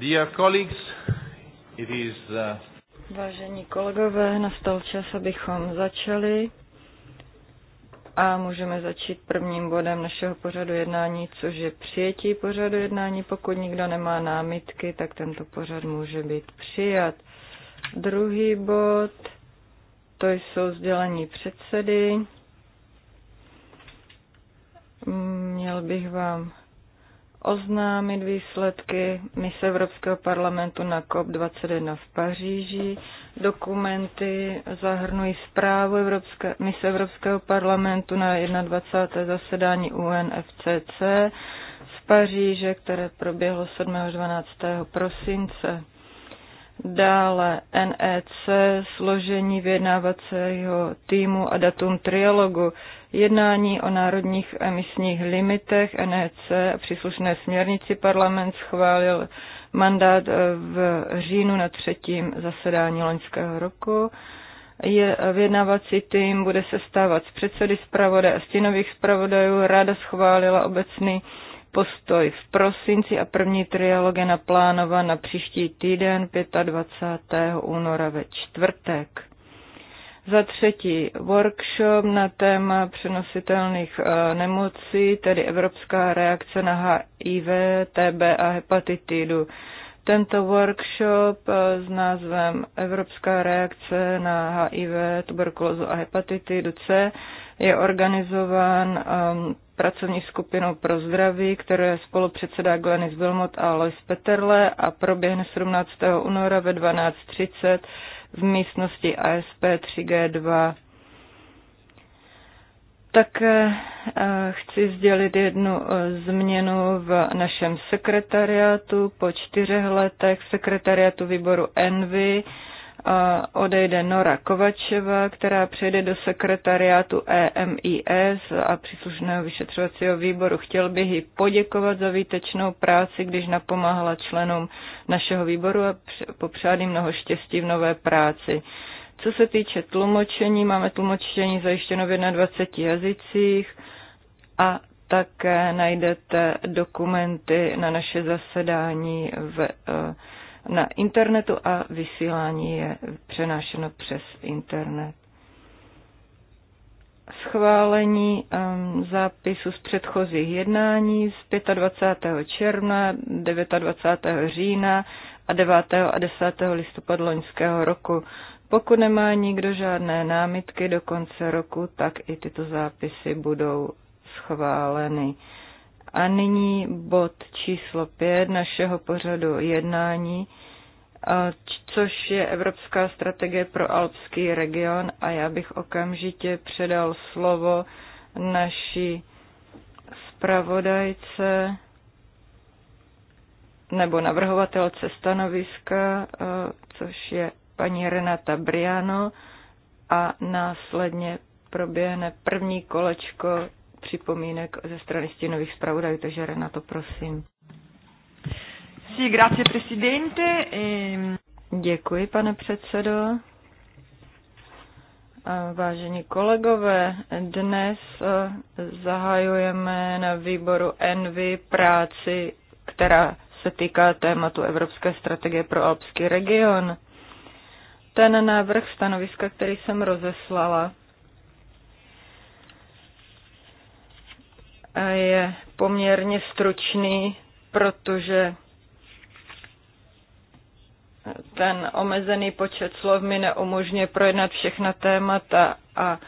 Dear colleagues, it is, uh... Vážení kolegové, nastal čas, abychom začali a můžeme začít prvním bodem našeho pořadu jednání, což je přijetí pořadu jednání. Pokud nikdo nemá námitky, tak tento pořad může být přijat. Druhý bod, to jsou sdělení předsedy. Měl bych vám oznámit výsledky mise Evropského parlamentu na COP21 v Paříži. Dokumenty zahrnují zprávu Evropské, mise Evropského parlamentu na 21. zasedání UNFCC z Paříže, které proběhlo 7. a 12. prosince. Dále NEC, složení vyjednávacího týmu a datum trialogu, jednání o národních emisních limitech NEC a příslušné směrnici parlament schválil mandát eh, v říjnu na třetím zasedání loňského roku. Je, eh, vyjednávací tým bude sestávat z předsedy zpravodaje a stínových zpravodajů. Rada schválila obecný postoj v prosinci a první trialog je naplánovan na příští týden 25. února ve čtvrtek. Za třetí, workshop na téma přenositelných eh, nemocí, tedy evropská reakce na HIV, TB a hepatitidu. Tento workshop eh, s názvem Evropská reakce na HIV, tuberkulózu a hepatitidu C je organizován um, pracovní skupinou pro zdraví, které spolupředsedá Glenis Wilmot a Lois Peterle a proběhne 17. února ve 12.30 v místnosti ASP 3G2. Také eh, chci sdělit jednu eh, změnu v našem sekretariátu. Po čtyřech letech sekretariátu výboru Envy odejde Nora Kovačeva, která přejde do sekretariátu EMIS a příslušného vyšetřovacího výboru. Chtěl bych ji poděkovat za výtečnou práci, když napomáhala členům našeho výboru a popřát jim mnoho štěstí v nové práci. Co se týče tlumočení, máme tlumočení zajištěno v 21 jazycích a také najdete dokumenty na naše zasedání v uh, na internetu a vysílání je přenášeno přes internet. Schválení um, zápisu z předchozích jednání z 25. června, 29. října a 9. a 10. listopadu loňského roku. Pokud nemá nikdo žádné námitky do konce roku, tak i tyto zápisy budou schváleny. A nyní bod číslo pět našeho pořadu jednání, což je Evropská strategie pro alpský region a já bych okamžitě předal slovo naší zpravodajce nebo navrhovatelce stanoviska, což je paní Renata Briano a následně proběhne první kolečko připomínek ze strany stěnových zpravodajů, takže Renato, prosím. Sí, grazie, presidente. Ehm, Děkuji, pane předsedo. Vážení kolegové, dnes eh, zahajujeme na výboru Envy práci, která se týká tématu Evropské strategie pro alpský region. Ten návrh stanoviska, který jsem rozeslala, je poměrně stručný, protože ten omezený počet slov mi neumožňuje projednat všechna témata a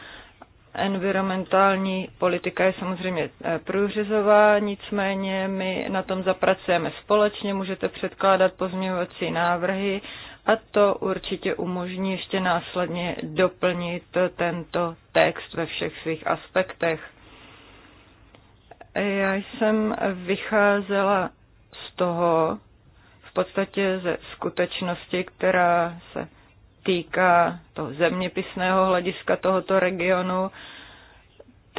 environmentální politika je samozřejmě eh, průřezová, nicméně my na tom zapracujeme společně, můžete předkládat pozměňovací návrhy a to určitě umožní ještě následně doplnit tento text ve všech svých aspektech já jsem vycházela z toho, v podstatě ze skutečnosti, která se týká toho zeměpisného hlediska tohoto regionu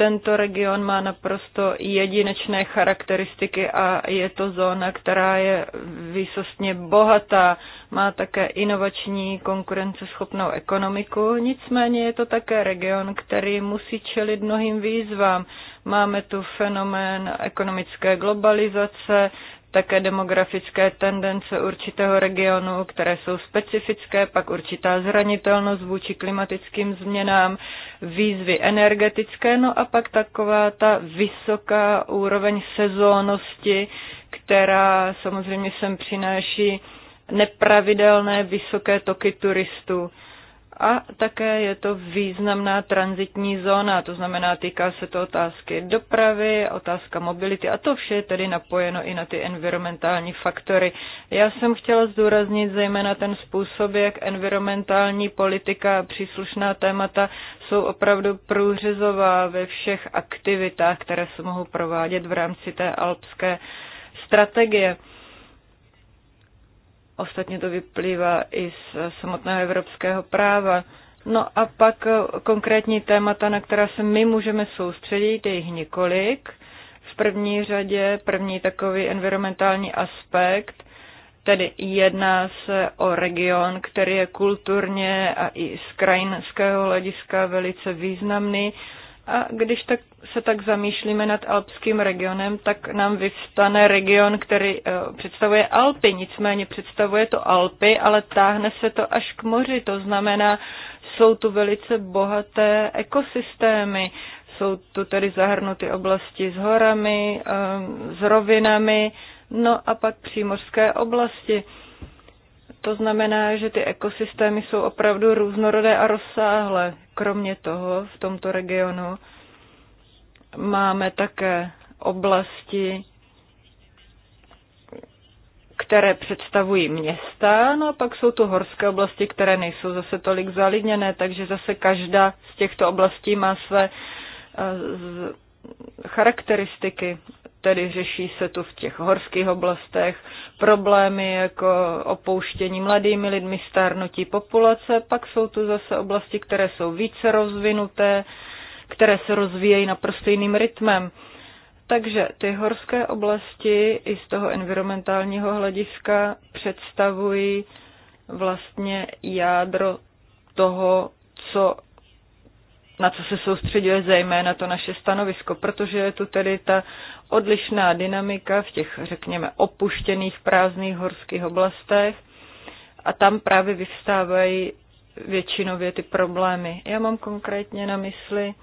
tento region má naprosto jedinečné charakteristiky a je to zóna, která je výsostně bohatá, má také inovační konkurenceschopnou ekonomiku, nicméně je to také region, který musí čelit mnohým výzvám. Máme tu fenomén ekonomické globalizace, také demografické tendence určitého regionu, které jsou specifické, pak určitá zranitelnost vůči klimatickým změnám, výzvy energetické, no a pak taková ta vysoká úroveň sezónnosti, která samozřejmě sem přináší nepravidelné vysoké toky turistů a také je to významná transitní zóna, to znamená, týká se to otázky dopravy, otázka mobility a to vše je tedy napojeno i na ty environmentální faktory. Já jsem chtěla zdůraznit zejména ten způsob, jak environmentální politika a příslušná témata jsou opravdu průřezová ve všech aktivitách, které se mohou provádět v rámci té alpské strategie. Ostatně to vyplývá i z samotného evropského práva. No a pak konkrétní témata, na která se my můžeme soustředit, je jich několik. V první řadě první takový environmentální aspekt, tedy jedná se o region, který je kulturně a i z krajinského hlediska velice významný a když tak se tak zamýšlíme nad alpským regionem, tak nám vyvstane region, který eh, představuje Alpy, nicméně představuje to Alpy, ale táhne se to až k moři, to znamená, jsou tu velice bohaté ekosystémy, jsou tu tedy zahrnuty oblasti s horami, eh, s rovinami, no a pak přímořské oblasti. To znamená, že ty ekosystémy jsou opravdu různorodé a rozsáhlé. Kromě toho v tomto regionu máme také oblasti, které představují města, no a pak jsou tu horské oblasti, které nejsou zase tolik zalidněné, takže zase každá z těchto oblastí má své eh, charakteristiky tedy řeší se tu v těch horských oblastech problémy jako opouštění mladými lidmi, stárnutí populace, pak jsou tu zase oblasti, které jsou více rozvinuté, které se rozvíjejí naprosto jiným rytmem. Takže ty horské oblasti i z toho environmentálního hlediska představují vlastně jádro toho, co na co se soustředuje zejména to naše stanovisko, protože je tu tedy ta odlišná dynamika v těch, řekněme, opuštěných prázdných horských oblastech a tam právě vyvstávají většinově ty problémy. Já mám konkrétně na mysli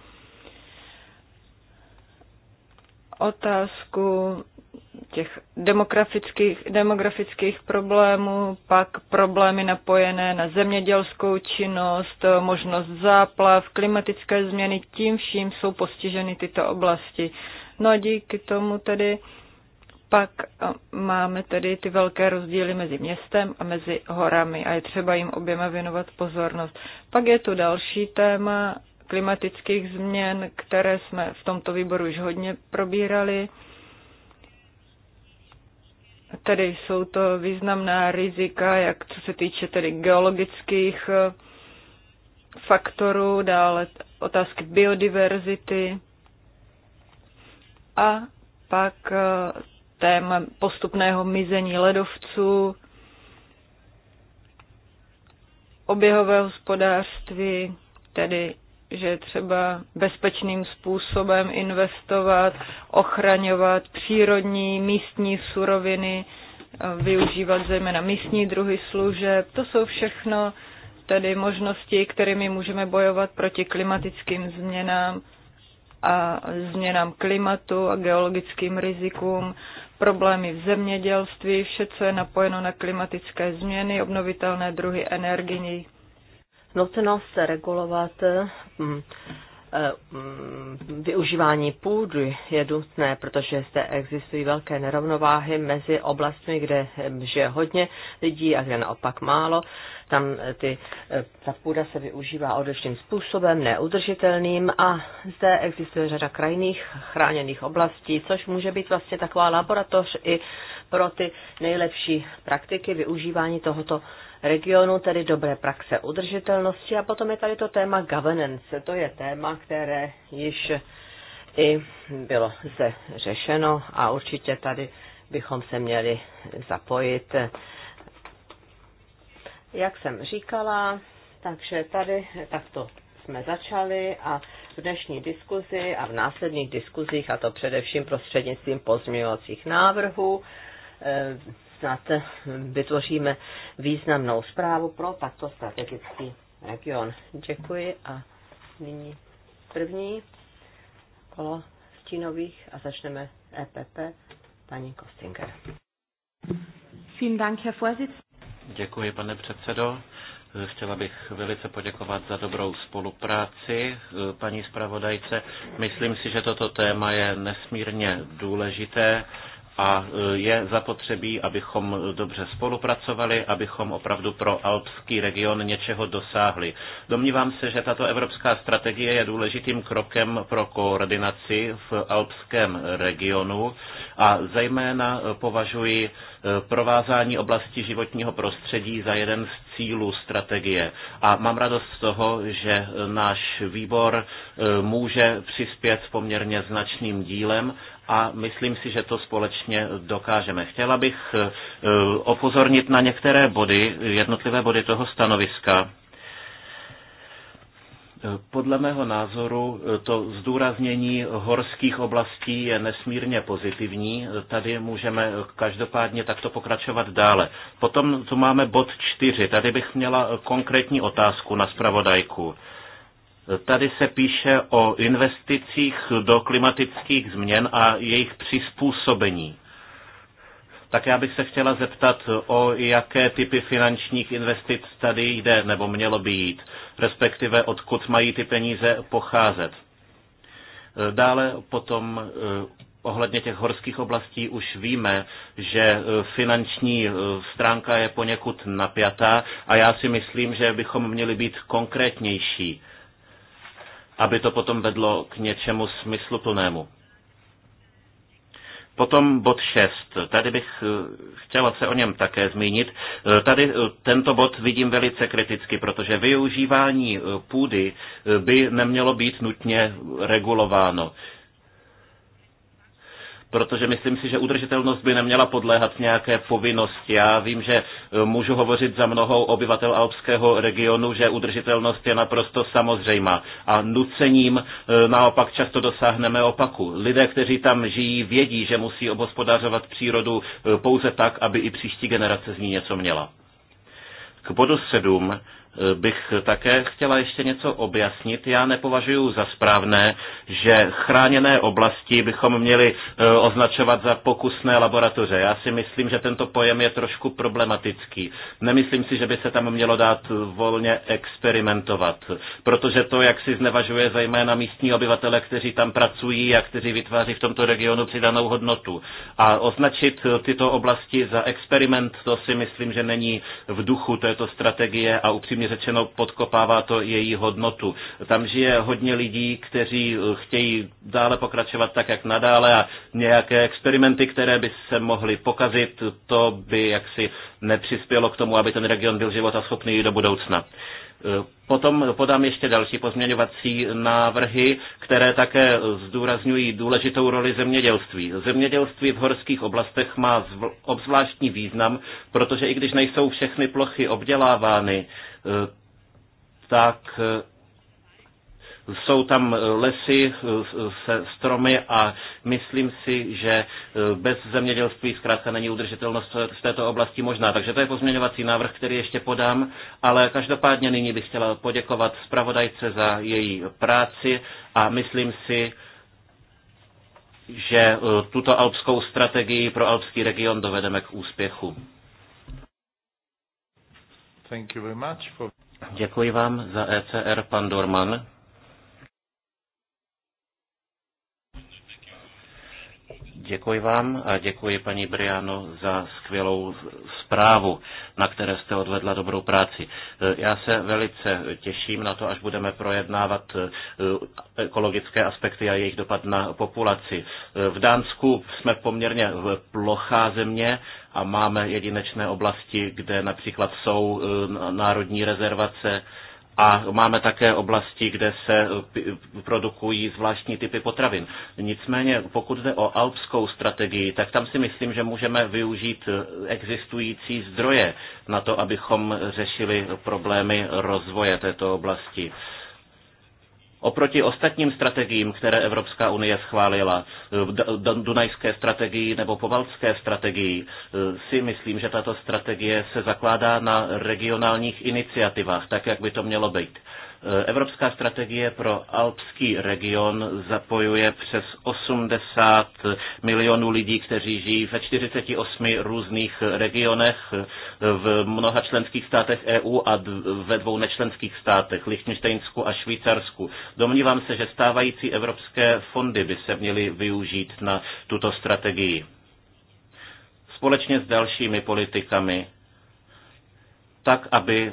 otázku těch demografických, demografických problémů, pak problémy napojené na zemědělskou činnost, možnost záplav, klimatické změny, tím vším jsou postiženy tyto oblasti. No a díky tomu tedy pak eh, máme tedy ty velké rozdíly mezi městem a mezi horami a je třeba jim oběma věnovat pozornost. Pak je tu další téma klimatických změn, které jsme v tomto výboru už hodně probírali Tady jsou to významná rizika, jak co se týče tedy geologických eh, faktorů, dále otázky biodiverzity a pak eh, téma postupného mizení ledovců, oběhové hospodářství, tedy že je třeba bezpečným způsobem investovat, ochraňovat přírodní místní suroviny, eh, využívat zejména místní druhy služeb. To jsou všechno tedy možnosti, kterými můžeme bojovat proti klimatickým změnám a změnám klimatu a geologickým rizikům, problémy v zemědělství, vše, co je napojeno na klimatické změny, obnovitelné druhy energií nutnost regulovat mm, eh, mm, využívání půdy je nutné, protože zde existují velké nerovnováhy mezi oblastmi, kde žije hodně lidí a kde naopak málo. Tam eh, ty, eh, ta půda se využívá odlišným způsobem, neudržitelným a zde existuje řada krajných chráněných oblastí, což může být vlastně taková laboratoř i pro ty nejlepší praktiky využívání tohoto regionu, tedy dobré praxe udržitelnosti. A potom je tady to téma governance. To je téma, které již i bylo zde řešeno a určitě tady bychom se měli zapojit. Jak jsem říkala, takže tady takto jsme začali a v dnešní diskuzi a v následných diskuzích, a to především prostřednictvím pozměňovacích návrhů, snad vytvoříme významnou zprávu pro takto strategický region. Děkuji a nyní první kolo stínových a začneme EPP paní Kostinger. Děkuji, pane předsedo. Chtěla bych velice poděkovat za dobrou spolupráci paní zpravodajce. Myslím si, že toto téma je nesmírně důležité a e, je zapotřebí, abychom dobře spolupracovali, abychom opravdu pro alpský region něčeho dosáhli. Domnívám se, že tato evropská strategie je důležitým krokem pro koordinaci v alpském regionu a zejména e, považuji e, provázání oblasti životního prostředí za jeden z cílů strategie. A mám radost z toho, že náš výbor může přispět poměrně značným dílem a myslím si, že to společně dokážeme. Chtěla bych eh, opozornit na některé body, jednotlivé body toho stanoviska. Eh, podle mého názoru eh, to zdůraznění horských oblastí je nesmírně pozitivní. Tady můžeme každopádně takto pokračovat dále. Potom tu máme bod čtyři. Tady bych měla konkrétní otázku na zpravodajku. Tady se píše o investicích do klimatických změn a jejich přizpůsobení. Tak já bych se chtěla zeptat, o jaké typy finančních investic tady jde nebo mělo by jít, respektive odkud mají ty peníze pocházet. Dále potom eh, ohledně těch horských oblastí už víme, že eh, finanční eh, stránka je poněkud napjatá a já si myslím, že bychom měli být konkrétnější aby to potom vedlo k něčemu smysluplnému. Potom bod 6. Tady bych eh, chtěla se o něm také zmínit. Eh, tady eh, tento bod vidím velice kriticky, protože využívání půdy by nemělo být nutně regulováno protože myslím si, že udržitelnost by neměla podléhat nějaké povinnosti. Já vím, že eh, můžu hovořit za mnohou obyvatel alpského regionu, že udržitelnost je naprosto samozřejmá a nucením eh, naopak často dosáhneme opaku. Lidé, kteří tam žijí, vědí, že musí obhospodařovat přírodu eh, pouze tak, aby i příští generace z ní něco měla. K bodu sedm bych také chtěla ještě něco objasnit. Já nepovažuji za správné, že chráněné oblasti bychom měli e, označovat za pokusné laboratoře. Já si myslím, že tento pojem je trošku problematický. Nemyslím si, že by se tam mělo dát volně experimentovat, protože to, jak si znevažuje zejména místní obyvatele, kteří tam pracují a kteří vytváří v tomto regionu přidanou hodnotu. A označit tyto oblasti za experiment, to si myslím, že není v duchu této strategie a upřímně řečeno podkopává to její hodnotu. Tam žije hodně lidí, kteří eh, chtějí dále pokračovat tak, jak nadále a nějaké experimenty, které by se mohly pokazit, to by jaksi nepřispělo k tomu, aby ten region byl životaschopný do budoucna. Potom podám ještě další pozměňovací návrhy, které také zdůrazňují důležitou roli zemědělství. Zemědělství v horských oblastech má obzvláštní význam, protože i když nejsou všechny plochy obdělávány, eh, tak eh, jsou tam eh, lesy eh, se stromy a myslím si, že eh, bez zemědělství zkrátka není udržitelnost v této oblasti možná. Takže to je pozměňovací návrh, který ještě podám, ale každopádně nyní bych chtěla poděkovat zpravodajce za její práci a myslím si, že tuto alpskou strategii pro alpský region dovedeme k úspěchu. Děkuji vám za ECR, pan Dorman. Děkuji vám a děkuji paní Briano za skvělou zprávu, na které jste odvedla dobrou práci. Já se velice těším na to, až budeme projednávat eh, ekologické aspekty a jejich dopad na populaci. Eh, v Dánsku jsme poměrně eh, plochá země a máme jedinečné oblasti, kde například jsou národní rezervace, a máme také oblasti, kde se eh, produkují zvláštní typy potravin. Nicméně, pokud jde o alpskou strategii, tak tam si myslím, že můžeme využít eh, existující zdroje na to, abychom řešili problémy rozvoje této oblasti. Oproti ostatním strategiím, které Evropská unie schválila, Dunajské strategii nebo Povalské strategii, eh, si myslím, že tato strategie se zakládá na regionálních iniciativách, tak jak by to mělo být. Evropská strategie pro alpský region zapojuje přes 80 milionů lidí, kteří žijí ve 48 různých regionech v mnoha členských státech EU a ve dvou nečlenských státech, Lichtensteinsku a Švýcarsku. Domnívám se, že stávající evropské fondy by se měly využít na tuto strategii. Společně s dalšími politikami, tak aby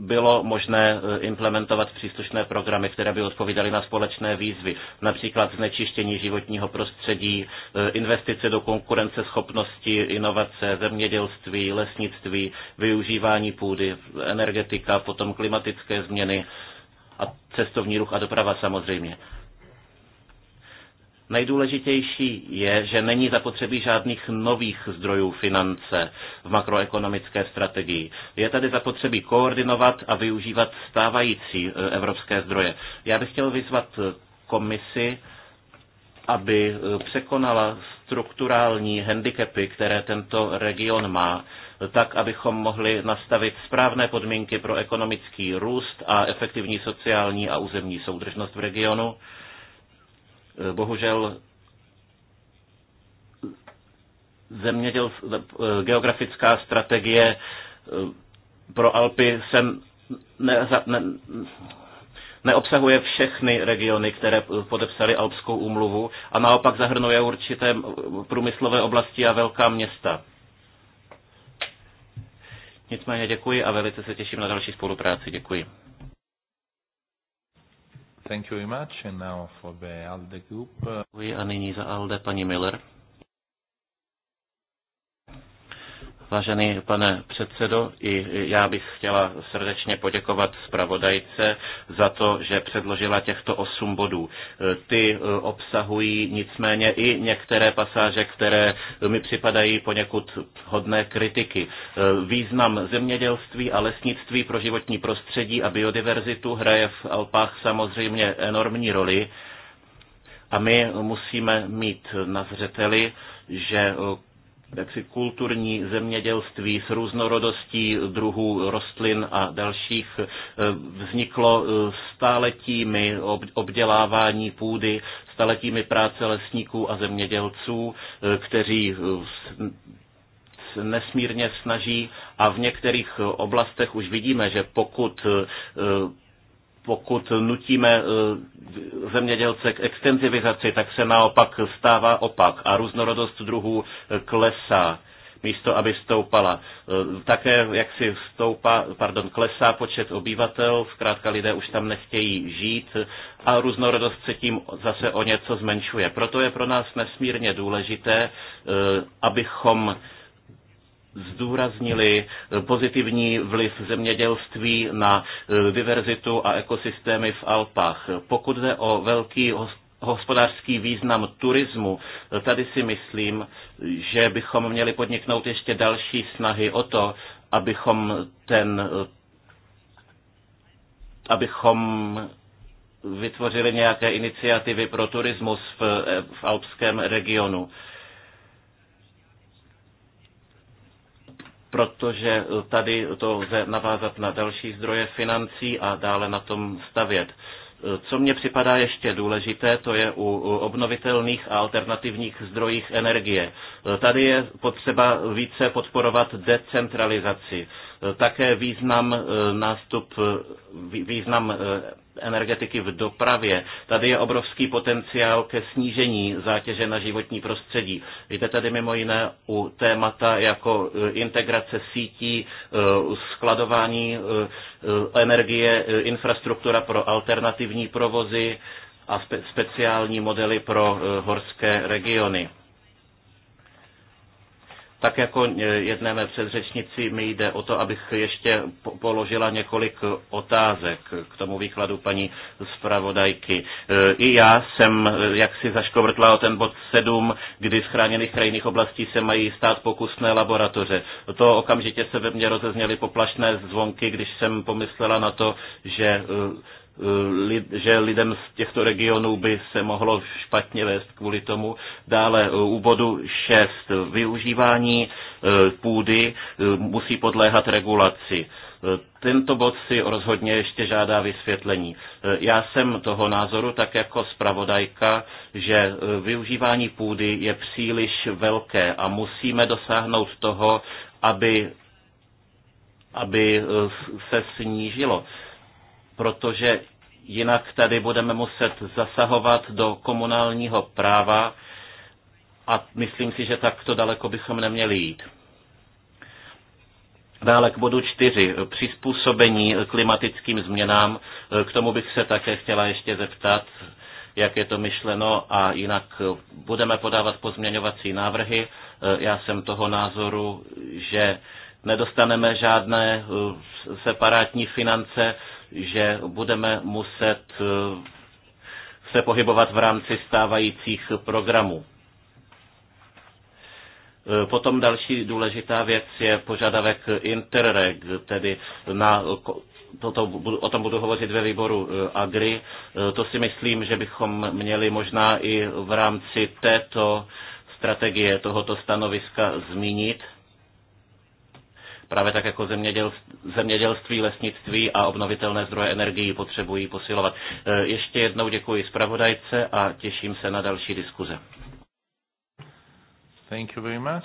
bylo možné e, implementovat příslušné programy, které by odpovídaly na společné výzvy, například znečištění životního prostředí, e, investice do konkurenceschopnosti, inovace, zemědělství, lesnictví, využívání půdy, energetika, potom klimatické změny a cestovní ruch a doprava samozřejmě. Nejdůležitější je, že není zapotřebí žádných nových zdrojů finance v makroekonomické strategii. Je tady zapotřebí koordinovat a využívat stávající e, evropské zdroje. Já bych chtěl vyzvat e, komisi, aby e, překonala strukturální handicapy, které tento region má, tak, abychom mohli nastavit správné podmínky pro ekonomický růst a efektivní sociální a územní soudržnost v regionu Bohužel zeměděl, geografická strategie eh, pro Alpy sem ne, ne, neobsahuje všechny regiony, které podepsaly Alpskou úmluvu a naopak zahrnuje určité průmyslové oblasti a velká města. Nicméně děkuji a velice se těším na další spolupráci. Děkuji. Thank you very much. And now for the ALDE group. Uh, Děkuji a nyní za ALDE paní Miller. Vážený pane předsedo, i já bych chtěla srdečně poděkovat zpravodajce za to, že předložila těchto osm bodů. Ty e, obsahují nicméně i některé pasáže, které mi připadají poněkud hodné kritiky. E, význam zemědělství a lesnictví pro životní prostředí a biodiverzitu hraje v Alpách samozřejmě enormní roli. A my musíme mít na zřeteli, že jaksi kulturní zemědělství s různorodostí druhů rostlin a dalších eh, vzniklo eh, staletími obdělávání půdy, staletími práce lesníků a zemědělců, eh, kteří nesmírně snaží a v některých oblastech už vidíme, že pokud pokud nutíme eh, zemědělce k extenzivizaci, tak se naopak stává opak a různorodost druhů eh, klesá místo aby stoupala. Eh, také jak si stoupá, pardon, klesá počet obyvatel, zkrátka lidé už tam nechtějí žít a různorodost se tím zase o něco zmenšuje. Proto je pro nás nesmírně důležité, abychom zdůraznili eh, pozitivní vliv zemědělství na eh, diverzitu a ekosystémy v Alpách. Pokud jde o velký hospodářský význam turismu, eh, tady si myslím, že bychom měli podniknout ještě další snahy o to, abychom ten abychom vytvořili nějaké iniciativy pro turismus v, v alpském regionu. protože tady to lze navázat na další zdroje financí a dále na tom stavět. Co mně připadá ještě důležité, to je u obnovitelných a alternativních zdrojích energie. Tady je potřeba více podporovat decentralizaci. Také význam eh, nástup, eh, význam eh, energetiky v dopravě. Tady je obrovský potenciál ke snížení zátěže na životní prostředí. Jde tady mimo jiné u témata jako integrace sítí, skladování energie, infrastruktura pro alternativní provozy a speciální modely pro horské regiony. Tak jako e, jedné mé předřečnici mi jde o to, abych ještě položila několik otázek k tomu výkladu paní zpravodajky. E, I já jsem e, jaksi zaškovrtla o ten bod 7, kdy z chráněných krajinných oblastí se mají stát pokusné laboratoře. To okamžitě se ve mně rozezněly poplašné zvonky, když jsem pomyslela na to, že že lidem z těchto regionů by se mohlo špatně vést kvůli tomu. Dále eh, u bodu 6 využívání eh, půdy eh, musí podléhat regulaci. Tento bod si rozhodně ještě žádá vysvětlení. Já jsem toho názoru, tak jako zpravodajka, že využívání půdy je příliš velké a musíme dosáhnout toho, aby, aby se snížilo protože Jinak tady budeme muset zasahovat do komunálního práva a myslím si, že takto daleko bychom neměli jít. Dále k bodu čtyři, přizpůsobení klimatickým změnám. K tomu bych se také chtěla ještě zeptat, jak je to myšleno a jinak budeme podávat pozměňovací návrhy. Já jsem toho názoru, že nedostaneme žádné eh, separátní finance, že budeme muset eh, se pohybovat v rámci stávajících programů. Eh, potom další důležitá věc je požadavek Interreg, tedy na, toto, o tom budu hovořit ve výboru Agri. To si myslím, že bychom měli možná i v rámci této strategie, tohoto stanoviska zmínit právě tak jako zemědělství, lesnictví a obnovitelné zdroje energii potřebují posilovat. E, ještě jednou děkuji zpravodajce a těším se na další diskuze. Thank you very much.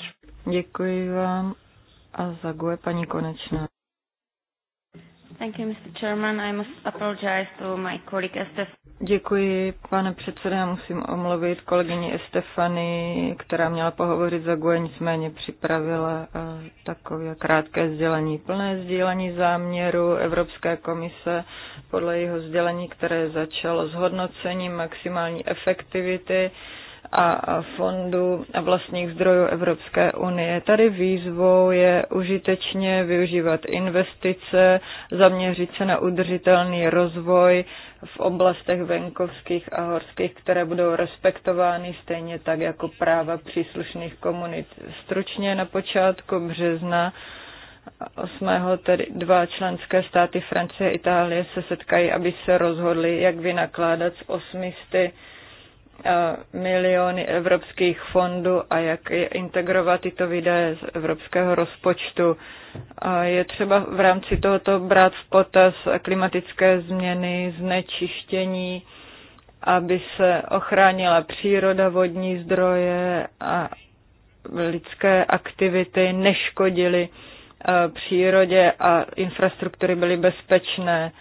Děkuji vám a zaguje paní Konečná. Thank you, Mr. Chairman. I must apologize to my colleague Estef. Děkuji, pane předsedo. Já musím omluvit kolegyni Estefany, která měla pohovořit za GUE, nicméně připravila eh, takové krátké sdělení. Plné sdělení záměru Evropské komise podle jeho sdělení, které začalo s hodnocením maximální efektivity a fondů a vlastních zdrojů Evropské unie. Tady výzvou je užitečně využívat investice, zaměřit se na udržitelný rozvoj v oblastech venkovských a horských, které budou respektovány stejně tak jako práva příslušných komunit. Stručně na počátku března 8. tedy dva členské státy Francie a Itálie se setkají, aby se rozhodli, jak vynakládat z 800 Eh, miliony evropských fondů a jak integrovat tyto výdaje z evropského rozpočtu. Je třeba v rámci tohoto brát v potaz klimatické změny, znečištění, aby se ochránila příroda, vodní zdroje a lidské aktivity neškodily eh, přírodě a infrastruktury byly bezpečné.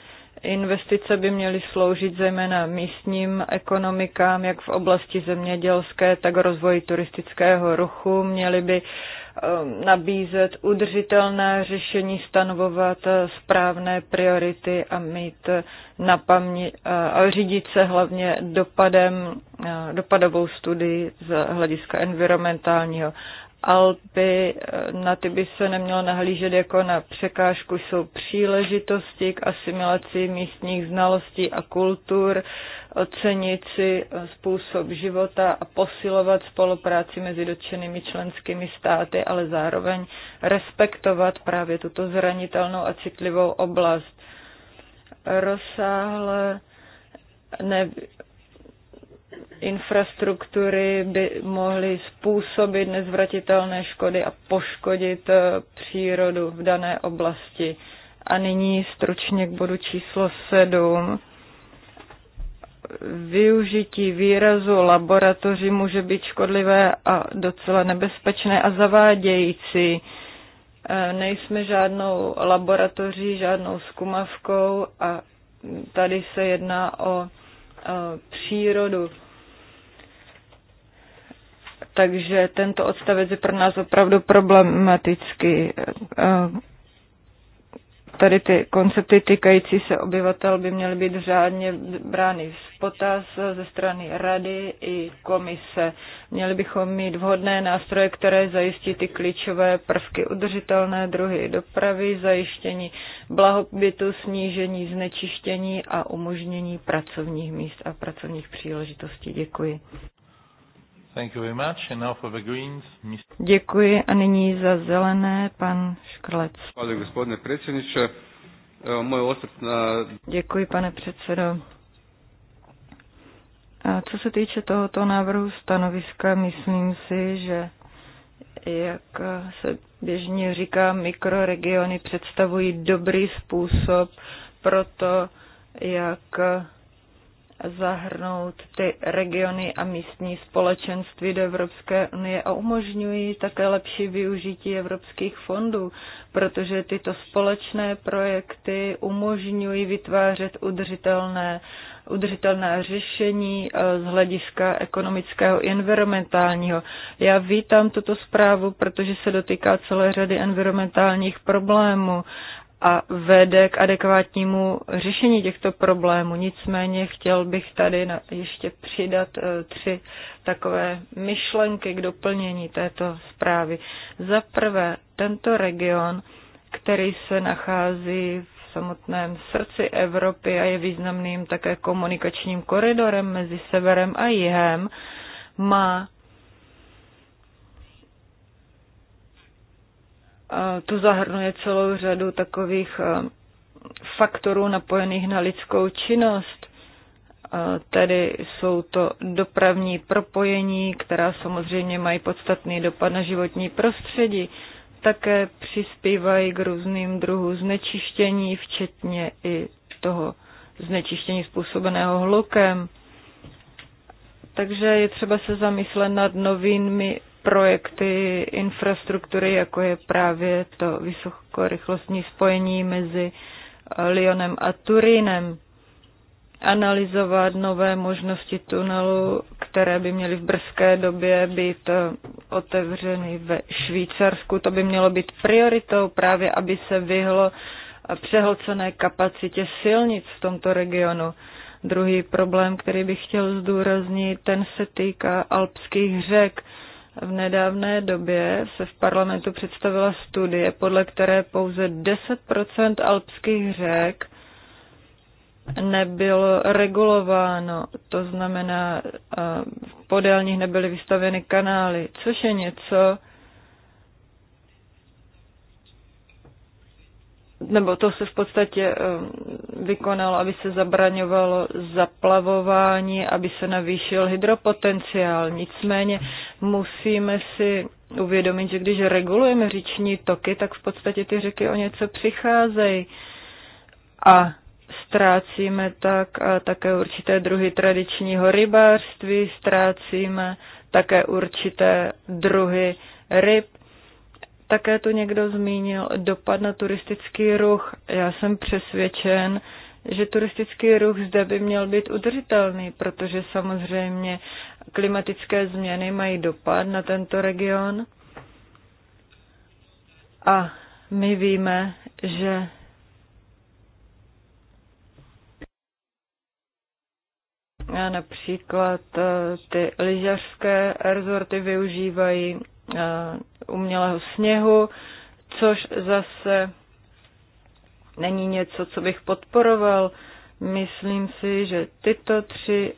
Investice by měly sloužit zejména místním ekonomikám, jak v oblasti zemědělské, tak rozvoji turistického ruchu. Měly by um, nabízet udržitelné řešení, stanovovat uh, správné priority a mít uh, na paměť, uh, a řídit se hlavně dopadem, dopadovou studii z hlediska environmentálního. Alpy, eh, na ty by se nemělo nahlížet jako na překážku, jsou příležitosti k asimilaci místních znalostí a kultur, ocenit si eh, způsob života a posilovat spolupráci mezi dotčenými členskými státy, ale zároveň respektovat právě tuto zranitelnou a citlivou oblast. Rozsáhle ne, infrastruktury by mohly způsobit nezvratitelné škody a poškodit eh, přírodu v dané oblasti. A nyní stručně k bodu číslo 7. Využití výrazu laboratoři může být škodlivé a docela nebezpečné a zavádějící. Eh, nejsme žádnou laboratoří, žádnou skumavkou a tady se jedná o eh, přírodu takže tento odstavec je pro nás opravdu problematický. Eh, tady ty koncepty týkající se obyvatel by měly být řádně brány v potaz ze strany rady i komise. Měli bychom mít vhodné nástroje, které zajistí ty klíčové prvky udržitelné druhy dopravy, zajištění blahobytu, snížení znečištění a umožnění pracovních míst a pracovních příležitostí. Děkuji. Děkuji a nyní za zelené pan Škrlec. Můj Děkuji, pane předsedo. A co se týče tohoto návrhu stanoviska, myslím si, že jak se běžně říká, mikroregiony představují dobrý způsob pro to, jak zahrnout ty regiony a místní společenství do Evropské unie a umožňují také lepší využití evropských fondů, protože tyto společné projekty umožňují vytvářet udržitelné, udržitelné řešení eh, z hlediska ekonomického i environmentálního. Já vítám tuto zprávu, protože se dotýká celé řady environmentálních problémů a vede k adekvátnímu řešení těchto problémů. Nicméně chtěl bych tady ještě přidat e, tři takové myšlenky k doplnění této zprávy. Za prvé, tento region, který se nachází v samotném srdci Evropy a je významným také komunikačním koridorem mezi severem a jihem, má to zahrnuje celou řadu takových e, faktorů napojených na lidskou činnost. E, tedy jsou to dopravní propojení, která samozřejmě mají podstatný dopad na životní prostředí. Také přispívají k různým druhům znečištění, včetně i toho znečištění způsobeného hlukem. Takže je třeba se zamyslet nad novými projekty infrastruktury, jako je právě to vysokorychlostní spojení mezi eh, Lyonem a Turínem, analyzovat nové možnosti tunelu, které by měly v brzké době být eh, otevřeny ve Švýcarsku. To by mělo být prioritou právě, aby se vyhlo eh, přehlcené kapacitě silnic v tomto regionu. Druhý problém, který bych chtěl zdůraznit, ten se týká alpských řek. V nedávné době se v parlamentu představila studie, podle které pouze 10 alpských řek nebylo regulováno, to znamená, eh, v podélních nebyly vystaveny kanály, což je něco, nebo to se v podstatě eh, vykonalo, aby se zabraňovalo zaplavování, aby se navýšil hydropotenciál. Nicméně musíme si uvědomit, že když regulujeme říční toky, tak v podstatě ty řeky o něco přicházejí a ztrácíme tak a eh, také určité druhy tradičního rybářství, ztrácíme také určité druhy ryb, také tu někdo zmínil dopad na turistický ruch. Já jsem přesvědčen, že turistický ruch zde by měl být udržitelný, protože samozřejmě klimatické změny mají dopad na tento region. A my víme, že například eh, ty lyžařské rezorty využívají Eh, umělého sněhu, což zase není něco, co bych podporoval. Myslím si, že tyto tři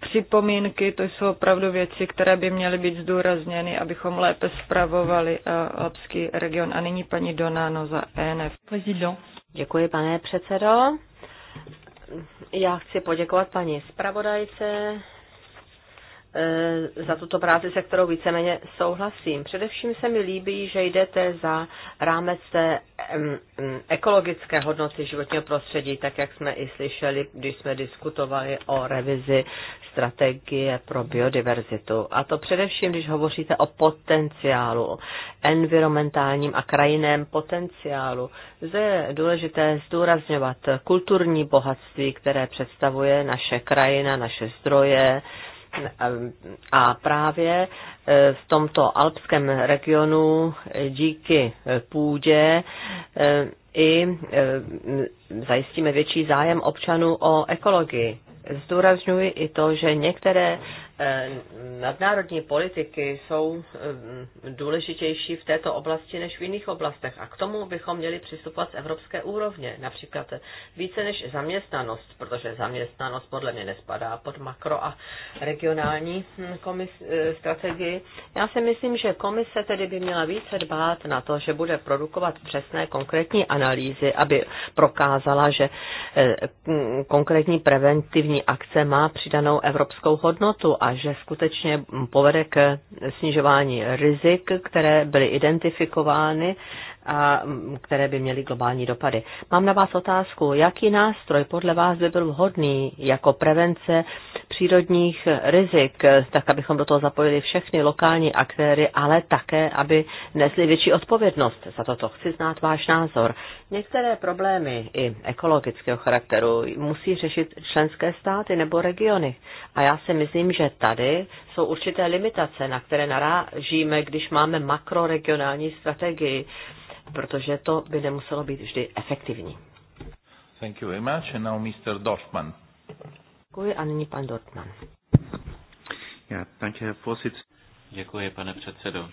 připomínky, to jsou opravdu věci, které by měly být zdůrazněny, abychom lépe spravovali eh, Alpský region. A nyní paní Donáno za e ENF. Děkuji, pane předsedo. Já chci poděkovat paní zpravodajce E, za tuto práci, se kterou víceméně souhlasím. Především se mi líbí, že jdete za rámec té ekologické hodnoty životního prostředí, tak jak jsme i slyšeli, když jsme diskutovali o revizi strategie pro biodiverzitu. A to především, když hovoříte o potenciálu, environmentálním a krajiném potenciálu. Zde je důležité zdůrazňovat kulturní bohatství, které představuje naše krajina, naše zdroje, a právě e, v tomto alpském regionu díky půdě e, i e, zajistíme větší zájem občanů o ekologii. Zdůrazňuji i to, že některé Eh, nadnárodní politiky jsou eh, důležitější v této oblasti než v jiných oblastech a k tomu bychom měli přistupovat z evropské úrovně, například více než zaměstnanost, protože zaměstnanost podle mě nespadá pod makro a regionální hm, komis, eh, strategii. Já si myslím, že komise tedy by měla více dbát na to, že bude produkovat přesné konkrétní analýzy, aby prokázala, že hm, konkrétní preventivní akce má přidanou evropskou hodnotu a a že skutečně povede k snižování rizik, které byly identifikovány a které by měly globální dopady. Mám na vás otázku, jaký nástroj podle vás by byl vhodný jako prevence přírodních rizik, tak abychom do toho zapojili všechny lokální aktéry, ale také, aby nesli větší odpovědnost za toto. Chci znát váš názor. Některé problémy i ekologického charakteru musí řešit členské státy nebo regiony. A já si myslím, že tady jsou určité limitace, na které narážíme, když máme makroregionální strategii protože to by nemuselo být vždy efektivní. Thank you very much. And now Mr. Dorfman. Děkuji a nyní pan Dorfman. Já také Děkuji, pane předsedo.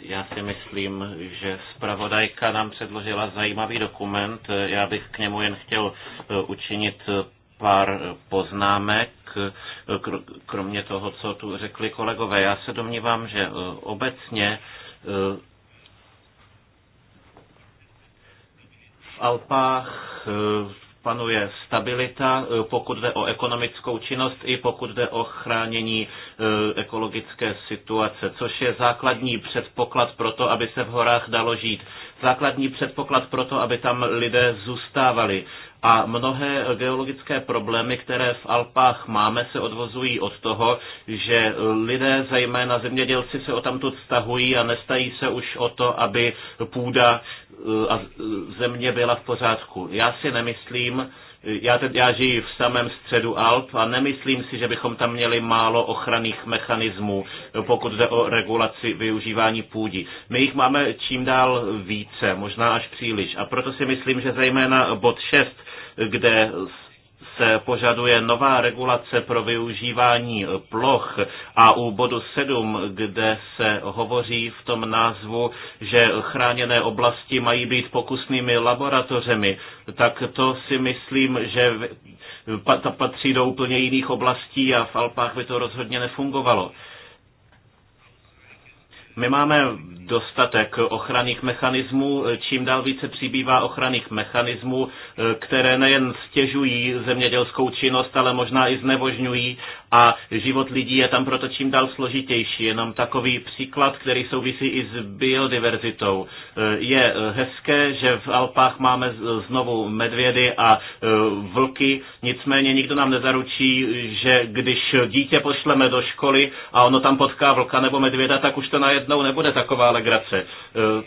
Já si myslím, že zpravodajka nám předložila zajímavý dokument. Já bych k němu jen chtěl eh, učinit eh, pár eh, poznámek, kromě toho, co tu řekli kolegové. Já se domnívám, že obecně V Alpách eh, panuje stabilita, eh, pokud jde o ekonomickou činnost i pokud jde o chránění eh, ekologické situace, což je základní předpoklad pro to, aby se v horách dalo žít základní předpoklad pro to, aby tam lidé zůstávali. A mnohé geologické problémy, které v Alpách máme, se odvozují od toho, že lidé, zejména zemědělci, se o tamtud stahují a nestají se už o to, aby půda e, a země byla v pořádku. Já si nemyslím, já, teď, já žiji v samém středu Alp a nemyslím si, že bychom tam měli málo ochranných mechanismů, pokud jde o regulaci využívání půdy. My jich máme čím dál více, možná až příliš. A proto si myslím, že zejména bod 6, kde se požaduje nová regulace pro využívání ploch a u bodu 7, kde se hovoří v tom názvu, že chráněné oblasti mají být pokusnými laboratořemi, tak to si myslím, že patří do úplně jiných oblastí a v Alpách by to rozhodně nefungovalo. My máme dostatek ochranných mechanismů, čím dál více přibývá ochranných mechanismů, eh, které nejen stěžují zemědělskou činnost, ale možná i znevožňují a život lidí je tam proto čím dál složitější. Jenom takový příklad, který souvisí i s biodiverzitou. Eh, je eh, hezké, že v Alpách máme znovu medvědy a eh, vlky, nicméně nikdo nám nezaručí, že když dítě pošleme do školy a ono tam potká vlka nebo medvěda, tak už to najednou nebude taková legrace.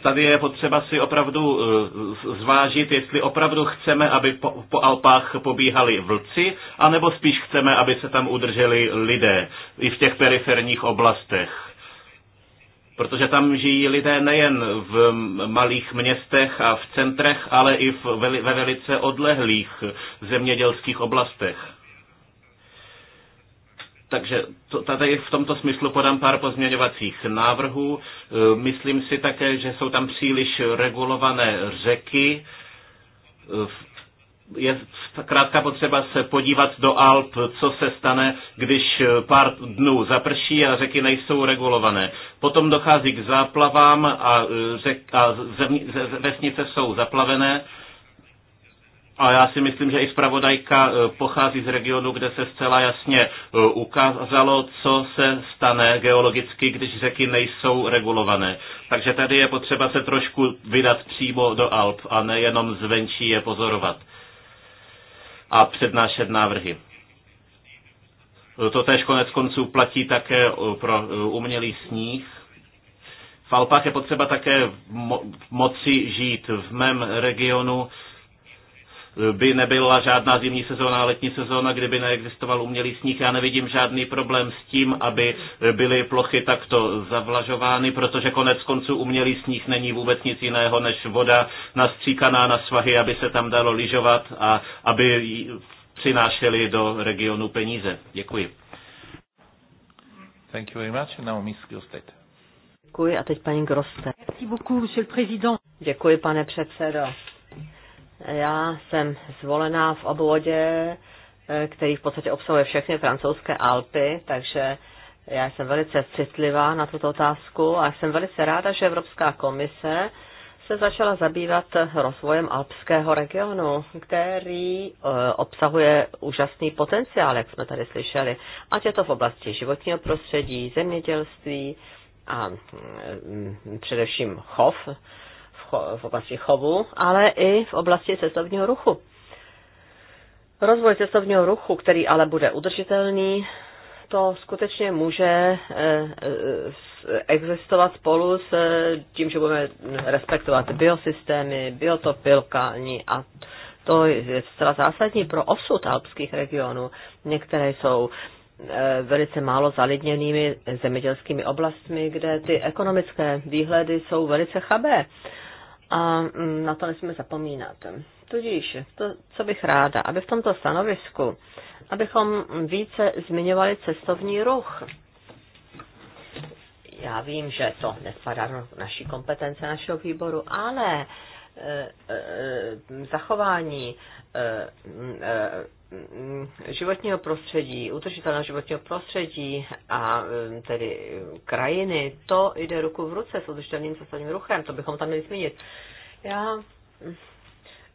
Tady je potřeba si opravdu zvážit, jestli opravdu chceme, aby po, Alpách pobíhali vlci, anebo spíš chceme, aby se tam udrželi byli lidé i v těch periferních oblastech. Protože tam žijí lidé nejen v malých městech a v centrech, ale i ve velice odlehlých zemědělských oblastech. Takže to, tady v tomto smyslu podám pár pozměňovacích návrhů. E, myslím si také, že jsou tam příliš regulované řeky. E, je zkrátka potřeba se podívat do Alp, co se stane, když pár dnů zaprší a řeky nejsou regulované. Potom dochází k záplavám a, e, řek, a zemí, vesnice jsou zaplavené. A já si myslím, že i zpravodajka e, pochází z regionu, kde se zcela jasně e, ukázalo, co se stane geologicky, když řeky nejsou regulované. Takže tady je potřeba se trošku vydat přímo do Alp a nejenom zvenčí je pozorovat a přednášet návrhy. To též konec konců platí také pro umělý sníh. V Alpách je potřeba také moci žít. V mém regionu by nebyla žádná zimní sezóna letní sezóna, kdyby neexistoval umělý sníh. Já nevidím žádný problém s tím, aby byly plochy takto zavlažovány, protože konec konců umělý sníh není vůbec nic jiného než voda nastříkaná na svahy, aby se tam dalo lyžovat a aby přinášeli do regionu peníze. Děkuji. Thank you very much. Now, Miss Děkuji a teď paní Groste. Děkuji, pane předsedo. Já jsem zvolená v obvodě, eh, který v podstatě obsahuje všechny francouzské Alpy, takže já jsem velice citlivá na tuto otázku a jsem velice ráda, že Evropská komise se začala zabývat rozvojem alpského regionu, který eh, obsahuje úžasný potenciál, jak jsme tady slyšeli, ať je to v oblasti životního prostředí, zemědělství a mm, především chov v oblasti chovu, ale i v oblasti cestovního ruchu. Rozvoj cestovního ruchu, který ale bude udržitelný, to skutečně může e, e, existovat spolu s e, tím, že budeme respektovat biosystémy, biotopy lokální a to je zcela zásadní pro osud alpských regionů. Některé jsou velice málo zalidněnými zemědělskými oblastmi, kde ty ekonomické výhledy jsou velice chabé a mm, na to nesmíme zapomínat. Tudíž, to, co bych ráda, aby v tomto stanovisku, abychom více zmiňovali cestovní ruch. Já vím, že to nespadá do naší kompetence našeho výboru, ale e, e, e zachování e, e Mm, životního prostředí, udržitelného životního prostředí a mm, tedy mm, krajiny, to jde ruku v ruce s udržitelným cestovním ruchem, to bychom tam měli zmínit. Já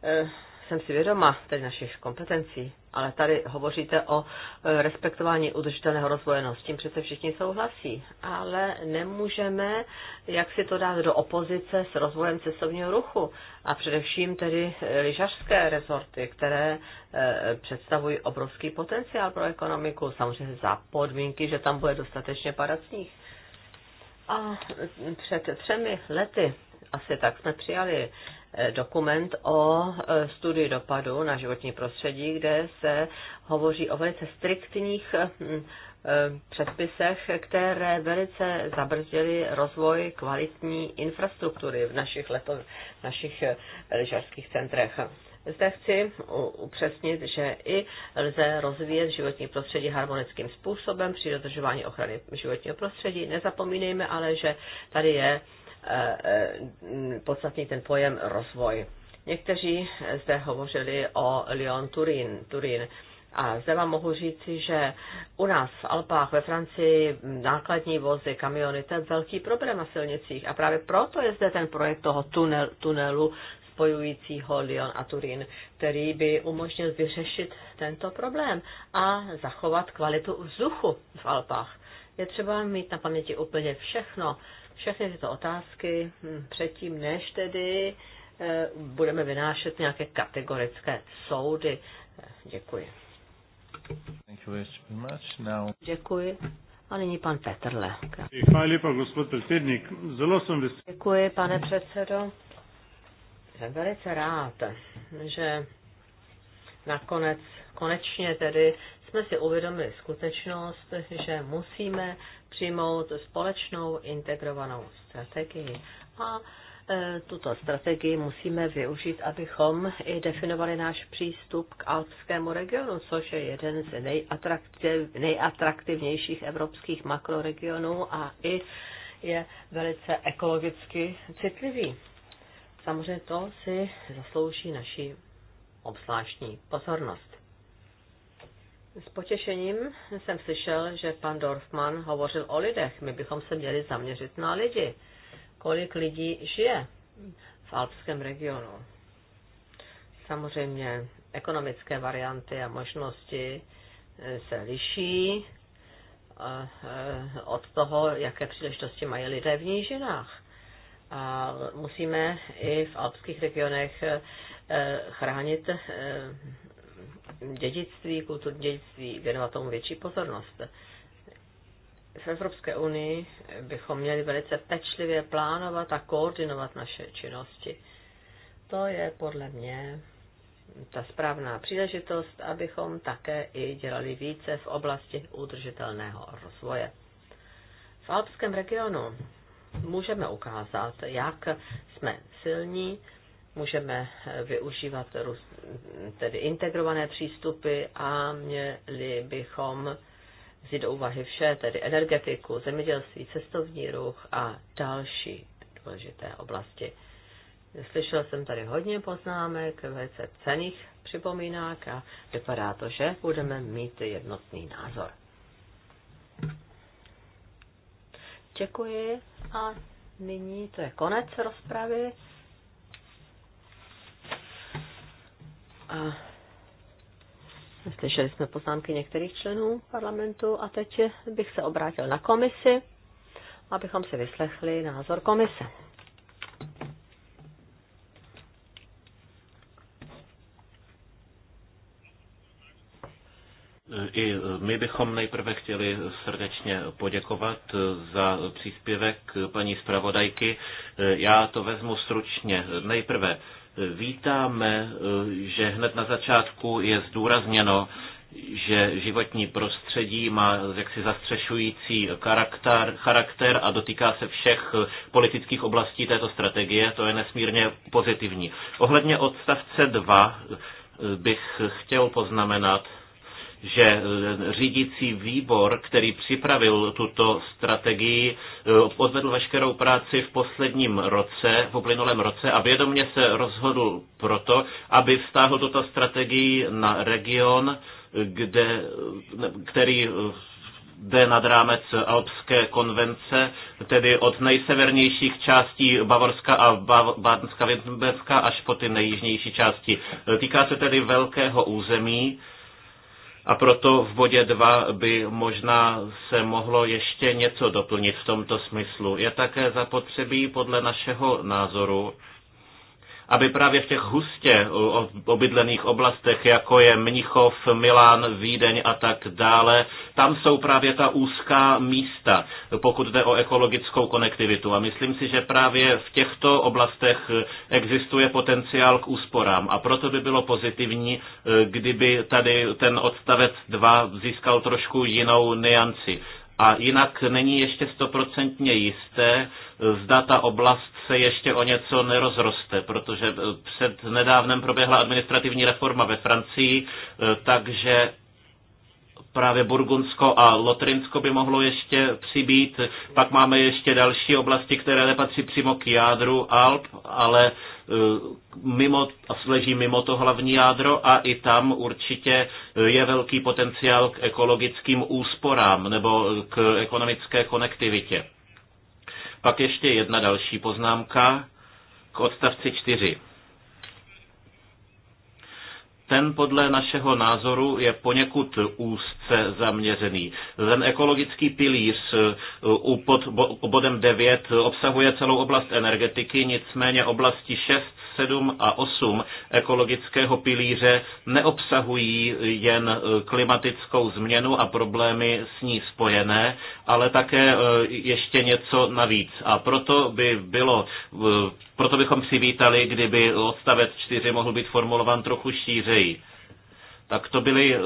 eh, jsem si vědoma tedy našich kompetencí, ale tady hovoříte o e, respektování udržitelného rozvoje, no s tím přece všichni souhlasí, ale nemůžeme jak si to dát do opozice s rozvojem cestovního ruchu a především tedy e, lyžařské rezorty, které e, představují obrovský potenciál pro ekonomiku, samozřejmě za podmínky, že tam bude dostatečně padat sníh. A před třemi lety asi tak jsme přijali Eh, dokument o eh, studii dopadu na životní prostředí, kde se hovoří o velice striktních hm, eh, předpisech, které velice zabrzdily rozvoj kvalitní infrastruktury v našich, leto, v našich ležerských centrech. Zde chci upřesnit, že i lze rozvíjet životní prostředí harmonickým způsobem při dodržování ochrany životního prostředí. Nezapomínejme ale, že tady je Eh, eh, podstatný ten pojem rozvoj. Někteří zde hovořili o Lyon Turín. Turín. A zde vám mohu říci, že u nás v Alpách ve Francii nákladní vozy, kamiony, to je velký problém na silnicích. A právě proto je zde ten projekt toho tunel, tunelu spojujícího Lyon a Turín, který by umožnil vyřešit tento problém a zachovat kvalitu vzduchu v Alpách. Je třeba mít na paměti úplně všechno, všechny tyto otázky hm, předtím, než tedy eh, budeme vynášet nějaké kategorické soudy. Eh, děkuji. Thank you very much. Now... Děkuji. A nyní pan Petrle. Hvala Děkuji, pane předsedo. Jsem velice rád, že nakonec, konečně tedy, jsme si uvědomili skutečnost, že musíme přijmout společnou integrovanou strategii. A e, tuto strategii musíme využít, abychom i definovali náš přístup k alpskému regionu, což je jeden z nejatraktiv, nejatraktivnějších evropských makroregionů a i je velice ekologicky citlivý. Samozřejmě to si zaslouží naši obzvláštní pozornost. S potěšením jsem slyšel, že pan Dorfman hovořil o lidech. My bychom se měli zaměřit na lidi. Kolik lidí žije v alpském regionu? Samozřejmě ekonomické varianty a možnosti eh, se liší eh, eh, od toho, jaké příležitosti mají lidé v nížinách. A musíme i v alpských regionech chránit dědictví, kulturní dědictví, věnovat tomu větší pozornost. V Evropské unii bychom měli velice pečlivě plánovat a koordinovat naše činnosti. To je podle mě ta správná příležitost, abychom také i dělali více v oblasti udržitelného rozvoje. V alpském regionu můžeme ukázat, jak jsme silní můžeme eh, využívat tedy integrované přístupy a měli bychom vzít do úvahy vše, tedy energetiku, zemědělství, cestovní ruch a další důležité oblasti. Slyšel jsem tady hodně poznámek, velice cených připomínák a vypadá to, že budeme mít jednotný názor. Děkuji a nyní to je konec rozpravy. A slyšeli jsme poznámky některých členů parlamentu a teď bych se obrátil na komisi, abychom si vyslechli názor komise. I my bychom nejprve chtěli srdečně poděkovat za příspěvek paní zpravodajky. Já to vezmu stručně. Nejprve Vítáme, eh, že hned na začátku je zdůrazněno, že životní prostředí má jaksi zastřešující charakter, charakter a dotýká se všech eh, politických oblastí této strategie. To je nesmírně pozitivní. Ohledně odstavce 2 eh, bych chtěl poznamenat, že eh, řídící výbor, který připravil tuto strategii, eh, odvedl veškerou práci v posledním roce, v uplynulém roce a vědomě se rozhodl proto, aby vztáhl tuto strategii na region, kde, který eh, jde nad rámec Alpské konvence, tedy od nejsevernějších částí Bavorska a Bádenska-Württemberska až po ty nejjižnější části. Týká se tedy velkého území a proto v bodě 2 by možná se mohlo ještě něco doplnit v tomto smyslu. Je také zapotřebí podle našeho názoru aby právě v těch hustě obydlených oblastech, jako je Mnichov, Milán, Vídeň a tak dále, tam jsou právě ta úzká místa, pokud jde o ekologickou konektivitu. A myslím si, že právě v těchto oblastech e, existuje potenciál k úsporám. A proto by bylo pozitivní, e, kdyby tady ten odstavec 2 získal trošku jinou nianci. A jinak není ještě stoprocentně jisté, zda ta oblast se ještě o něco nerozroste, protože eh, před nedávnem proběhla administrativní reforma ve Francii, eh, takže právě Burgundsko a Lotrinsko by mohlo ještě přibít. Pak máme ještě další oblasti, které nepatří přímo k jádru Alp, ale Eh, mimo, leží mimo to hlavní jádro a i tam určitě eh, je velký potenciál k ekologickým úsporám nebo eh, k ekonomické konektivitě. Pak ještě jedna další poznámka k odstavci 4 ten podle našeho názoru je poněkud úzce zaměřený. Ten ekologický pilíř eh, u pod bodem 9 eh, obsahuje celou oblast energetiky, nicméně oblasti 6, 7 a 8 ekologického pilíře neobsahují jen eh, klimatickou změnu a problémy s ní spojené, ale také ještě něco navíc. A proto by bylo proto bychom přivítali, kdyby odstavec 4 mohl být formulován trochu šíři, Koreji. Tak to byly eh,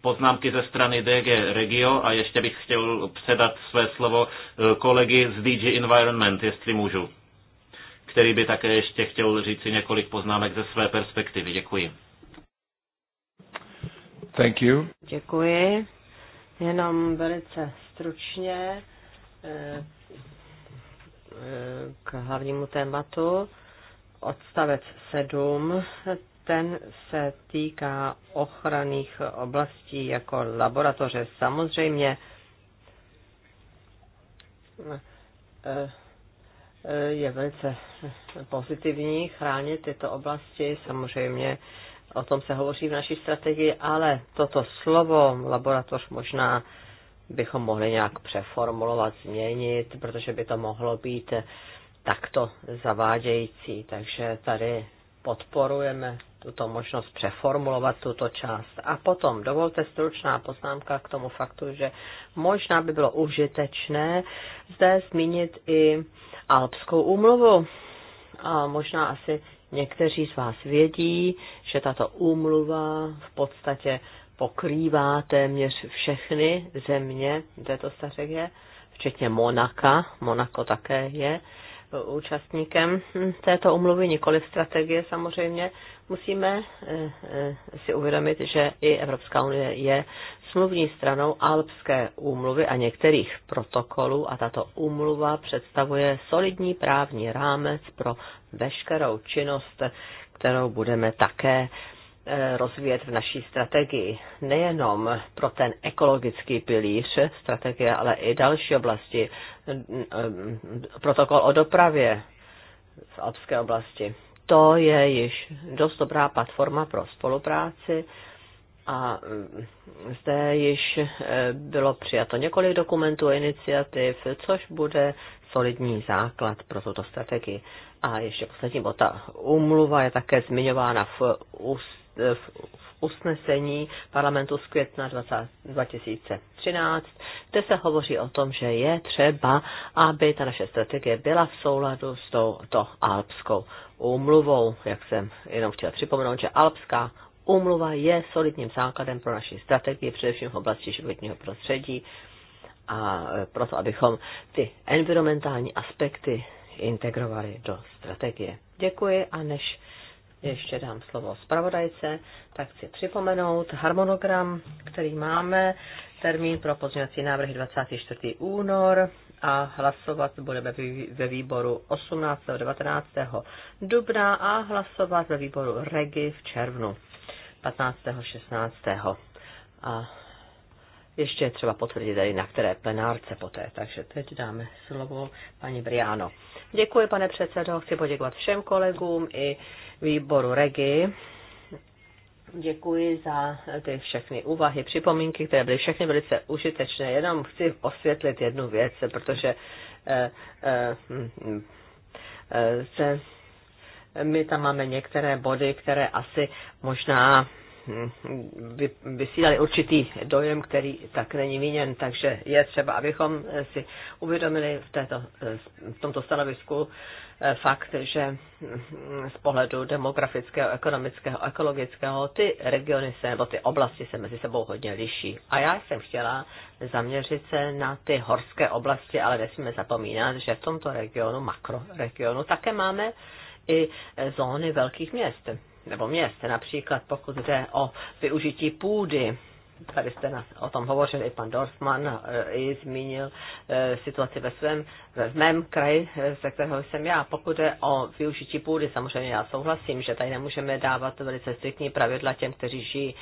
poznámky ze strany DG Regio a ještě bych chtěl předat své slovo eh, kolegy z DG Environment, jestli můžu, který by také ještě chtěl říci několik poznámek ze své perspektivy. Děkuji. Thank you. Děkuji. Jenom velice stručně eh, k hlavnímu tématu. Odstavec 7, ten se týká ochranných oblastí jako laboratoře. Samozřejmě eh, je velice pozitivní chránit tyto oblasti. Samozřejmě o tom se hovoří v naší strategii, ale toto slovo laboratoř možná bychom mohli nějak přeformulovat, změnit, protože by to mohlo být takto zavádějící. Takže tady podporujeme tuto možnost přeformulovat tuto část. A potom dovolte stručná poznámka k tomu faktu, že možná by bylo užitečné zde zmínit i Alpskou úmluvu. A možná asi někteří z vás vědí, že tato úmluva v podstatě pokrývá téměř všechny země v této strategie, včetně Monaka. Monako také je účastníkem této umluvy, nikoli strategie samozřejmě, musíme eh, eh, si uvědomit, že i Evropská unie je smluvní stranou Alpské úmluvy a některých protokolů a tato úmluva představuje solidní právní rámec pro veškerou činnost, kterou budeme také Eh, rozvíjet v naší strategii. Nejenom pro ten ekologický pilíř strategie, ale i další oblasti. Eh, protokol o dopravě v alpské oblasti. To je již dost dobrá platforma pro spolupráci a mm, zde již eh, bylo přijato několik dokumentů a iniciativ, což bude solidní základ pro tuto strategii. A ještě poslední bota. Umluva je také zmiňována v úst Eh, v, v usnesení parlamentu z května 20, 2013, kde se hovoří o tom, že je třeba, aby ta naše strategie byla v souladu s touto alpskou úmluvou. Jak jsem jenom chtěla připomenout, že alpská úmluva je solidním základem pro naši strategii, především v oblasti životního prostředí a eh, proto, abychom ty environmentální aspekty integrovali do strategie. Děkuji a než ještě dám slovo zpravodajce, tak chci připomenout harmonogram, který máme, termín pro pozměňovací návrhy 24. únor a hlasovat budeme ve výboru 18. 19. dubna a hlasovat ve výboru REGI v červnu 15. 16. A ještě třeba potvrdit tady na které plenárce poté. Takže teď dáme slovo paní Briano. Děkuji, pane předsedo, chci poděkovat všem kolegům i výboru Regi. Děkuji za ty všechny úvahy, připomínky, které byly všechny velice užitečné. Jenom chci osvětlit jednu věc, protože eh, eh, hm, eh, se, my tam máme některé body, které asi možná vysílali určitý dojem, který tak není míněn, takže je třeba, abychom si uvědomili v, této, v tomto stanovisku eh, fakt, že mm, z pohledu demografického, ekonomického, ekologického ty regiony se, nebo ty oblasti se mezi sebou hodně liší. A já jsem chtěla zaměřit se na ty horské oblasti, ale nesmíme zapomínat, že v tomto regionu, makroregionu, také máme i eh, zóny velkých měst nebo měst, například pokud jde o využití půdy, tady jste nás o tom hovořil, i pan Dorfman e, i zmínil e, situaci ve svém, ve mém kraji, e, ze kterého jsem já. Pokud je o využití půdy, samozřejmě já souhlasím, že tady nemůžeme dávat velice striktní pravidla těm, kteří žijí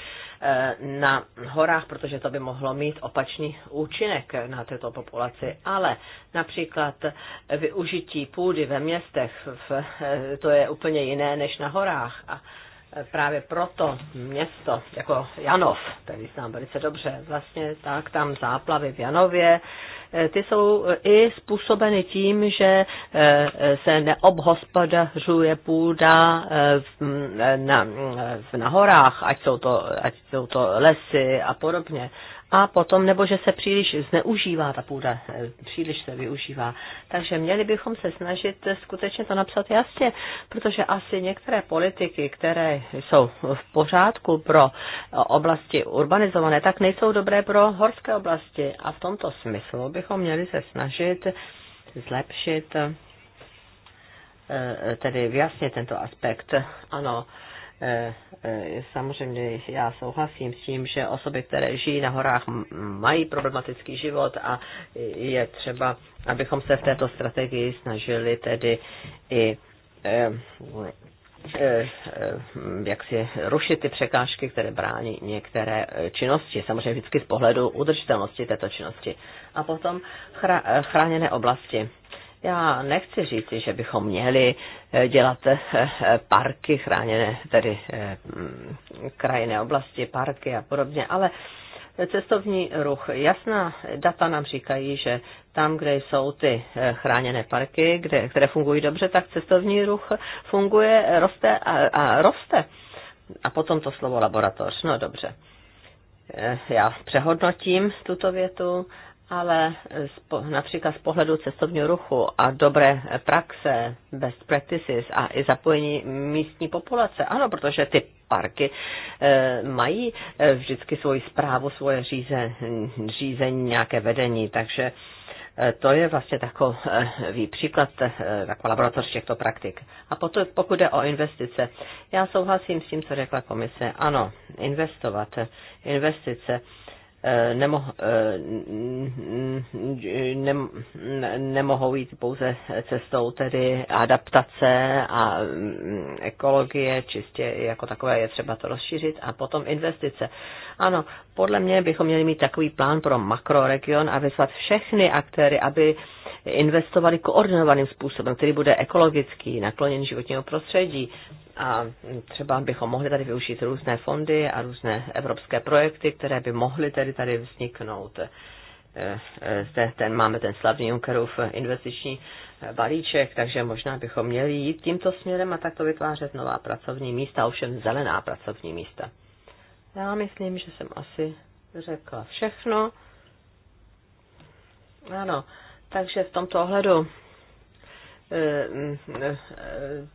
na horách, protože to by mohlo mít opačný účinek na této populaci. Ale například využití půdy ve městech, to je úplně jiné než na horách. A právě proto město jako Janov, který znám velice dobře, vlastně tak tam záplavy v Janově, eh, ty jsou i způsobeny tím, že eh, se neobhospodařuje půda eh, v, na, na horách, ať jsou, to, ať jsou to lesy a podobně a potom, nebo že se příliš zneužívá ta půda, eh, příliš se využívá. Takže měli bychom se snažit skutečně to napsat jasně, protože asi některé politiky, které jsou v pořádku pro oblasti urbanizované, tak nejsou dobré pro horské oblasti. A v tomto smyslu bychom měli se snažit zlepšit eh, eh, tedy vyjasnit tento aspekt. Ano, Eh, eh, samozřejmě já souhlasím s tím, že osoby, které žijí na horách, mají problematický život a je třeba, abychom se v této strategii snažili tedy i eh, jak si rušit ty překážky, které brání některé činnosti, samozřejmě vždycky z pohledu udržitelnosti této činnosti. A potom chráněné oblasti já nechci říct, že bychom měli eh, dělat eh, eh, parky chráněné, tedy mm, krajinné oblasti, parky a podobně, ale cestovní ruch. Jasná data nám říkají, že tam, kde jsou ty chráněné parky, kde, které fungují dobře, tak cestovní ruch funguje, roste a, a roste. A potom to slovo laboratoř. No dobře. Já přehodnotím tuto větu ale například z pohledu cestovního ruchu a dobré praxe, best practices a i zapojení místní populace. Ano, protože ty parky eh, mají eh, vždycky svoji zprávu, svoje řízení, řízení nějaké vedení, takže eh, to je vlastně takový příklad, taková laboratoř těchto praktik. A potom, pokud jde o investice, já souhlasím s tím, co řekla komise. Ano, investovat, investice Eh, nemoh, eh, nemohou jít pouze cestou tedy adaptace a mm, ekologie, čistě jako takové je třeba to rozšířit a potom investice. Ano, podle mě bychom měli mít takový plán pro makroregion a vyslat všechny aktéry, aby investovali koordinovaným způsobem, který bude ekologický, nakloněn životního prostředí. A třeba bychom mohli tady využít různé fondy a různé evropské projekty, které by mohly tedy tady vzniknout eh, eh, zde ten, máme ten slavný Junckerův investiční balíček, takže možná bychom měli jít tímto směrem a takto vytvářet nová pracovní místa, ovšem zelená pracovní místa. Já myslím, že jsem asi řekla všechno. Ano, takže v tomto ohledu eh, mm, eh,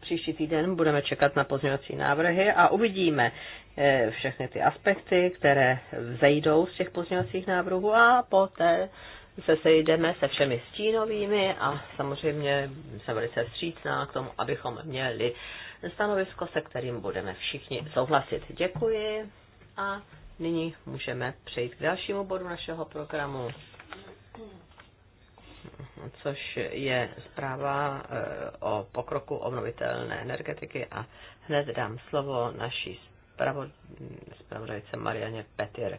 příští týden budeme čekat na pozměňovací návrhy a uvidíme eh, všechny ty aspekty, které vzejdou z těch pozměňovacích návrhů a poté se sejdeme se všemi stínovými a samozřejmě jsem velice vstřícná k tomu, abychom měli stanovisko, se kterým budeme všichni souhlasit. Děkuji a nyní můžeme přejít k dalšímu bodu našeho programu, což je zpráva eh, o pokroku obnovitelné energetiky a hned dám slovo naší zpravodajce Marianě Petir,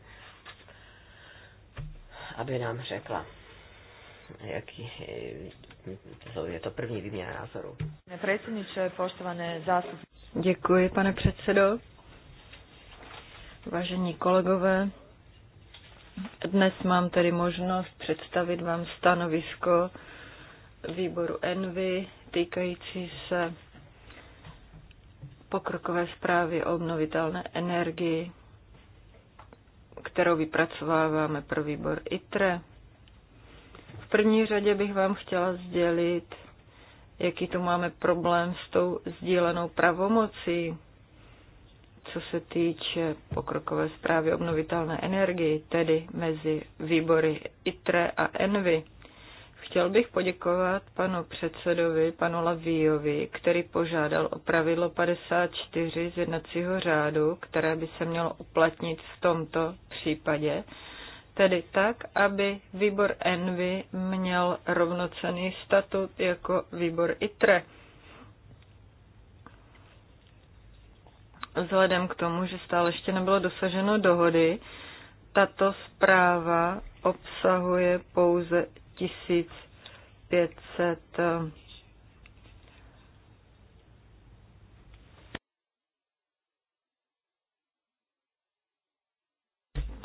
aby nám řekla, jaký je to první výměna názoru. Pane Děkuji, pane předsedo. Vážení kolegové, dnes mám tedy možnost představit vám stanovisko výboru Envy týkající se pokrokové zprávy o obnovitelné energii, kterou vypracováváme pro výbor ITRE. V první řadě bych vám chtěla sdělit, jaký tu máme problém s tou sdílenou pravomocí co se týče pokrokové zprávy obnovitelné energii, tedy mezi výbory ITRE a ENVY. Chtěl bych poděkovat panu předsedovi, panu Lavíjovi, který požádal o pravidlo 54 z jednacího řádu, které by se mělo uplatnit v tomto případě, tedy tak, aby výbor Envy měl rovnocený statut jako výbor ITRE. Vzhledem k tomu, že stále ještě nebylo dosaženo dohody, tato zpráva obsahuje pouze 1500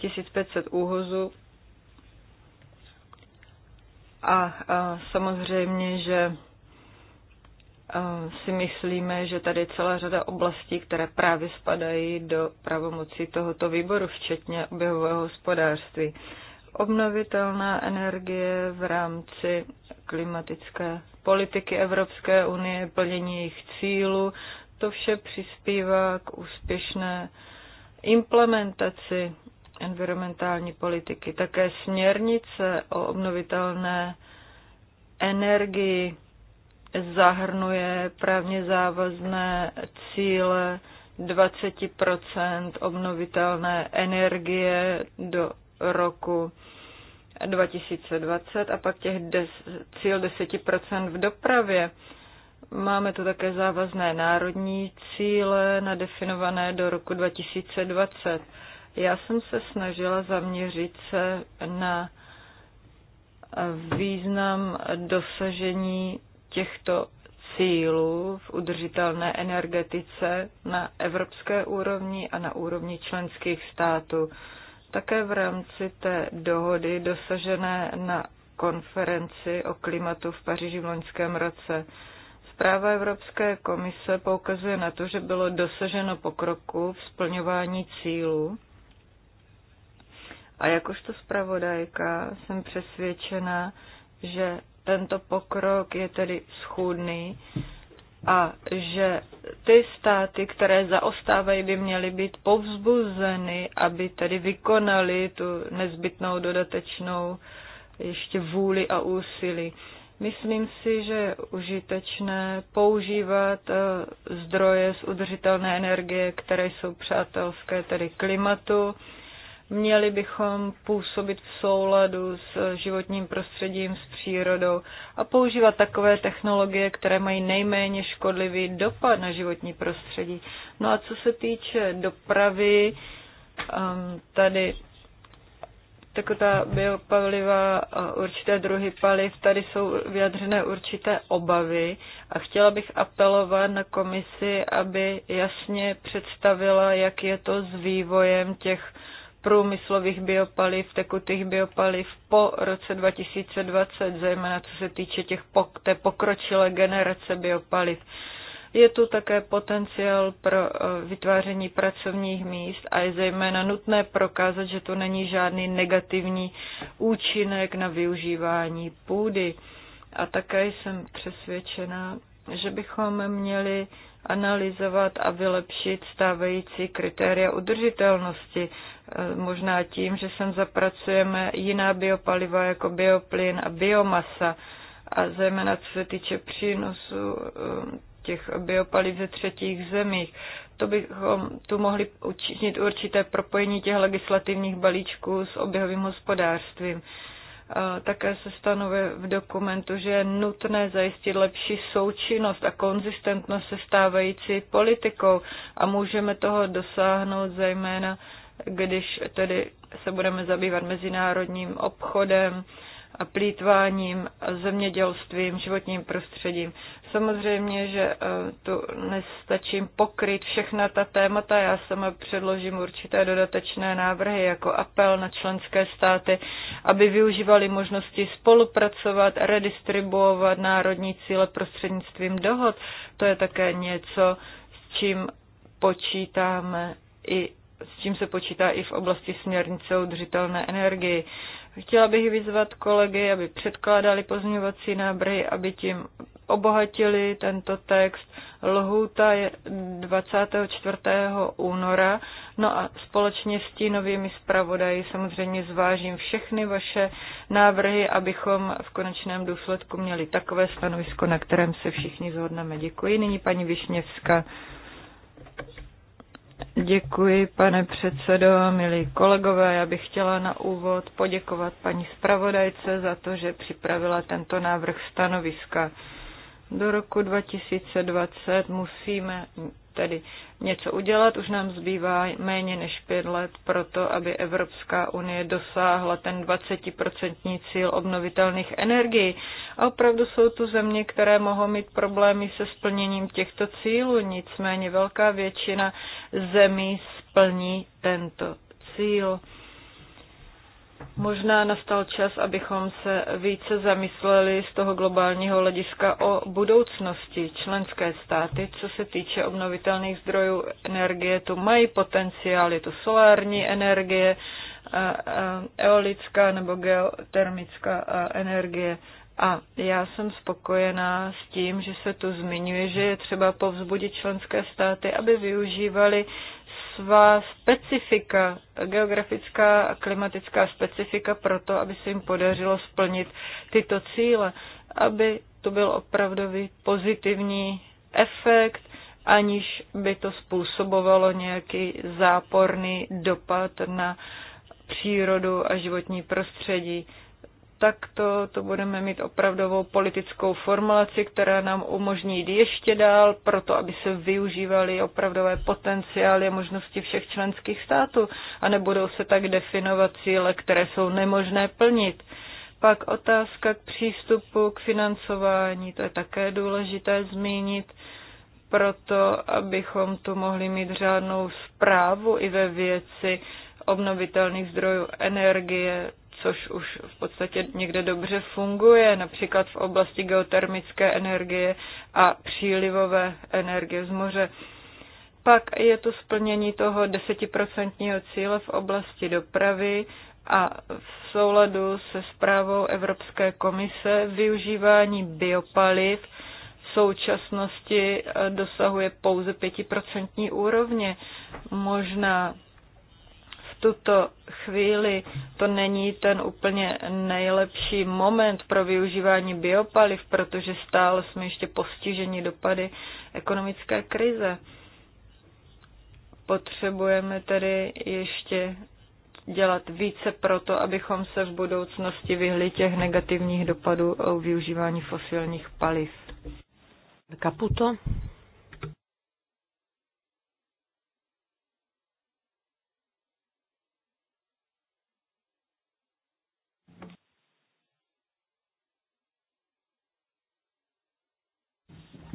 1500 eh, úhozu a, a eh, samozřejmě, že si myslíme, že tady je celá řada oblastí, které právě spadají do pravomocí tohoto výboru, včetně oběhového hospodářství. Obnovitelná energie v rámci klimatické politiky Evropské unie, plnění jejich cílů, to vše přispívá k úspěšné implementaci environmentální politiky. Také směrnice o obnovitelné energii zahrnuje právně závazné cíle 20 obnovitelné energie do roku 2020 a pak těch des, cíl 10 v dopravě. Máme tu také závazné národní cíle nadefinované do roku 2020. Já jsem se snažila zaměřit se na význam dosažení těchto cílů v udržitelné energetice na evropské úrovni a na úrovni členských států. Také v rámci té dohody dosažené na konferenci o klimatu v Paříži v loňském roce. Zpráva Evropské komise poukazuje na to, že bylo dosaženo pokroku v splňování cílů. A jakožto zpravodajka jsem přesvědčena, že tento pokrok je tedy schůdný a že ty státy, které zaostávají, by měly být povzbuzeny, aby tedy vykonali tu nezbytnou dodatečnou ještě vůli a úsilí. Myslím si, že je užitečné používat eh, zdroje z udržitelné energie, které jsou přátelské tedy klimatu, Měli bychom působit v souladu s životním prostředím, s přírodou a používat takové technologie, které mají nejméně škodlivý dopad na životní prostředí. No a co se týče dopravy, um, tady taková biopaliva a určité druhy paliv, tady jsou vyjadřené určité obavy a chtěla bych apelovat na komisi, aby jasně představila, jak je to s vývojem těch průmyslových biopaliv, tekutých biopaliv po roce 2020, zejména co se týče těch pok- té pokročilé generace biopaliv. Je tu také potenciál pro eh, vytváření pracovních míst a je zejména nutné prokázat, že tu není žádný negativní účinek na využívání půdy. A také jsem přesvědčena, že bychom měli analyzovat a vylepšit stávající kritéria udržitelnosti. Eh, možná tím, že sem zapracujeme jiná biopaliva jako bioplyn a biomasa a zejména co se týče přínosu eh, těch biopaliv ze třetích zemích. To bychom tu mohli učinit určité propojení těch legislativních balíčků s oběhovým hospodářstvím. Eh, také se stanovuje v dokumentu, že je nutné zajistit lepší součinnost a konzistentnost se stávající politikou a můžeme toho dosáhnout zejména když tedy se budeme zabývat mezinárodním obchodem, a plítváním, zemědělstvím, životním prostředím. Samozřejmě, že eh, tu nestačím pokryt všechna ta témata, já sama předložím určité dodatečné návrhy jako apel na členské státy, aby využívali možnosti spolupracovat, redistribuovat národní cíle prostřednictvím dohod. To je také něco, s čím počítáme i s čím se počítá i v oblasti směrnice o udržitelné energii. Chtěla bych vyzvat kolegy, aby předkládali pozměňovací návrhy, aby tím obohatili tento text. Lhůta je 24. února. No a společně s tím novými zpravodaji samozřejmě zvážím všechny vaše návrhy, abychom v konečném důsledku měli takové stanovisko, na kterém se všichni zhodneme. Děkuji. Nyní paní Višněvská. Děkuji, pane předsedo, milí kolegové. Já bych chtěla na úvod poděkovat paní zpravodajce za to, že připravila tento návrh stanoviska. Do roku 2020 musíme tedy něco udělat. Už nám zbývá méně než pět let pro to, aby Evropská unie dosáhla ten 20% cíl obnovitelných energií. A opravdu jsou tu země, které mohou mít problémy se splněním těchto cílů, nicméně velká většina zemí splní tento cíl. Možná nastal čas, abychom se více zamysleli z toho globálního hlediska o budoucnosti. Členské státy, co se týče obnovitelných zdrojů energie, tu mají potenciál, je to solární energie, eolická nebo geotermická energie. A já jsem spokojená s tím, že se tu zmiňuje, že je třeba povzbudit členské státy, aby využívali svá specifika, geografická a klimatická specifika pro to, aby se jim podařilo splnit tyto cíle, aby to byl opravdový pozitivní efekt, aniž by to způsobovalo nějaký záporný dopad na přírodu a životní prostředí takto to budeme mít opravdovou politickou formulaci, která nám umožní jít ještě dál, proto aby se využívaly opravdové potenciály a možnosti všech členských států a nebudou se tak definovat cíle, které jsou nemožné plnit. Pak otázka k přístupu k financování, to je také důležité zmínit proto, abychom tu mohli mít řádnou zprávu i ve věci obnovitelných zdrojů energie což už v podstatě někde dobře funguje, například v oblasti geotermické energie a přílivové energie z moře. Pak je to splnění toho desetiprocentního cíle v oblasti dopravy a v souladu se zprávou Evropské komise využívání biopaliv v současnosti eh, dosahuje pouze pětiprocentní úrovně. Možná tuto chvíli to není ten úplně nejlepší moment pro využívání biopaliv, protože stále jsme ještě postiženi dopady ekonomické krize. Potřebujeme tedy ještě dělat více pro to, abychom se v budoucnosti vyhli těch negativních dopadů o využívání fosilních paliv. Kaputo,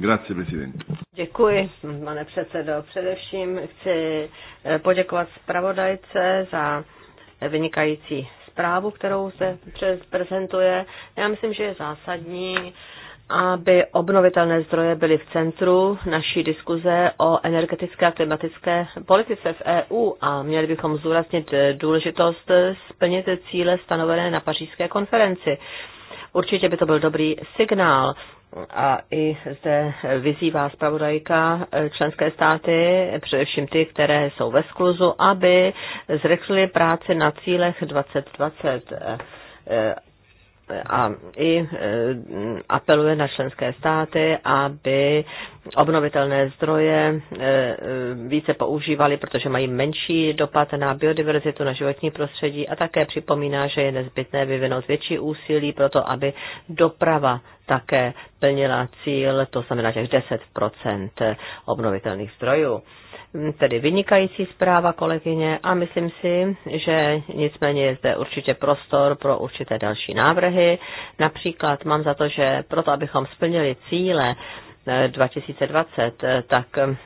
Grazie, Presidente. Děkuji, pane předsedo. Především chci eh, poděkovat zpravodajce za vynikající zprávu, kterou se prezentuje. Já myslím, že je zásadní, aby obnovitelné zdroje byly v centru naší diskuze o energetické a klimatické politice v EU a měli bychom zúraznit eh, důležitost eh, splnit cíle stanovené na pařížské konferenci. Určitě by to byl dobrý signál a i zde vyzývá zpravodajka eh, členské státy, především ty, které jsou ve skluzu, aby zrychlili práci na cílech 2020 a i e, apeluje na členské státy, aby obnovitelné zdroje e, e, více používali, protože mají menší dopad na biodiverzitu, na životní prostředí a také připomíná, že je nezbytné vyvinout větší úsilí pro to, aby doprava také plnila cíl, to znamená těch 10 obnovitelných zdrojů tedy vynikající zpráva kolegyně a myslím si, že nicméně je zde určitě prostor pro určité další návrhy. Například mám za to, že proto, abychom splnili cíle, 2020, eh, eh, tak mm,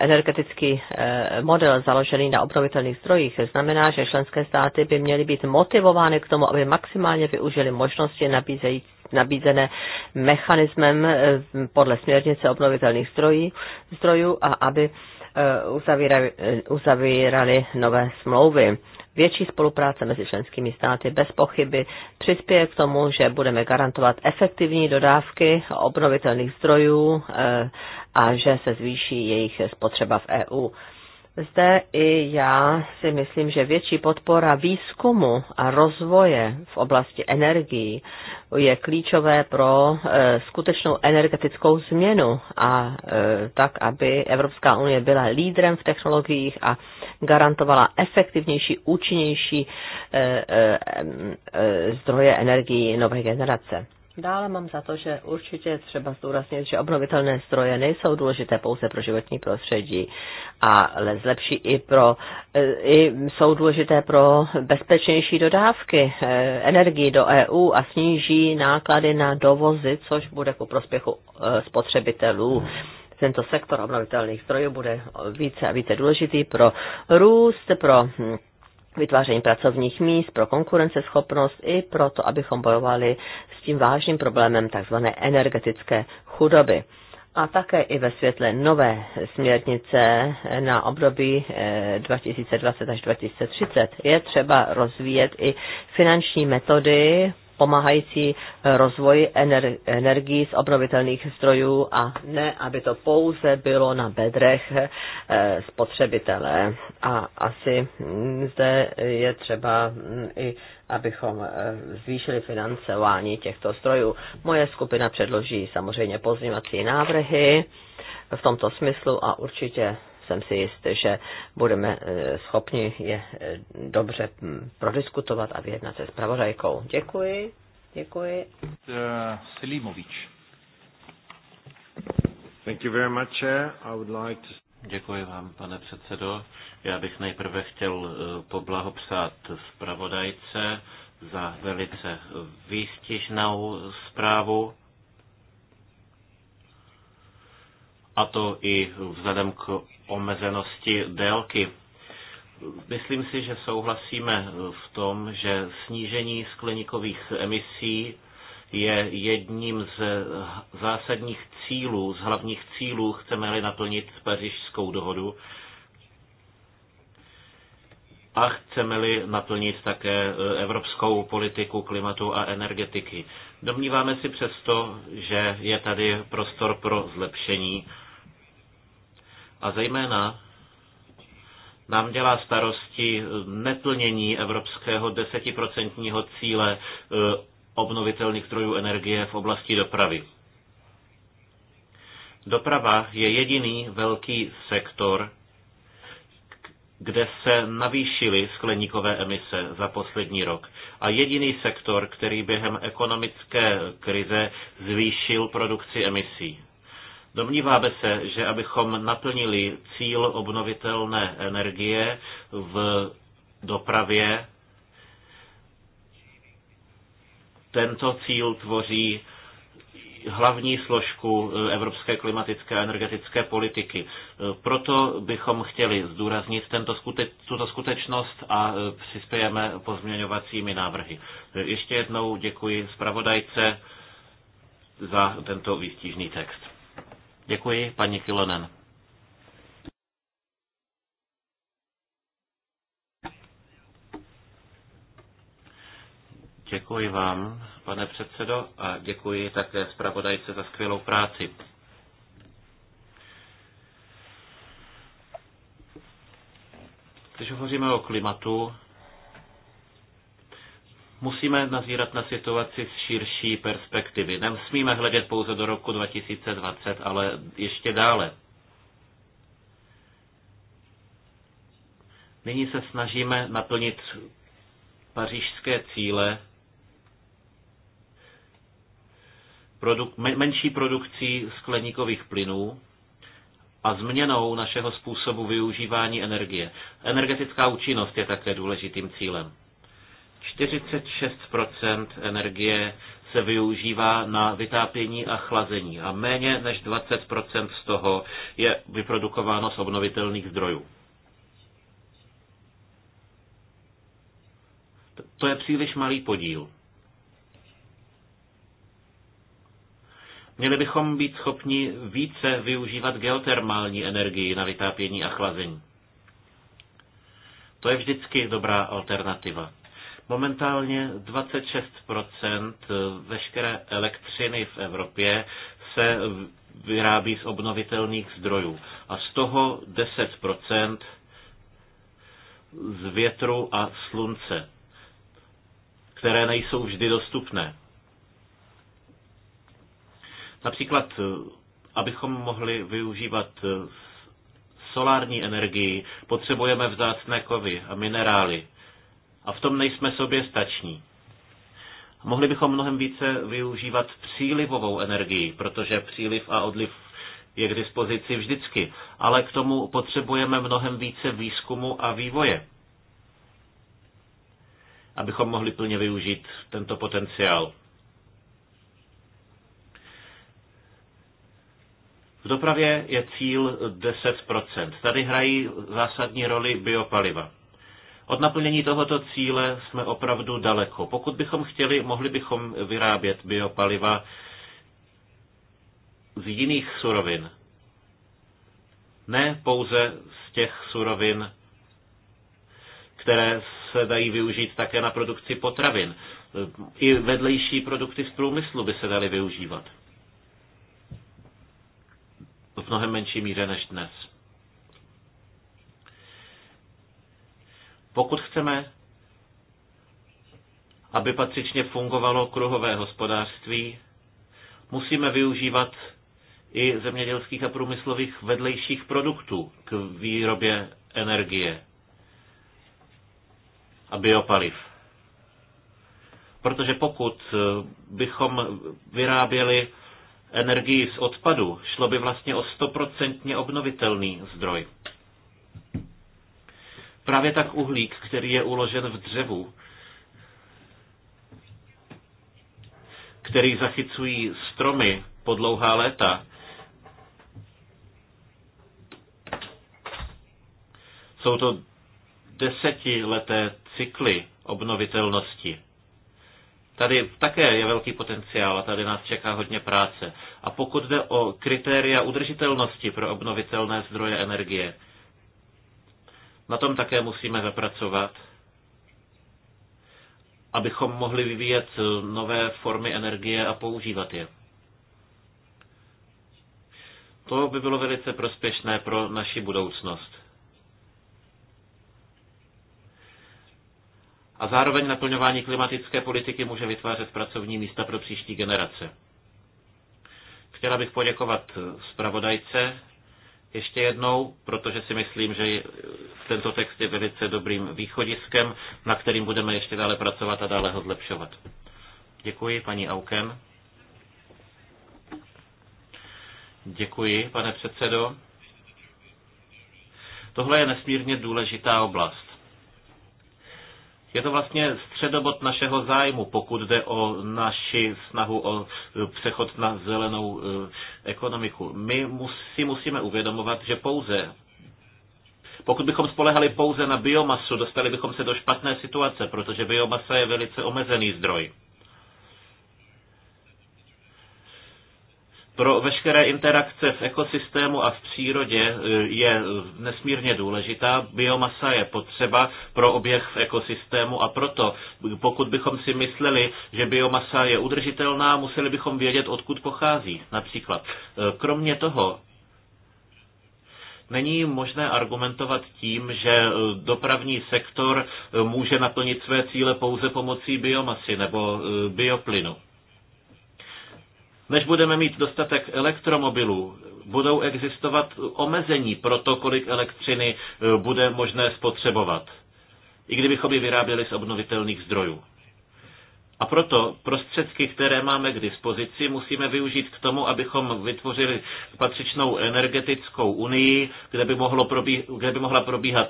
energetický eh, model založený na obnovitelných zdrojích znamená, že členské státy by měly být motivovány k tomu, aby maximálně využili možnosti nabízející nabízené mechanismem podle směrnice obnovitelných zdrojů, zdrojů a aby Eh, eh, uzavírali, nové smlouvy. Větší spolupráce mezi členskými státy bez pochyby přispěje k tomu, že budeme garantovat efektivní dodávky obnovitelných zdrojů eh, a že se zvýší jejich spotřeba v EU. Zde i já si myslím, že větší podpora výzkumu a rozvoje v oblasti energií je klíčové pro e, skutečnou energetickou změnu a e, tak, aby Evropská unie byla lídrem v technologiích a garantovala efektivnější, účinnější e, zdroje energií nové generace. Dále mám za to, že určitě třeba zdůraznit, že obnovitelné zdroje nejsou důležité pouze pro životní prostředí, ale zlepší i pro, eh, i jsou důležité pro bezpečnější dodávky eh, energii do EU a sníží náklady na dovozy, což bude ku prospěchu eh, spotřebitelů tento sektor obnovitelných zdrojů bude více a více důležitý pro růst, pro hm, vytváření pracovních míst, pro konkurenceschopnost i pro to, abychom bojovali s tím vážným problémem tzv. energetické chudoby. A také i ve světle nové směrnice na období 2020 eh, až 2030 je třeba rozvíjet i finanční metody pomáhající eh, rozvoji energii z obnovitelných zdrojů a ne, aby to pouze bylo na bedrech eh, spotřebitele. A asi mm, zde je třeba mm, i abychom eh, zvýšili financování těchto zdrojů. Moje skupina předloží samozřejmě pozměňovací návrhy v tomto smyslu a určitě jsem si jist, že budeme eh, schopni je eh, dobře hm, prodiskutovat a vyjednat se pravodajkou. Děkuji. Děkuji. Eh, Slimovič. Thank you very much, I would like to... Děkuji vám, pane předsedo. Já bych nejprve chtěl poblahopřát zpravodajce za velice výstižnou zprávu. A to i vzhledem k omezenosti délky. Myslím si, že souhlasíme v tom, že snížení skleníkových emisí je jedním z zásadních cílů, z hlavních cílů, chceme-li naplnit pařížskou dohodu a chceme-li naplnit také evropskou politiku klimatu a energetiky. Domníváme si přesto, že je tady prostor pro zlepšení a zejména nám dělá starosti neplnění evropského desetiprocentního cíle e, obnovitelných zdrojů energie v oblasti dopravy. Doprava je jediný velký sektor, kde se navýšily skleníkové emise za poslední rok. A jediný sektor, který během ekonomické krize zvýšil produkci emisí. Domníváme se, že abychom naplnili cíl obnovitelné energie v dopravě, tento cíl tvoří hlavní složku evropské klimatické a energetické politiky. Proto bychom chtěli zdůraznit tento skute- tuto skutečnost a přispějeme pozměňovacími návrhy. Ještě jednou děkuji zpravodajce za tento výstižný text. Děkuji, paní Kilonen. Děkuji vám, pane předsedo, a děkuji také zpravodajce za skvělou práci. Když hovoříme o klimatu, Musíme nazírat na situaci z širší perspektivy. Nemusíme hledět pouze do roku 2020, ale ještě dále. Nyní se snažíme naplnit pařížské cíle produk- menší produkcí skleníkových plynů a změnou našeho způsobu využívání energie. Energetická účinnost je také důležitým cílem. 46 energie se využívá na vytápění a chlazení a méně než 20 z toho je vyprodukováno z obnovitelných zdrojů. To je příliš malý podíl. Měli bychom být schopni více využívat geotermální energii na vytápění a chlazení. To je vždycky dobrá alternativa. Momentálně 26% eh, veškeré elektřiny v Evropě se vyrábí z obnovitelných zdrojů a z toho 10% z větru a slunce, které nejsou vždy dostupné. Například, eh, abychom mohli využívat eh, solární energii, potřebujeme vzácné kovy a minerály. A v tom nejsme sobě stační. Mohli bychom mnohem více využívat přílivovou energii, protože příliv a odliv je k dispozici vždycky, ale k tomu potřebujeme mnohem více výzkumu a vývoje, abychom mohli plně využít tento potenciál. V dopravě je cíl 10%. Tady hrají zásadní roli biopaliva. Od naplnění tohoto cíle jsme opravdu daleko. Pokud bychom chtěli, mohli bychom vyrábět biopaliva z jiných surovin. Ne pouze z těch surovin, které se dají využít také na produkci potravin. I vedlejší produkty z průmyslu by se daly využívat. V mnohem menší míře než dnes. Pokud chceme, aby patřičně fungovalo kruhové hospodářství, musíme využívat i zemědělských a průmyslových vedlejších produktů k výrobě energie a biopaliv. Protože pokud eh, bychom vyráběli energii z odpadu, šlo by vlastně o stoprocentně obnovitelný zdroj. Právě tak uhlík, který je uložen v dřevu, který zachycují stromy po dlouhá léta, jsou to desetileté cykly obnovitelnosti. Tady také je velký potenciál a tady nás čeká hodně práce. A pokud jde o kritéria udržitelnosti pro obnovitelné zdroje energie, na tom také musíme zapracovat, abychom mohli vyvíjet nové formy energie a používat je. To by bylo velice prospěšné pro naši budoucnost. A zároveň naplňování klimatické politiky může vytvářet pracovní místa pro příští generace. Chtěla bych poděkovat zpravodajce ještě jednou, protože si myslím, že tento text je velice dobrým východiskem, na kterým budeme ještě dále pracovat a dále ho zlepšovat. Děkuji, paní Auken. Děkuji, pane předsedo. Tohle je nesmírně důležitá oblast. Je to vlastně středobod našeho zájmu, pokud jde o naši snahu o e, přechod na zelenou e, ekonomiku. My si musíme uvědomovat, že pouze pokud bychom spolehali pouze na biomasu, dostali bychom se do špatné situace, protože biomasa je velice omezený zdroj. pro veškeré interakce v ekosystému a v přírodě eh, je eh, nesmírně důležitá. Biomasa je potřeba pro oběh v ekosystému a proto, pokud bychom si mysleli, že biomasa je udržitelná, museli bychom vědět, odkud pochází například. Eh, kromě toho, není možné argumentovat tím, že dopravní sektor může naplnit své cíle pouze pomocí biomasy nebo bioplynu. Než budeme mít dostatek elektromobilů, budou existovat omezení pro to, kolik elektřiny eh, bude možné spotřebovat, i kdybychom ji vyráběli z obnovitelných zdrojů. A proto prostředky, které máme k dispozici, musíme využít k tomu, abychom vytvořili patřičnou energetickou unii, kde by, mohlo probí, kde by, mohla probíhat,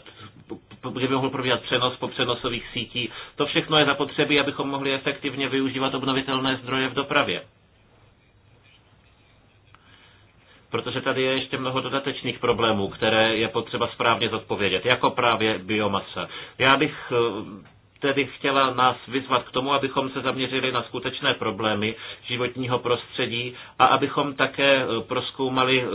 kde by mohl probíhat přenos po přenosových sítí. To všechno je zapotřebí, abychom mohli efektivně využívat obnovitelné zdroje v dopravě. Protože tady je ještě mnoho dodatečných problémů, které je potřeba správně zodpovědět, jako právě biomasa. Já bych eh, tedy chtěla nás vyzvat k tomu, abychom se zaměřili na skutečné problémy životního prostředí a abychom také eh, proskoumali eh,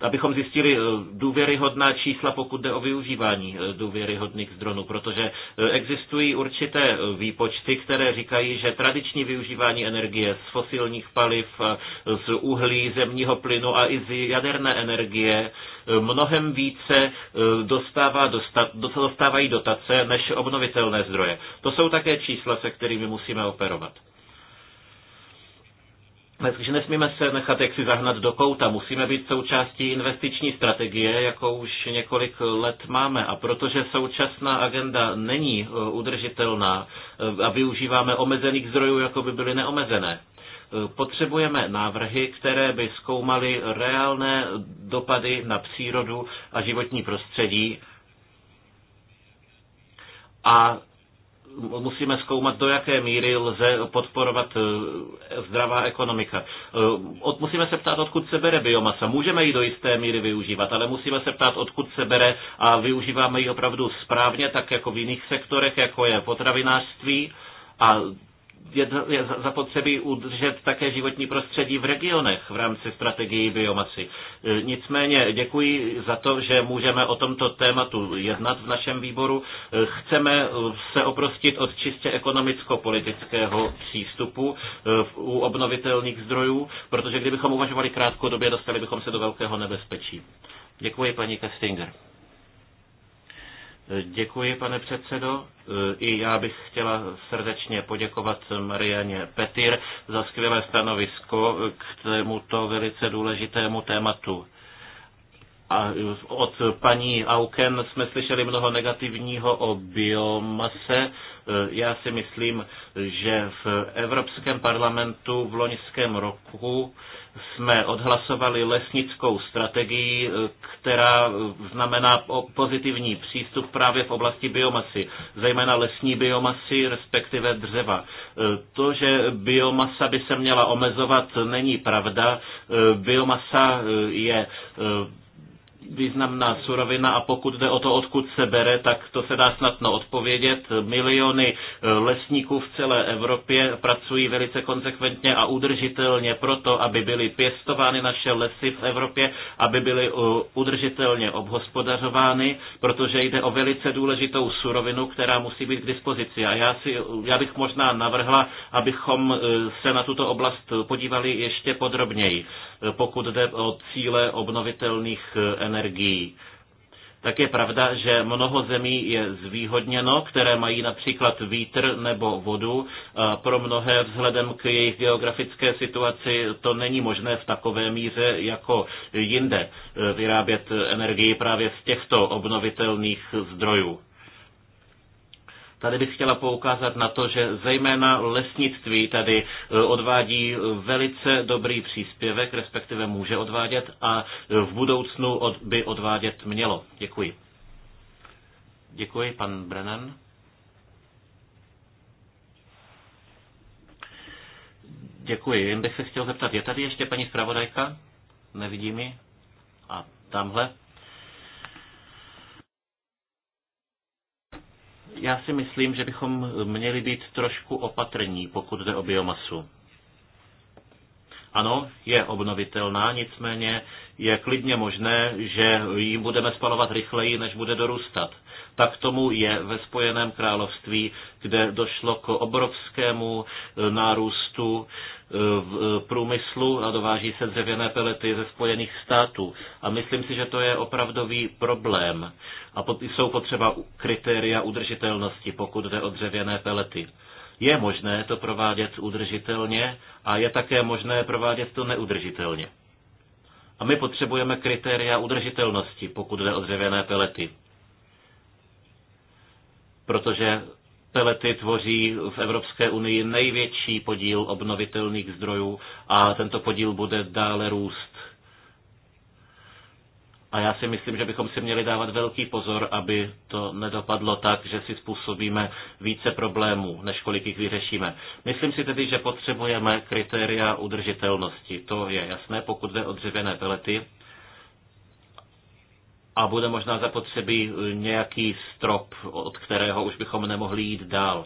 abychom zjistili eh, důvěryhodná čísla, pokud jde o využívání eh, důvěryhodných zdronů, protože eh, existují určité výpočty, které říkají, že tradiční využívání energie z fosilních paliv, z uhlí, zemního plynu a i z jaderné energie mnohem více dostává, dostat, dostávají dotace než obnovitelné zdroje. To jsou také čísla, se kterými musíme operovat. Takže nesmíme se nechat jaksi zahnat do kouta. Musíme být součástí investiční strategie, jakou už několik let máme. A protože současná agenda není e, udržitelná e, a využíváme omezených zdrojů, jako by byly neomezené, e, potřebujeme návrhy, které by zkoumaly reálné dopady na přírodu a životní prostředí a musíme zkoumat, do jaké míry lze podporovat eh, zdravá ekonomika. Eh, musíme se ptát, odkud se bere biomasa. Můžeme ji do jisté míry využívat, ale musíme se ptát, odkud se bere a využíváme ji opravdu správně, tak jako v jiných sektorech, jako je potravinářství. A je zapotřebí udržet také životní prostředí v regionech v rámci strategii biomasy. E, nicméně děkuji za to, že můžeme o tomto tématu jednat v našem výboru. E, chceme e, se oprostit od čistě ekonomicko-politického přístupu u obnovitelných zdrojů, protože kdybychom uvažovali krátkodobě, dostali bychom se do velkého nebezpečí. Děkuji, paní Kestinger. Děkuji, pane předsedo. E, I já bych chtěla srdečně poděkovat Marianě Petir za skvělé stanovisko k tomuto velice důležitému tématu. A e, od paní Auken jsme slyšeli mnoho negativního o biomase. E, já si myslím, že v Evropském parlamentu v loňském roku jsme odhlasovali lesnickou strategii, e, která znamená pozitivní přístup právě v oblasti biomasy, zejména lesní biomasy, respektive dřeva. To, že biomasa by se měla omezovat, není pravda. Biomasa je významná surovina a pokud jde o to, odkud se bere, tak to se dá snadno odpovědět. Miliony eh, lesníků v celé Evropě pracují velice konsekventně a udržitelně proto, aby byly pěstovány naše lesy v Evropě, aby byly eh, udržitelně obhospodařovány, protože jde o velice důležitou surovinu, která musí být k dispozici. A já, si, já bych možná navrhla, abychom eh, se na tuto oblast podívali ještě podrobněji, pokud jde o cíle obnovitelných energií tak je pravda, že mnoho zemí je zvýhodněno, které mají například vítr nebo vodu. Pro mnohé vzhledem k jejich geografické situaci to není možné v takové míře jako jinde vyrábět energii právě z těchto obnovitelných zdrojů. Tady bych chtěla poukázat na to, že zejména lesnictví tady e, odvádí e, velice dobrý příspěvek, respektive může odvádět a e, v budoucnu by odvádět mělo. Děkuji. Děkuji, pan Brennan. Děkuji. Jen bych se chtěl zeptat, je tady ještě paní zpravodajka? Nevidím ji. A tamhle. Já si myslím, že bychom měli být trošku opatrní, pokud jde o biomasu. Ano, je obnovitelná, nicméně je klidně možné, že ji budeme spalovat rychleji, než bude dorůstat. Tak tomu je ve Spojeném království, kde došlo k obrovskému e, nárůstu e, v e, průmyslu a dováží se dřevěné pelety ze Spojených států. A myslím si, že to je opravdový problém. A jsou potřeba kritéria udržitelnosti, pokud jde o dřevěné pelety. Je možné to provádět udržitelně a je také možné provádět to neudržitelně. A my potřebujeme kritéria udržitelnosti, pokud jde o dřevěné pelety protože pelety tvoří v Evropské unii největší podíl obnovitelných zdrojů a tento podíl bude dále růst. A já si myslím, že bychom si měli dávat velký pozor, aby to nedopadlo tak, že si způsobíme více problémů, než kolik jich vyřešíme. Myslím si tedy, že potřebujeme kritéria udržitelnosti. To je jasné, pokud jde o dřevěné pelety a bude možná zapotřebí eh, nějaký strop, od kterého už bychom nemohli jít dál.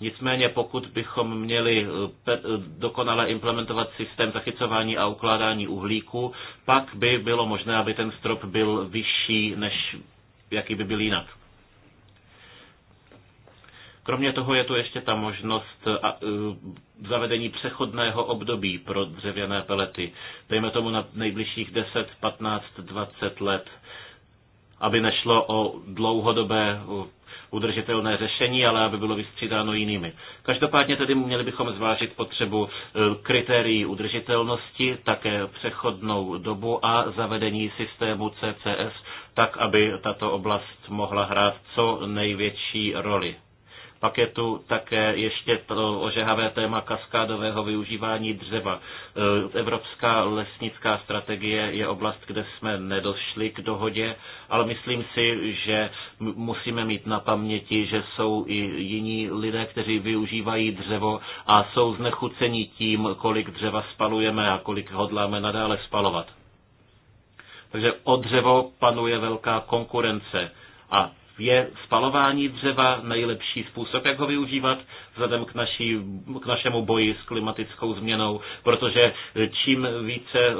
Nicméně pokud bychom měli eh, eh, dokonale implementovat systém zachycování a ukládání uhlíku, pak by bylo možné, aby ten strop byl vyšší, než jaký by byl jinak. Kromě toho je tu ještě ta možnost e, zavedení přechodného období pro dřevěné pelety. Dejme tomu na nejbližších 10, 15, 20 let, aby nešlo o dlouhodobé udržitelné řešení, ale aby bylo vystřídáno jinými. Každopádně tedy měli bychom zvážit potřebu e, kritérií udržitelnosti, také přechodnou dobu a zavedení systému CCS, tak aby tato oblast mohla hrát co největší roli. Pak je tu také ještě to ožehavé téma kaskádového využívání dřeva. E, Evropská lesnická strategie je oblast, kde jsme nedošli k dohodě, ale myslím si, že musíme mít na paměti, že jsou i jiní lidé, kteří využívají dřevo a jsou znechuceni tím, kolik dřeva spalujeme a kolik hodláme nadále spalovat. Takže o dřevo panuje velká konkurence a je spalování dřeva nejlepší způsob, jak ho využívat, vzhledem k, naší, k našemu boji s klimatickou změnou, protože čím více eh,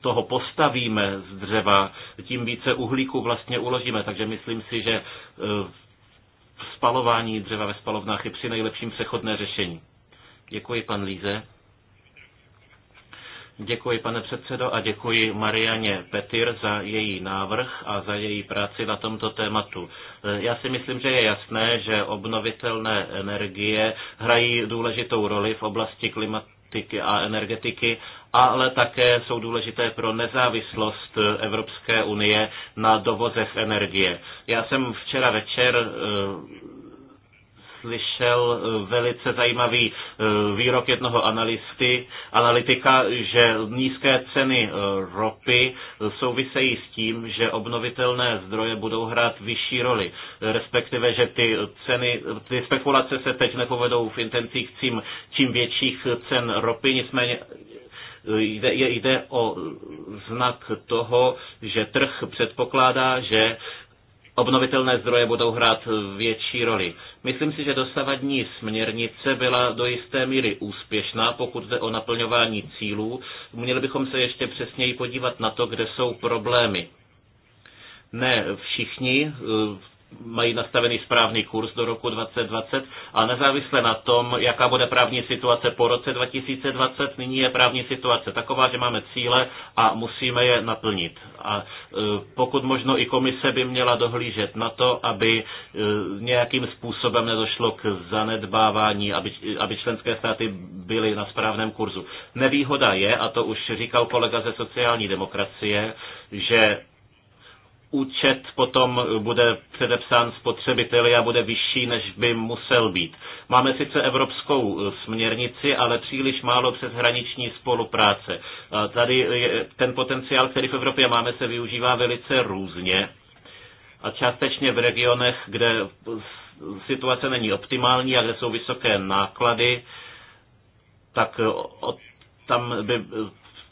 toho postavíme z dřeva, tím více uhlíku vlastně uložíme. Takže myslím si, že eh, spalování dřeva ve spalovnách je při nejlepším přechodné řešení. Děkuji, pan Líze. Děkuji, pane předsedo, a děkuji Marianě Petir za její návrh a za její práci na tomto tématu. Já si myslím, že je jasné, že obnovitelné energie hrají důležitou roli v oblasti klimatiky a energetiky, ale také jsou důležité pro nezávislost Evropské unie na dovozech energie. Já jsem včera večer eh, slyšel eh, velice zajímavý eh, výrok jednoho analysty, analytika, že nízké ceny eh, ropy souvisejí s tím, že obnovitelné zdroje budou hrát vyšší roli, respektive, že ty ceny, ty spekulace se teď nepovedou v intencích tím, čím větších cen ropy, nicméně jde, jde o znak toho, že trh předpokládá, že obnovitelné zdroje budou hrát větší roli. Myslím si, že dosavadní směrnice byla do jisté míry úspěšná, pokud jde o naplňování cílů. Měli bychom se ještě přesněji podívat na to, kde jsou problémy. Ne všichni mají nastavený správný kurz do roku 2020 a nezávisle na tom, jaká bude právní situace po roce 2020, nyní je právní situace taková, že máme cíle a musíme je naplnit. A e, pokud možno i komise by měla dohlížet na to, aby e, nějakým způsobem nedošlo k zanedbávání, aby, aby členské státy byly na správném kurzu. Nevýhoda je, a to už říkal kolega ze sociální demokracie, že účet potom bude předepsán spotřebiteli a bude vyšší, než by musel být. Máme sice evropskou eh, směrnici, ale příliš málo přeshraniční spolupráce. Tady je, ten potenciál, který v Evropě máme, se využívá velice různě a částečně v regionech, kde situace není optimální a kde jsou vysoké náklady, tak tam by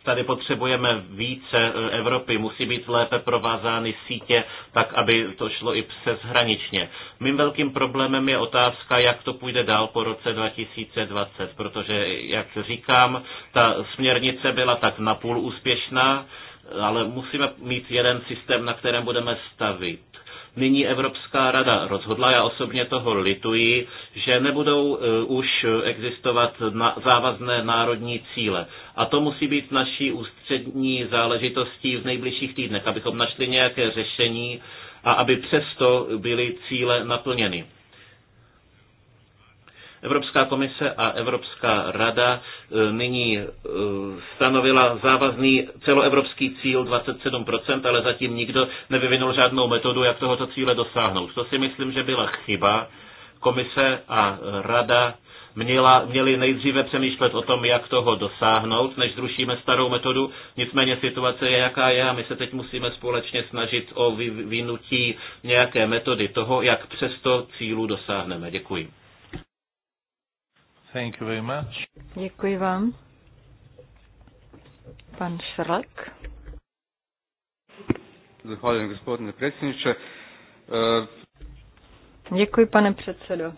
tady potřebujeme více e, Evropy, musí být lépe provázány sítě, tak aby to šlo i přeshraničně. Mým velkým problémem je otázka, jak to půjde dál po roce 2020, protože, jak říkám, ta směrnice byla tak napůl úspěšná, ale musíme mít jeden systém, na kterém budeme stavit nyní Evropská rada rozhodla, já osobně toho lituji, že nebudou e, už existovat závazné národní cíle. A to musí být naší ústřední záležitostí v nejbližších týdnech, abychom našli nějaké řešení a aby přesto byly cíle naplněny. Evropská komise a Evropská rada e, nyní e, stanovila závazný celoevropský cíl 27%, ale zatím nikdo nevyvinul žádnou metodu, jak tohoto cíle dosáhnout. To si myslím, že byla chyba. Komise a rada měla, měli nejdříve přemýšlet o tom, jak toho dosáhnout, než zrušíme starou metodu. Nicméně situace je, jaká je a my se teď musíme společně snažit o vyvinutí nějaké metody toho, jak přesto cílu dosáhneme. Děkuji. Thank you very much. Děkuji vám. Pan Šrak. Zahvaljujem, gospodine predsjedniče. E, Děkuji, pane předsedo.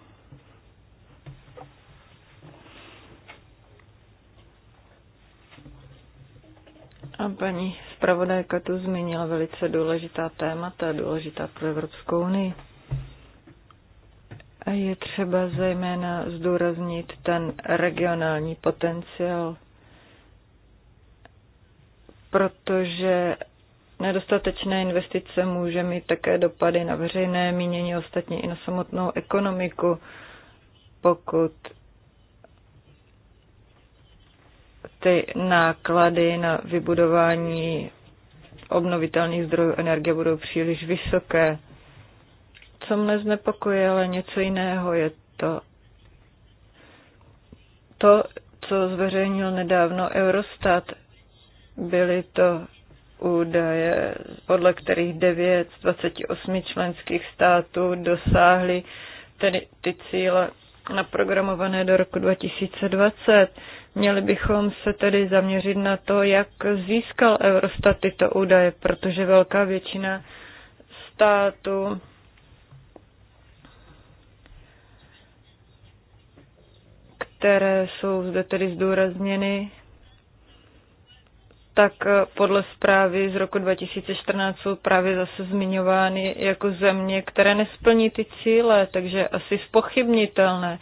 A paní zpravodajka tu zmínila velice důležitá témata, důležitá pro Evropskou unii. A je třeba zejména zdůraznit ten regionální potenciál, protože nedostatečné investice může mít také dopady na veřejné mínění, ostatně i na samotnou ekonomiku, pokud ty náklady na vybudování obnovitelných zdrojů energie budou příliš vysoké co mne znepokuje, ale něco jiného je to, to, co zveřejnil nedávno Eurostat. Byly to údaje, podle kterých 9 z 28 členských států dosáhly tedy ty cíle naprogramované do roku 2020. Měli bychom se tedy zaměřit na to, jak získal Eurostat tyto údaje, protože velká většina států které jsou zde tedy zdůrazněny, tak podle zprávy z roku 2014 jsou právě zase zmiňovány jako země, které nesplní ty cíle, takže asi spochybnitelné,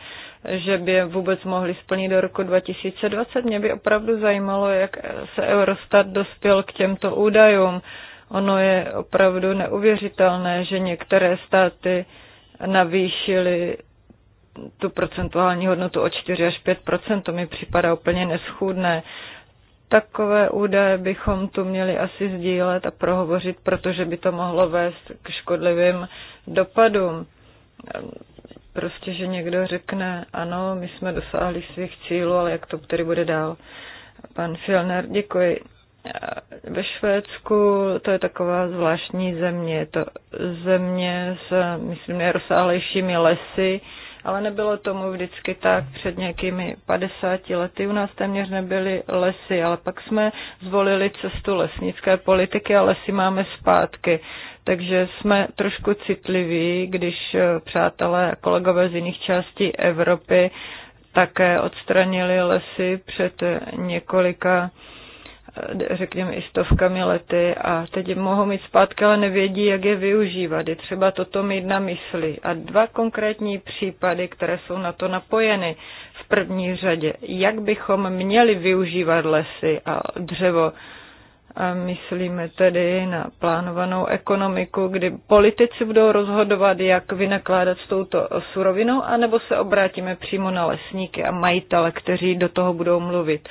že by je vůbec mohli splnit do roku 2020. Mě by opravdu zajímalo, jak se Eurostat dospěl k těmto údajům. Ono je opravdu neuvěřitelné, že některé státy navýšily tu procentuální hodnotu o 4 až 5 to mi připadá úplně neschůdné. Takové údaje bychom tu měli asi sdílet a prohovořit, protože by to mohlo vést k škodlivým dopadům. Prostě, že někdo řekne, ano, my jsme dosáhli svých cílů, ale jak to tedy bude dál? Pan Filner, děkuji ve Švédsku to je taková zvláštní země. Je to země s, myslím, nejrozsáhlejšími lesy ale nebylo tomu vždycky tak. Před nějakými 50 lety u nás téměř nebyly lesy, ale pak jsme zvolili cestu lesnické politiky a lesy máme zpátky. Takže jsme trošku citliví, když eh, přátelé a kolegové z jiných částí Evropy také odstranili lesy před několika řekněme, i stovkami lety a teď mohou mít zpátky, ale nevědí, jak je využívat. Je třeba toto mít na mysli. A dva konkrétní případy, které jsou na to napojeny v první řadě. Jak bychom měli využívat lesy a dřevo? A myslíme tedy na plánovanou ekonomiku, kdy politici budou rozhodovat, jak vynakládat s touto surovinou, anebo se obrátíme přímo na lesníky a majitele, kteří do toho budou mluvit.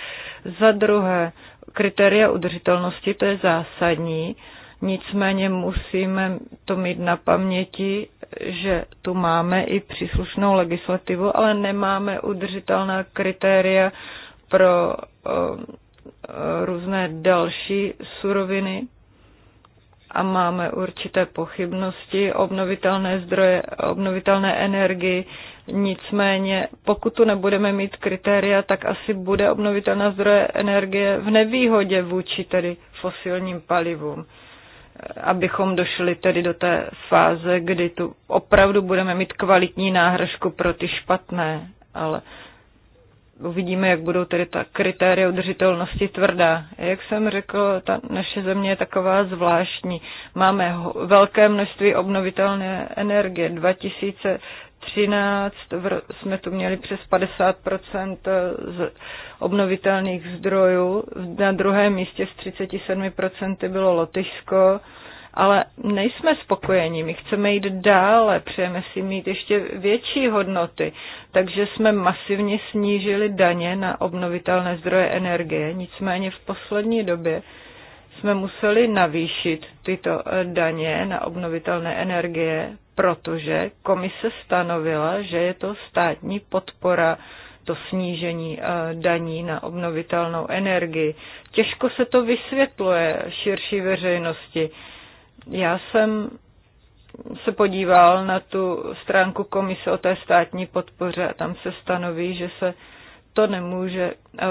Za druhé, kritéria udržitelnosti, to je zásadní, nicméně musíme to mít na paměti, že tu máme i příslušnou legislativu, ale nemáme udržitelná kritéria pro eh, eh, různé další suroviny, a máme určité pochybnosti obnovitelné zdroje, obnovitelné energii. Nicméně, pokud tu nebudeme mít kritéria, tak asi bude obnovitelná zdroje energie v nevýhodě vůči tedy fosilním palivům abychom došli tedy do té fáze, kdy tu opravdu budeme mít kvalitní náhražku pro ty špatné, ale uvidíme, jak budou tedy ta kritéria udržitelnosti tvrdá. Jak jsem řekl, ta naše země je taková zvláštní. Máme velké množství obnovitelné energie. 2013 jsme tu měli přes 50 z obnovitelných zdrojů. Na druhém místě s 37 bylo Lotyšsko ale nejsme spokojeni, my chceme jít dále, přejeme si mít ještě větší hodnoty, takže jsme masivně snížili daně na obnovitelné zdroje energie, nicméně v poslední době jsme museli navýšit tyto eh, daně na obnovitelné energie, protože komise stanovila, že je to státní podpora to snížení eh, daní na obnovitelnou energii. Těžko se to vysvětluje širší veřejnosti. Já jsem se podíval na tu stránku komise o té státní podpoře a tam se stanoví, že se to nemůže eh,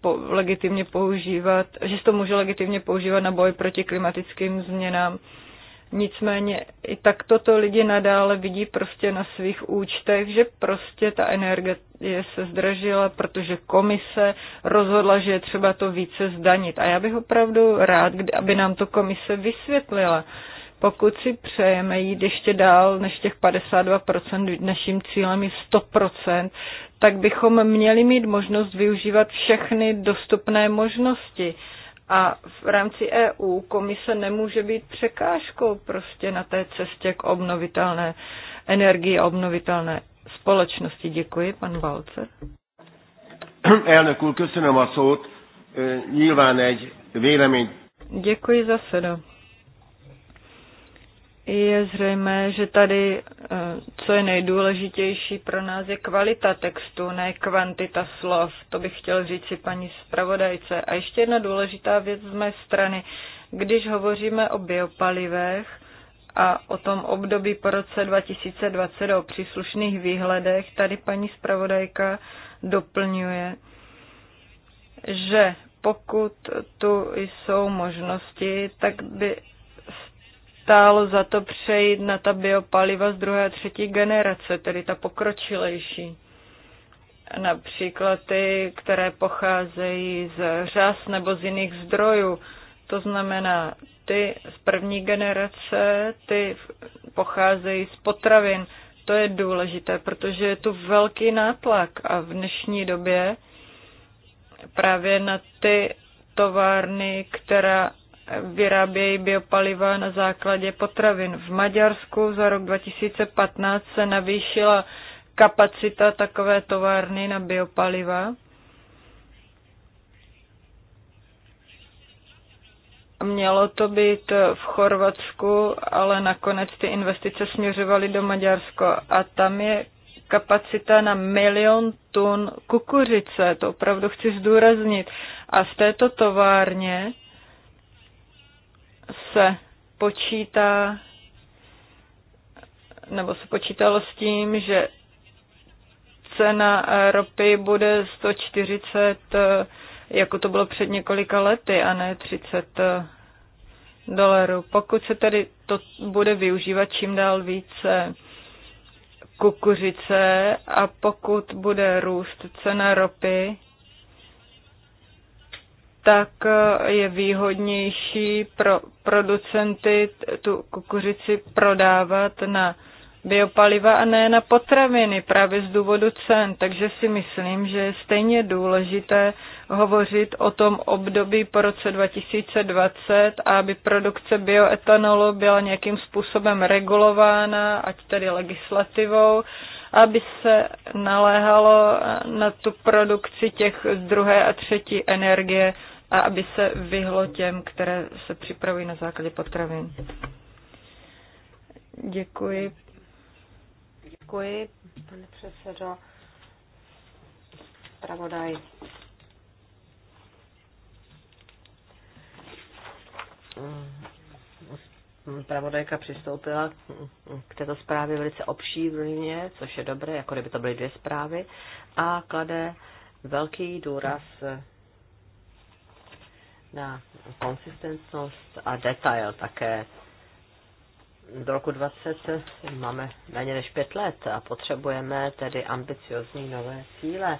po, legitimně používat, že se to může legitimně používat na boj proti klimatickým změnám Nicméně i tak toto lidi nadále vidí prostě na svých účtech, že prostě ta energie se zdražila, protože komise rozhodla, že je třeba to více zdanit. A já bych opravdu rád, aby nám to komise vysvětlila. Pokud si přejeme jít ještě dál než těch 52%, naším cílem je 100%, tak bychom měli mít možnost využívat všechny dostupné možnosti. A v rámci EU komise nemůže být překážkou prostě na té cestě k obnovitelné energii a obnovitelné společnosti. Děkuji, pan Balcer. Elnök úr, köszönöm a szót. Nyilván egy vélemény. Děkuji za sedo je zřejmé, že tady, eh, co je nejdůležitější pro nás, je kvalita textu, ne kvantita slov. To bych chtěl říct si paní zpravodajce. A ještě jedna důležitá věc z mé strany. Když hovoříme o biopalivech a o tom období po roce 2020 o příslušných výhledech, tady paní zpravodajka doplňuje, že pokud tu jsou možnosti, tak by stálo za to přejít na ta biopaliva z druhé a třetí generace, tedy ta pokročilejší. Například ty, které pocházejí z řas nebo z jiných zdrojů. To znamená, ty z první generace, ty pocházejí z potravin. To je důležité, protože je tu velký nátlak a v dnešní době právě na ty továrny, která vyrábějí biopaliva na základě potravin. V Maďarsku za rok 2015 se navýšila kapacita takové továrny na biopaliva. Mělo to být v Chorvatsku, ale nakonec ty investice směřovaly do Maďarsko a tam je kapacita na milion tun kukuřice, to opravdu chci zdůraznit. A z této továrně se počítá nebo se počítalo s tím, že cena ropy bude 140, eh, jako to bylo před několika lety, a ne 30 eh, dolarů. Pokud se tedy to bude využívat čím dál více kukuřice a pokud bude růst cena ropy, tak eh, je výhodnější pro producenty tu kukuřici prodávat na biopaliva a ne na potraviny právě z důvodu cen. Takže si myslím, že je stejně důležité hovořit o tom období po roce 2020 a aby produkce bioetanolu byla nějakým způsobem regulována, ať tedy legislativou, aby se naléhalo na tu produkci těch z druhé a třetí energie a aby se vyhlo těm, které se připravují na základě potravin. Děkuji. Děkuji, pane předsedo. Pravodaj pravodajka přistoupila k této zprávě velice obšívně, což je dobré, jako kdyby to byly dvě zprávy, a klade velký důraz na konsistentnost a detail také. Do roku 20 máme méně než pět let a potřebujeme tedy ambiciozní nové cíle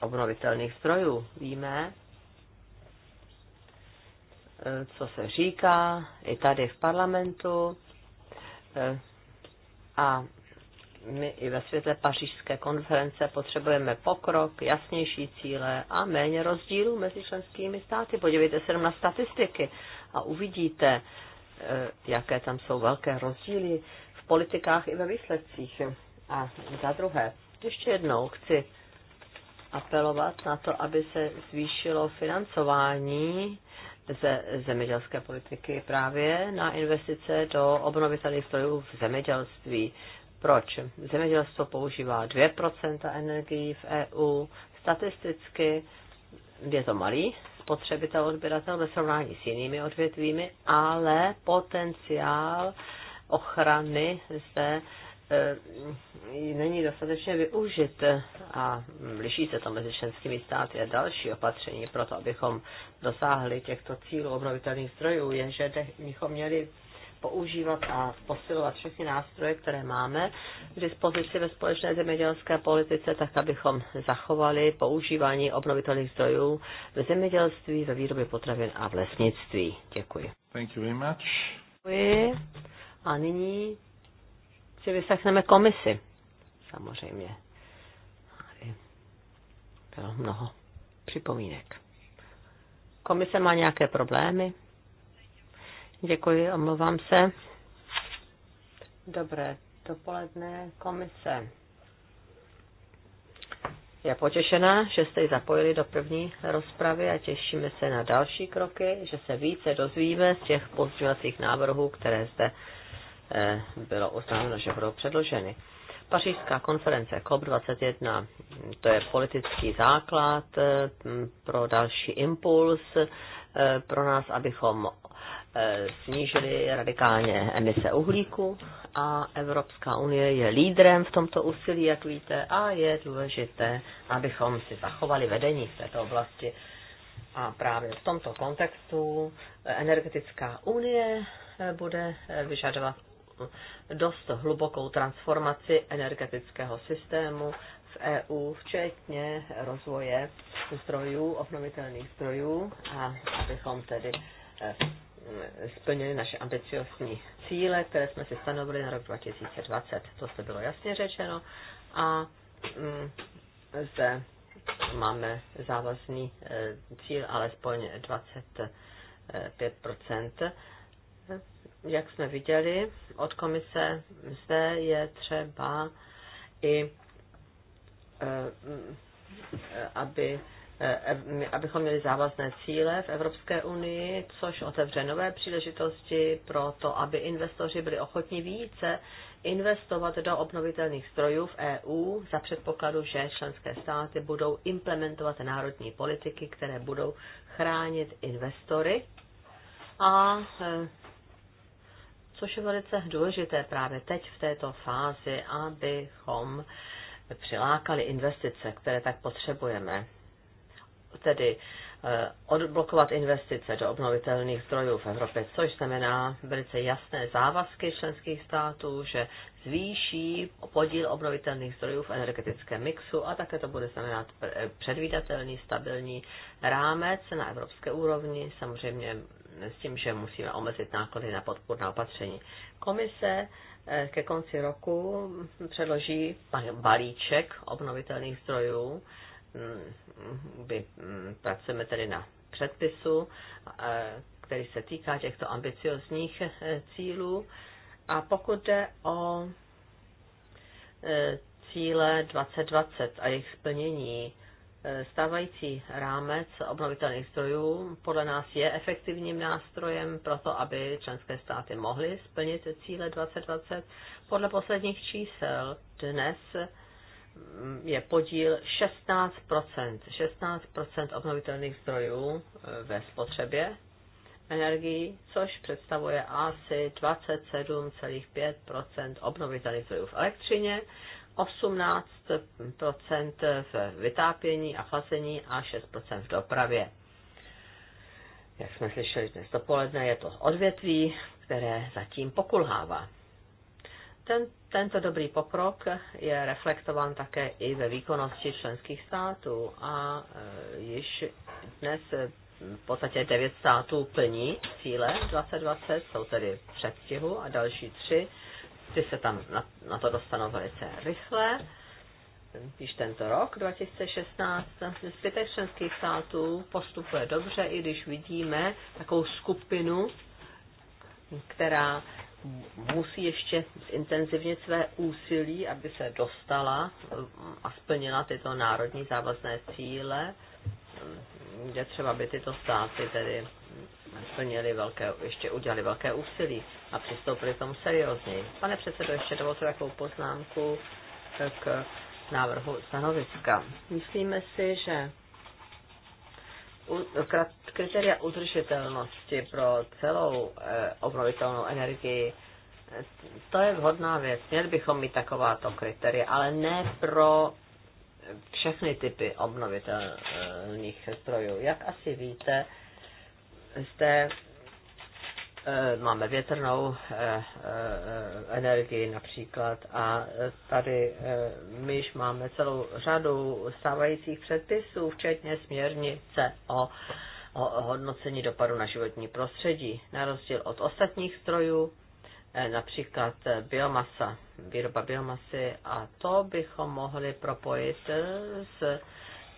obnovitelných zdrojů. Víme, Eh, co se říká i tady v parlamentu eh, a my i ve světle pařížské konference potřebujeme pokrok, jasnější cíle a méně rozdílů mezi členskými státy. Podívejte se na statistiky a uvidíte, eh, jaké tam jsou velké rozdíly v politikách i ve výsledcích. A za druhé, ještě jednou chci apelovat na to, aby se zvýšilo financování ze zemědělské politiky právě na investice do obnovitelných strojů v zemědělství. Proč? Zemědělstvo používá 2% energii v EU. Statisticky je to malý spotřebitel odběratel ve srovnání s jinými odvětvími, ale potenciál ochrany zde Eh, není dostatečně využit a liší se to mezi členskými státy a další opatření pro to, abychom dosáhli těchto cílů obnovitelných zdrojů, je, že bychom měli používat a posilovat všechny nástroje, které máme k dispozici ve společné zemědělské politice, tak abychom zachovali používání obnovitelných zdrojů ve zemědělství, ve výrobě potravin a v lesnictví. Děkuji. Thank you very much. Děkuji. A nyní si vyslechneme komisy. Samozřejmě. Bylo mnoho připomínek. Komise má nějaké problémy? Děkuji, omlouvám se. Dobré dopoledne, komise. Je potěšená, že jste ji zapojili do první rozpravy a těšíme se na další kroky, že se více dozvíme z těch pozdělacích návrhů, které zde Eh, bylo uznáno, že budou předloženy. Pařížská konference COP21, to je politický základ eh, pro další impuls eh, pro nás, abychom snížili radikálně emise uhlíku a Evropská unie je lídrem v tomto úsilí, jak víte, a je důležité, abychom si zachovali vedení v této oblasti. A právě v tomto kontextu energetická unie bude vyžadovat dost hlubokou transformaci energetického systému v EU, včetně rozvoje zdrojů, obnovitelných zdrojů, a abychom tedy eh, splnili naše ambiciozní cíle, které jsme si stanovili na rok 2020. To se bylo jasně řečeno a mm, zde máme závazný eh, cíl alespoň 25 jak jsme viděli od komise, zde je třeba i, eh, eh, aby, eh, abychom měli závazné cíle v Evropské unii, což otevře nové příležitosti pro to, aby investoři byli ochotní více investovat do obnovitelných strojů v EU za předpokladu, že členské státy budou implementovat národní politiky, které budou chránit investory a což je velice důležité právě teď v této fázi, abychom přilákali investice, které tak potřebujeme. Tedy eh, odblokovat investice do obnovitelných zdrojů v Evropě, což znamená velice jasné závazky členských států, že zvýší podíl obnovitelných zdrojů v energetickém mixu a také to bude znamenat předvídatelný, stabilní rámec na evropské úrovni. Samozřejmě s tím, že musíme omezit náklady na podpůrná opatření. Komise eh, ke konci roku předloží balíček obnovitelných zdrojů. Mm, mm, pracujeme tedy na předpisu, eh, který se týká těchto ambiciozních eh, cílů. A pokud jde o cíle 2020 a jejich splnění, stávající rámec obnovitelných zdrojů podle nás je efektivním nástrojem pro to, aby členské státy mohly splnit cíle 2020. Podle posledních čísel dnes mm, je podíl 16 16 obnovitelných zdrojů eh, ve spotřebě energii, což představuje asi 27,5 obnovitelných zdrojů v elektřině 18 v vytápění a chlazení a 6 v dopravě. Jak jsme slyšeli dnes dopoledne, je to odvětví, které zatím pokulhává. Ten, tento dobrý pokrok je reflektován také i ve výkonnosti členských států a e, již dnes e, v podstatě devět států plní cíle 2020, jsou tedy v předstihu a další tři ty se tam na, na to dostanou velice rychle, Píš tento rok 2016. Zbytek členských států postupuje dobře, i když vidíme takovou skupinu, která musí ještě zintenzivnit své úsilí, aby se dostala a splnila tyto národní závazné cíle, kde třeba by tyto státy tedy splnili velké, ještě udělali velké úsilí a přistoupili k tomu seriózněji. Pane předsedo, ještě dovolte takovou poznámku k návrhu stanoviska. Myslíme si, že kritéria udržitelnosti pro celou eh, obnovitelnou energii, to je vhodná věc. Měli bychom mít takováto kritéria, ale ne pro všechny typy obnovitelných zdrojů. Jak asi víte, zde eh, máme větrnou eh, eh, energii například a tady my již máme celou řadu stávajících předpisů, včetně směrnice o hodnocení dopadu na životní prostředí, na rozdíl od ostatních strojů, například biomasa, výroba biomasy a to bychom mohli propojit s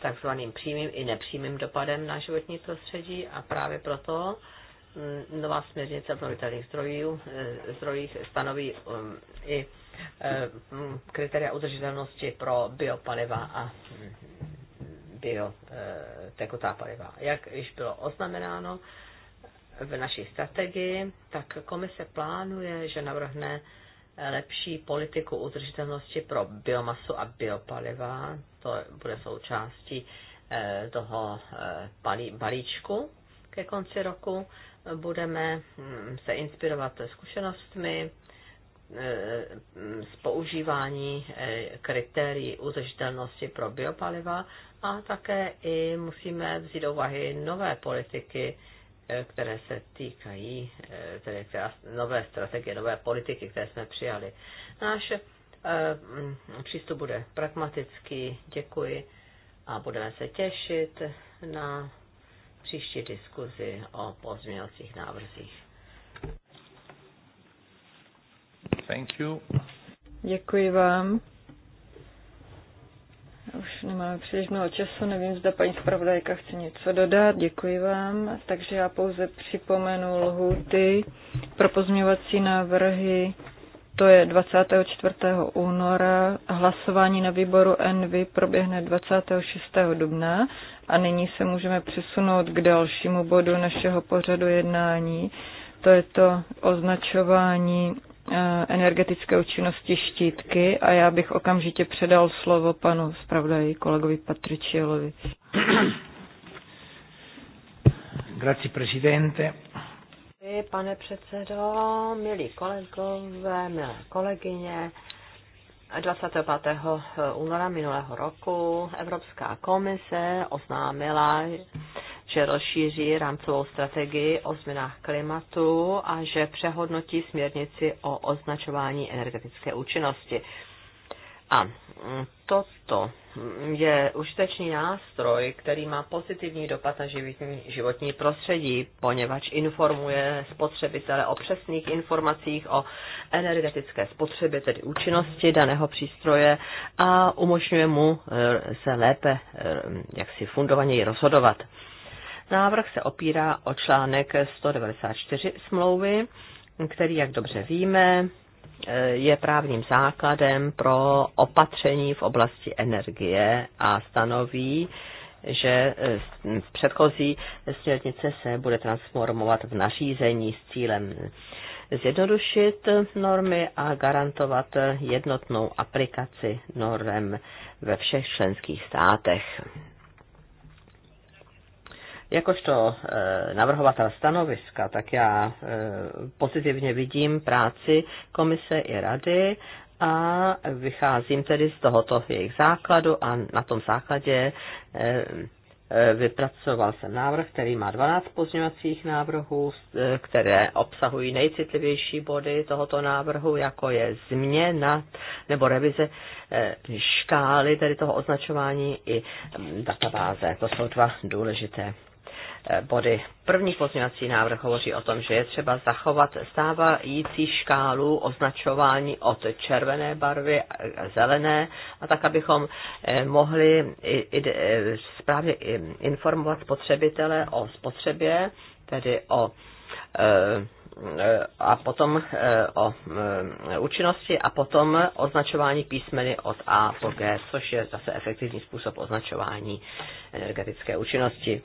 takzvaným přímým i nepřímým dopadem na životní prostředí a právě proto mm, nová směrnice obnovitelných zdrojů, eh, zdrojích stanoví mm, i eh, mm, kritéria udržitelnosti pro biopaliva a biotekutá eh, paliva. Jak již bylo oznamenáno v naší strategii, tak komise plánuje, že navrhne lepší politiku udržitelnosti pro biomasu a biopaliva, to bude součástí eh, toho eh, balíčku ke konci roku. Budeme hm, se inspirovat zkušenostmi z eh, používání kritérií udržitelnosti pro biopaliva a také i musíme vzít do úvahy nové politiky, které se týkají, tedy nové strategie, nové politiky, které jsme přijali. Náš Eh, přístup bude pragmatický. Děkuji a budeme se těšit na příští diskuzi o pozměňovacích návrzích. Thank you. Děkuji vám. Už nemáme příliš mnoho času, nevím, zda paní zpravodajka chce něco dodat. Děkuji vám. Takže já pouze připomenu lhuty pro pozměňovací návrhy to je 24. února, hlasování na výboru Envy proběhne 26. dubna a nyní se můžeme přesunout k dalšímu bodu našeho pořadu jednání. To je to označování eh, energetické účinnosti štítky a já bych okamžitě předal slovo panu zpravodaji kolegovi Patričielovi. Grazie, presidente pane předsedo, milí kolegové, milé kolegyně. 25. února minulého roku Evropská komise oznámila, že rozšíří rámcovou strategii o změnách klimatu a že přehodnotí směrnici o označování energetické účinnosti. A toto je užitečný nástroj, který má pozitivní dopad na životní, životní prostředí, poněvadž informuje spotřebitele o přesných informacích o energetické spotřebě, tedy účinnosti daného přístroje a umožňuje mu eh, se lépe eh, jaksi fundovaněji rozhodovat. Návrh se opírá o článek 194 smlouvy, který, jak dobře víme, E, je právním základem pro opatření v oblasti energie a stanoví, že v e, předchozí směrnice se bude transformovat v nařízení s cílem zjednodušit normy a garantovat jednotnou aplikaci norm ve všech členských státech. Jakožto eh, navrhovatel stanoviska, tak já eh, pozitivně vidím práci komise i rady a vycházím tedy z tohoto jejich základu a na tom základě eh, vypracoval jsem návrh, který má 12 pozměňovacích návrhů, které obsahují nejcitlivější body tohoto návrhu, jako je změna nebo revize škály, tedy toho označování i databáze. To jsou dva důležité body. První pozměňovací návrh hovoří o tom, že je třeba zachovat stávající škálu označování od červené barvy, zelené, a tak, abychom eh, mohli eh, správně informovat spotřebitele o spotřebě, tedy o eh, a potom o účinnosti a potom označování písmeny od A po G, což je zase efektivní způsob označování energetické účinnosti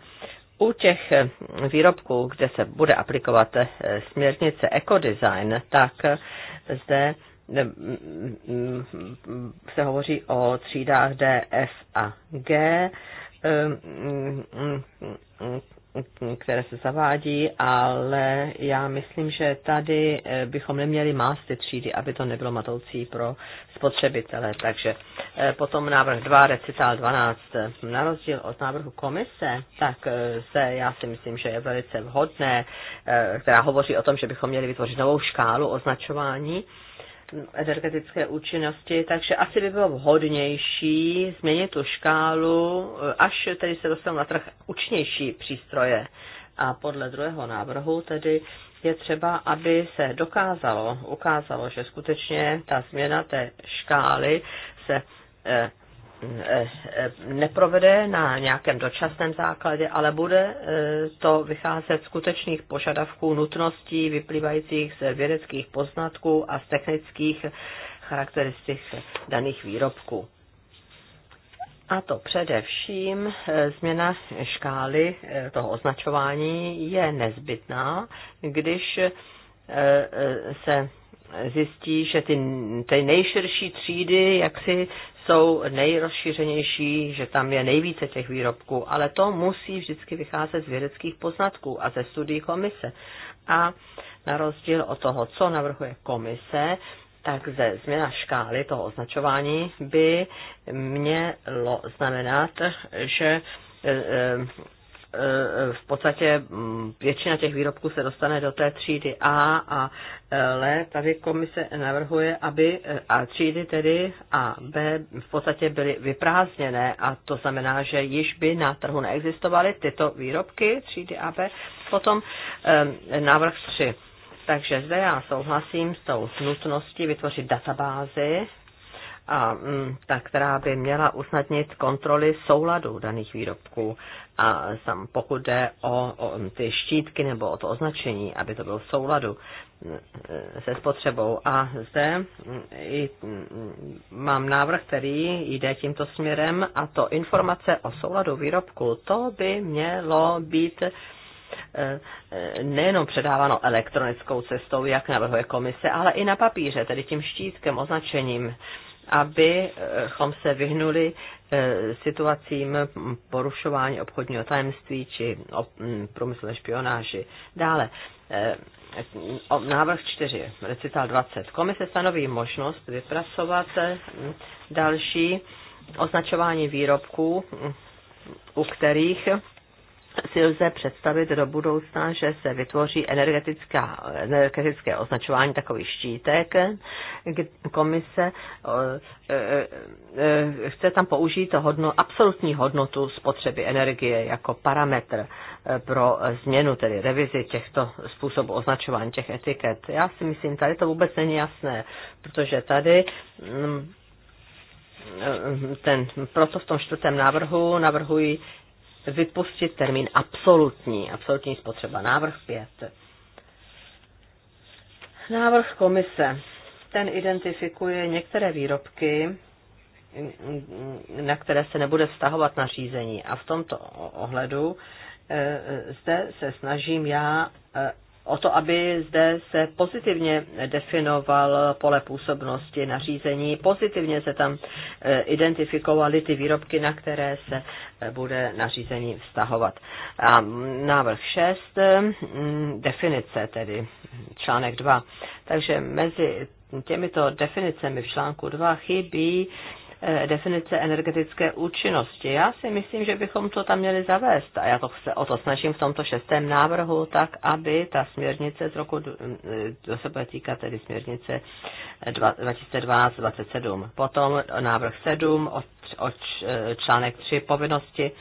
u těch eh, výrobků, kde se bude aplikovat eh, směrnice ekodesign, tak eh, zde se hovoří o třídách D, e, F a G které se zavádí, ale já myslím, že tady eh, bychom neměli mást ty třídy, aby to nebylo matoucí pro spotřebitele. Takže eh, potom návrh 2, recital 12. Na rozdíl od návrhu komise, tak eh, se já si myslím, že je velice vhodné, která hovoří o tom, že bychom měli vytvořit novou škálu označování energetické účinnosti, takže asi by bylo vhodnější změnit tu škálu, až tedy se dostanou na trh účinnější přístroje. A podle druhého návrhu tedy je třeba, aby se dokázalo, ukázalo, že skutečně ta změna té škály se eh, Eh, neprovede na nějakém dočasném základě, ale bude eh, to vycházet z skutečných požadavků, nutností vyplývajících z vědeckých poznatků a z technických charakteristik daných výrobků. A to především eh, změna škály toho označování je nezbytná, když se zjistí, že ty, ty nejširší třídy jaksi jsou nejrozšířenější, že tam je nejvíce těch výrobků, ale to musí vždycky vycházet z vědeckých poznatků a ze studií komise. A na rozdíl od toho, co navrhuje komise, tak ze změna škály toho označování by mělo znamenat, že eh, eh, Eh, v podstatě mm, většina těch výrobků se dostane do té třídy A a eh, L. Tady komise navrhuje, aby eh, a třídy tedy A, B v podstatě byly vyprázdněné a to znamená, že již by na trhu neexistovaly tyto výrobky třídy A, B. Potom návrh 3. Takže zde já souhlasím s tou nutností vytvořit databázy a mm, ta, která by měla usnadnit kontroly souladu daných výrobků. A sam, pokud jde o, o ty štítky nebo o to označení, aby to bylo v souladu mm, e, se spotřebou. A zde mm, i, mám návrh, který jde tímto směrem, a to informace o souladu výrobku. To by mělo být e, e, nejenom předáváno elektronickou cestou, jak navrhuje komise, ale i na papíře, tedy tím štítkem, označením abychom se vyhnuli eh, situacím porušování obchodního tajemství či hm, průmyslové špionáži. Dále, eh, návrh 4, recital 20. Komise stanoví možnost vypracovat hm, další označování výrobků, hm, u kterých si lze představit do budoucna, že se vytvoří energetická, energetické označování takový štítek. Komise eh, eh, eh, chce tam použít hodno, absolutní hodnotu spotřeby energie jako parametr pro změnu, tedy revizi těchto způsobů označování těch etiket. Já si myslím, tady to vůbec není jasné, protože tady mm, ten, proto v tom čtvrtém návrhu navrhuji vypustit termín absolutní, absolutní spotřeba. Návrh 5. Návrh komise. Ten identifikuje některé výrobky, na které se nebude vztahovat nařízení. A v tomto ohledu eh, zde se snažím já eh, o to, aby zde se pozitivně definoval pole působnosti nařízení, pozitivně se tam e, identifikovaly ty výrobky, na které se e, bude nařízení vztahovat. A návrh 6, e, definice tedy, článek 2. Takže mezi těmito definicemi v článku 2 chybí Eh, definice energetické účinnosti. Já si myslím, že bychom to tam měli zavést a já to se o to snažím v tomto šestém návrhu, tak aby ta směrnice z roku, do mm, eh, se bude týkat tedy směrnice 2012-27. Potom návrh 7, od o eh, článek 3 povinnosti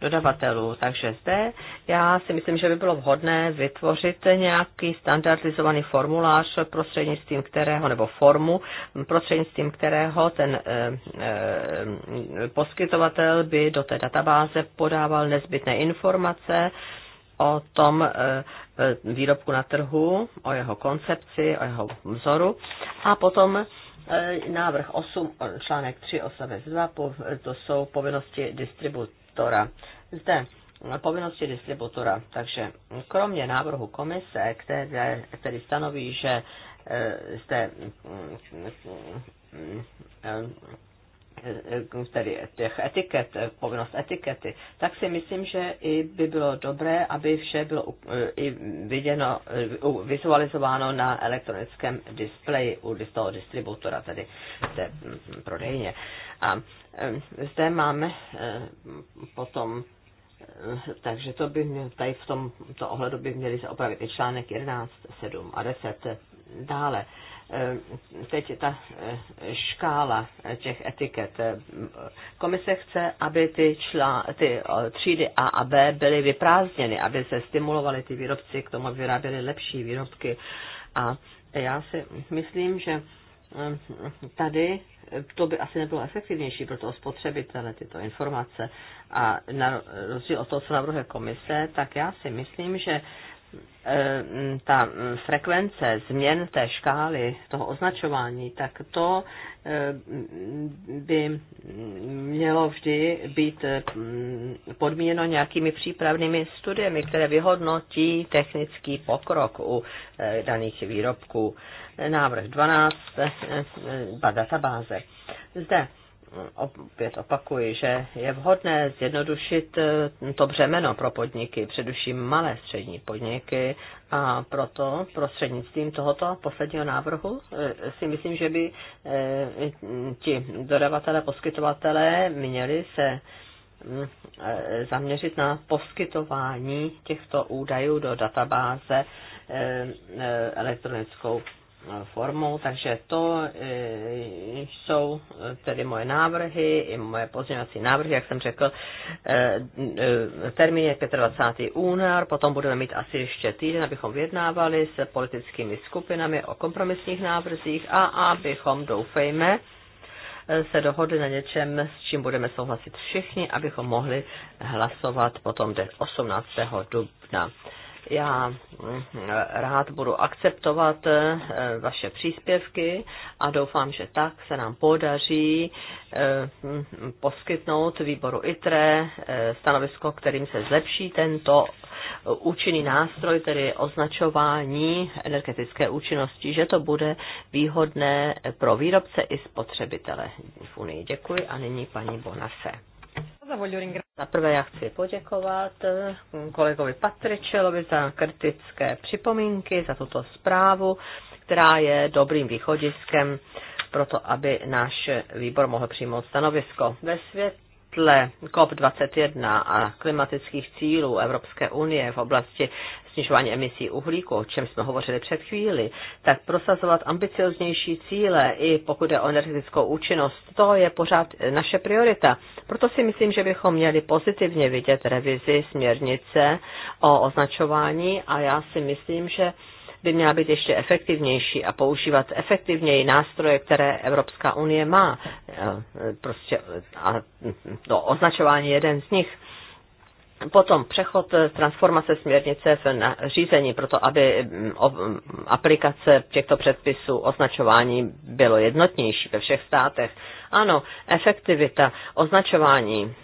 dodavatelů. Takže zde já si myslím, že by bylo vhodné vytvořit nějaký standardizovaný formulář prostřednictvím kterého, nebo formu, prostřednictvím kterého ten e, e, poskytovatel by do té databáze podával nezbytné informace, o tom eh, výrobku na trhu, o jeho koncepci, o jeho vzoru a potom návrh 8, článek 3, odstavec 2, to jsou povinnosti distribuce distributora. Zde povinnosti distributora. Takže kromě návrhu komise, které, který stanoví, že eh, zde eh, eh, tedy těch etiket, povinnost etikety, tak si myslím, že i by bylo dobré, aby vše bylo i viděno, vizualizováno na elektronickém displeji u toho distributora, tedy té hm, prodejně. A eh, zde máme eh, potom, eh, takže to by mě, tady v tomto ohledu by měli se opravit i článek 11, 7 a 10 dále. Teď ta škála těch etiket. Komise chce, aby ty, člá, ty třídy A a B byly vyprázdněny, aby se stimulovali ty výrobci k tomu, aby vyráběli lepší výrobky. A já si myslím, že tady to by asi nebylo efektivnější pro toho spotřebitele, tyto informace. A na rozdíl od toho, co navrhuje komise, tak já si myslím, že eh, ta frekvence změn té škály, toho označování, tak to eh, by mělo vždy být mm, podmíněno nějakými přípravnými studiemi, které vyhodnotí technický pokrok u eh, daných výrobků návrh 12, eh, databáze. Zde opět opakuji, že je vhodné zjednodušit eh, to břemeno pro podniky, především malé střední podniky a proto prostřednictvím tohoto posledního návrhu eh, si myslím, že by ti dodavatele, poskytovatelé měli se zaměřit na poskytování těchto údajů do databáze elektronickou formou, takže to e, jsou tedy moje návrhy i moje pozměňovací návrhy, jak jsem řekl, e, e, termín je 25. únor, potom budeme mít asi ještě týden, abychom vyjednávali s politickými skupinami o kompromisních návrzích a abychom, doufejme, se dohodli na něčem, s čím budeme souhlasit všichni, abychom mohli hlasovat potom 18. dubna já eh, rád budu akceptovat eh, vaše příspěvky a doufám, že tak se nám podaří eh, poskytnout výboru ITRE stanovisko, kterým se zlepší tento účinný nástroj, tedy označování energetické účinnosti, že to bude výhodné pro výrobce i spotřebitele v Unii. Děkuji a nyní paní Bonase. Za prvé já chci poděkovat eh, kolegovi Patričelovi za kritické připomínky, za tuto zprávu, která je dobrým východiskem pro to, aby náš výbor mohl přijmout stanovisko. Ve světle COP21 a klimatických cílů Evropské unie v oblasti snižování emisí uhlíku, o čem jsme hovořili před chvíli, tak prosazovat ambicioznější cíle, i pokud je o energetickou účinnost, to je pořád naše priorita. Proto si myslím, že bychom měli pozitivně vidět revizi směrnice o označování a já si myslím, že by měla být ještě efektivnější a používat efektivněji nástroje, které Evropská unie má. E, e, prostě a to označování jeden z nich. Potom přechod eh, transformace směrnice v řízení, proto aby mm, mm, aplikace těchto předpisů označování bylo jednotnější ve všech státech. Ano, efektivita označování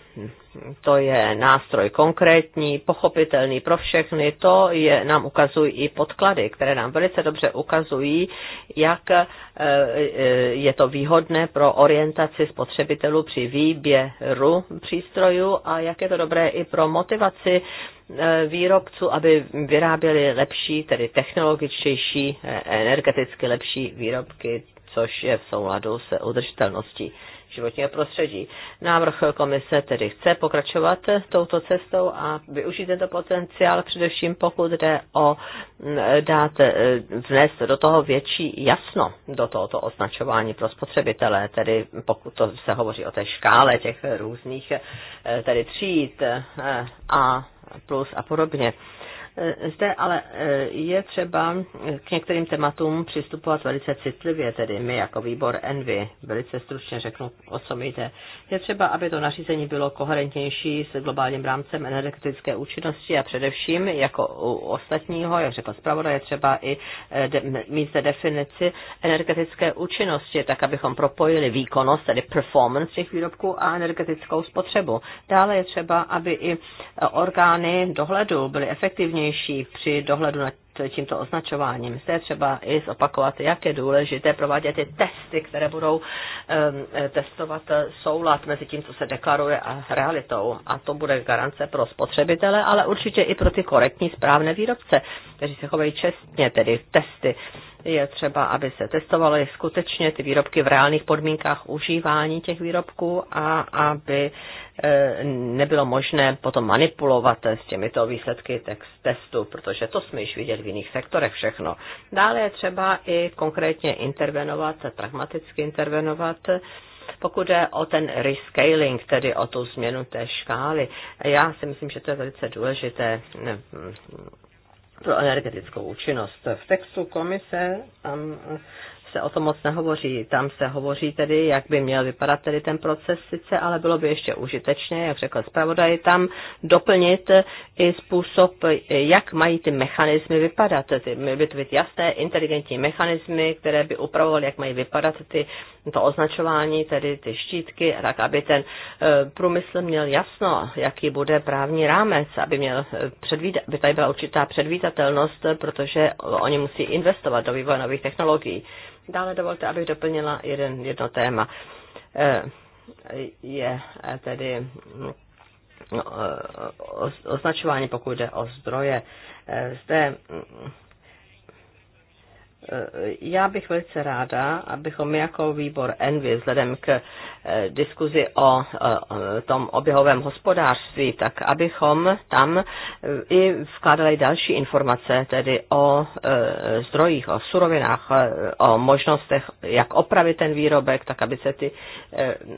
to je nástroj konkrétní, pochopitelný pro všechny. To je, nám ukazují i podklady, které nám velice dobře ukazují, jak eh, eh, je to výhodné pro orientaci spotřebitelů při výběru přístrojů a jak je to dobré i pro motivaci eh, výrobců, aby vyráběli lepší, tedy technologičtější, energeticky lepší výrobky, což je v souladu se udržitelností životního prostředí. Návrh komise tedy chce pokračovat touto cestou a využít tento potenciál, především pokud jde o dát, e, vnést do toho větší jasno do tohoto označování pro spotřebitele, tedy pokud to se hovoří o té škále těch různých e, tedy tříd e, a plus a podobně. Eh, zde ale eh, je třeba k některým tématům přistupovat velice citlivě, tedy my jako výbor Envy, velice stručně řeknu, o co mi jde. Je třeba, aby to nařízení bylo koherentnější s globálním rámcem energetické účinnosti a především jako u ostatního, jak řekl zpravodaj, je třeba i eh, mít zde definici energetické účinnosti, tak abychom propojili výkonnost, tedy performance těch výrobků a energetickou spotřebu. Dále je třeba, aby i orgány dohledu byly efektivní důkladnější při dohledu nad tímto označováním. Zde třeba i zopakovat, jak je důležité provádět ty testy, které budou um, testovat soulad mezi tím, co se deklaruje a realitou. A to bude garance pro spotřebitele, ale určitě i pro ty korektní správné výrobce, kteří se chovají čestně, tedy testy. Je třeba, aby se testovaly skutečně ty výrobky v reálných podmínkách užívání těch výrobků a aby E, nebylo možné potom manipulovat s těmito výsledky testu, protože to jsme již viděli v jiných sektorech všechno. Dále je třeba i konkrétně intervenovat, pragmaticky intervenovat, pokud jde o ten rescaling, tedy o tu změnu té škály, já si myslím, že to je velice důležité pro energetickou účinnost. V textu komise tam se o tom moc nehovoří. Tam se hovoří tedy, jak by měl vypadat tedy ten proces sice, ale bylo by ještě užitečné, jak řekl zpravodaj, tam doplnit i způsob, jak mají ty mechanismy vypadat. Ty, by to být jasné, inteligentní mechanismy, které by upravovaly, jak mají vypadat ty, to označování, tedy ty štítky, tak aby ten eh, průmysl měl jasno, jaký bude právní rámec, aby, měl eh, předvídat, aby tady byla určitá předvídatelnost, protože oni musí investovat do vývoje nových technologií. Dále dovolte, abych doplnila jeden, jedno téma. Eh, je eh, tedy no, eh, označování, pokud jde o zdroje. Zde mm, Eh, já bych velice ráda, abychom my jako výbor Envy vzhledem k eh, diskuzi o tom oběhovém hospodářství, tak abychom tam eh, i vkládali další informace, tedy o zdrojích, o surovinách, o možnostech, jak opravit ten výrobek, tak aby se ty,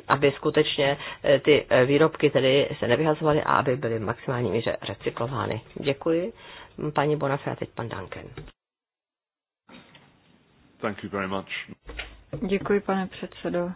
aby skutečně ty výrobky tedy se nevyhazovaly a aby byly v maximální míře recyklovány. Děkuji. Paní Bonafé a teď pan Duncan. Thank you very much. Děkuji, pane předsedo.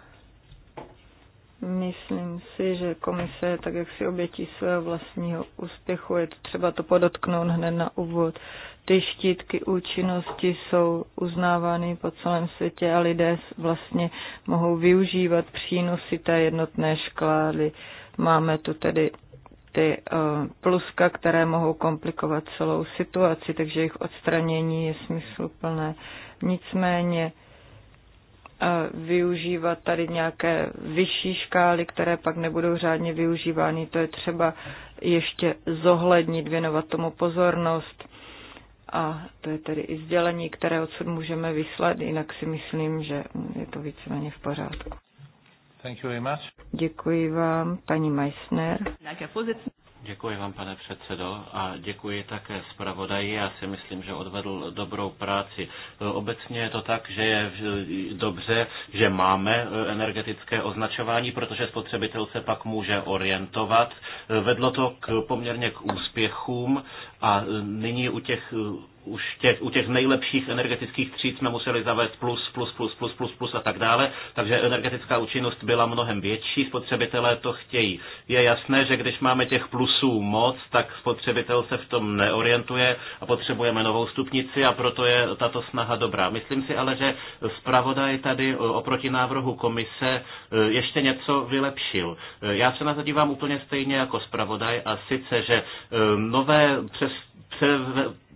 Myslím si, že komise tak, jak si obětí svého vlastního úspěchu. Je to třeba to podotknout hned na úvod. Ty štítky účinnosti jsou uznávány po celém světě a lidé vlastně mohou využívat přínosy té jednotné šklády. Máme tu tedy ty eh, pluska, které mohou komplikovat celou situaci, takže jejich odstranění je smysluplné. plné Nicméně e, využívat tady nějaké vyšší škály, které pak nebudou řádně využívány, to je třeba ještě zohlednit, věnovat tomu pozornost. A to je tedy i sdělení, které odsud můžeme vyslat, jinak si myslím, že je to víceméně v pořádku. Thank you very much. Děkuji vám, paní Meissner. Děkuji vám, pane předsedo, a děkuji také zpravodaji. Já si myslím, že odvedl dobrou práci. Obecně je to tak, že je dobře, že máme e, energetické označování, protože spotřebitel se pak může orientovat. E, vedlo to k poměrně k úspěchům a e, nyní u těch už tě, u těch nejlepších energetických tříd jsme museli zavést plus, plus, plus, plus, plus, plus a tak dále, takže energetická účinnost byla mnohem větší, spotřebitelé to chtějí. Je jasné, že když máme těch plusů moc, tak spotřebitel se v tom neorientuje a potřebujeme novou stupnici a proto je tato snaha dobrá. Myslím si ale, že zpravodaj tady oproti návrhu komise eh, ještě něco vylepšil. Eh, já se na to dívám úplně stejně jako zpravodaj a sice, že eh, nové přes, pře,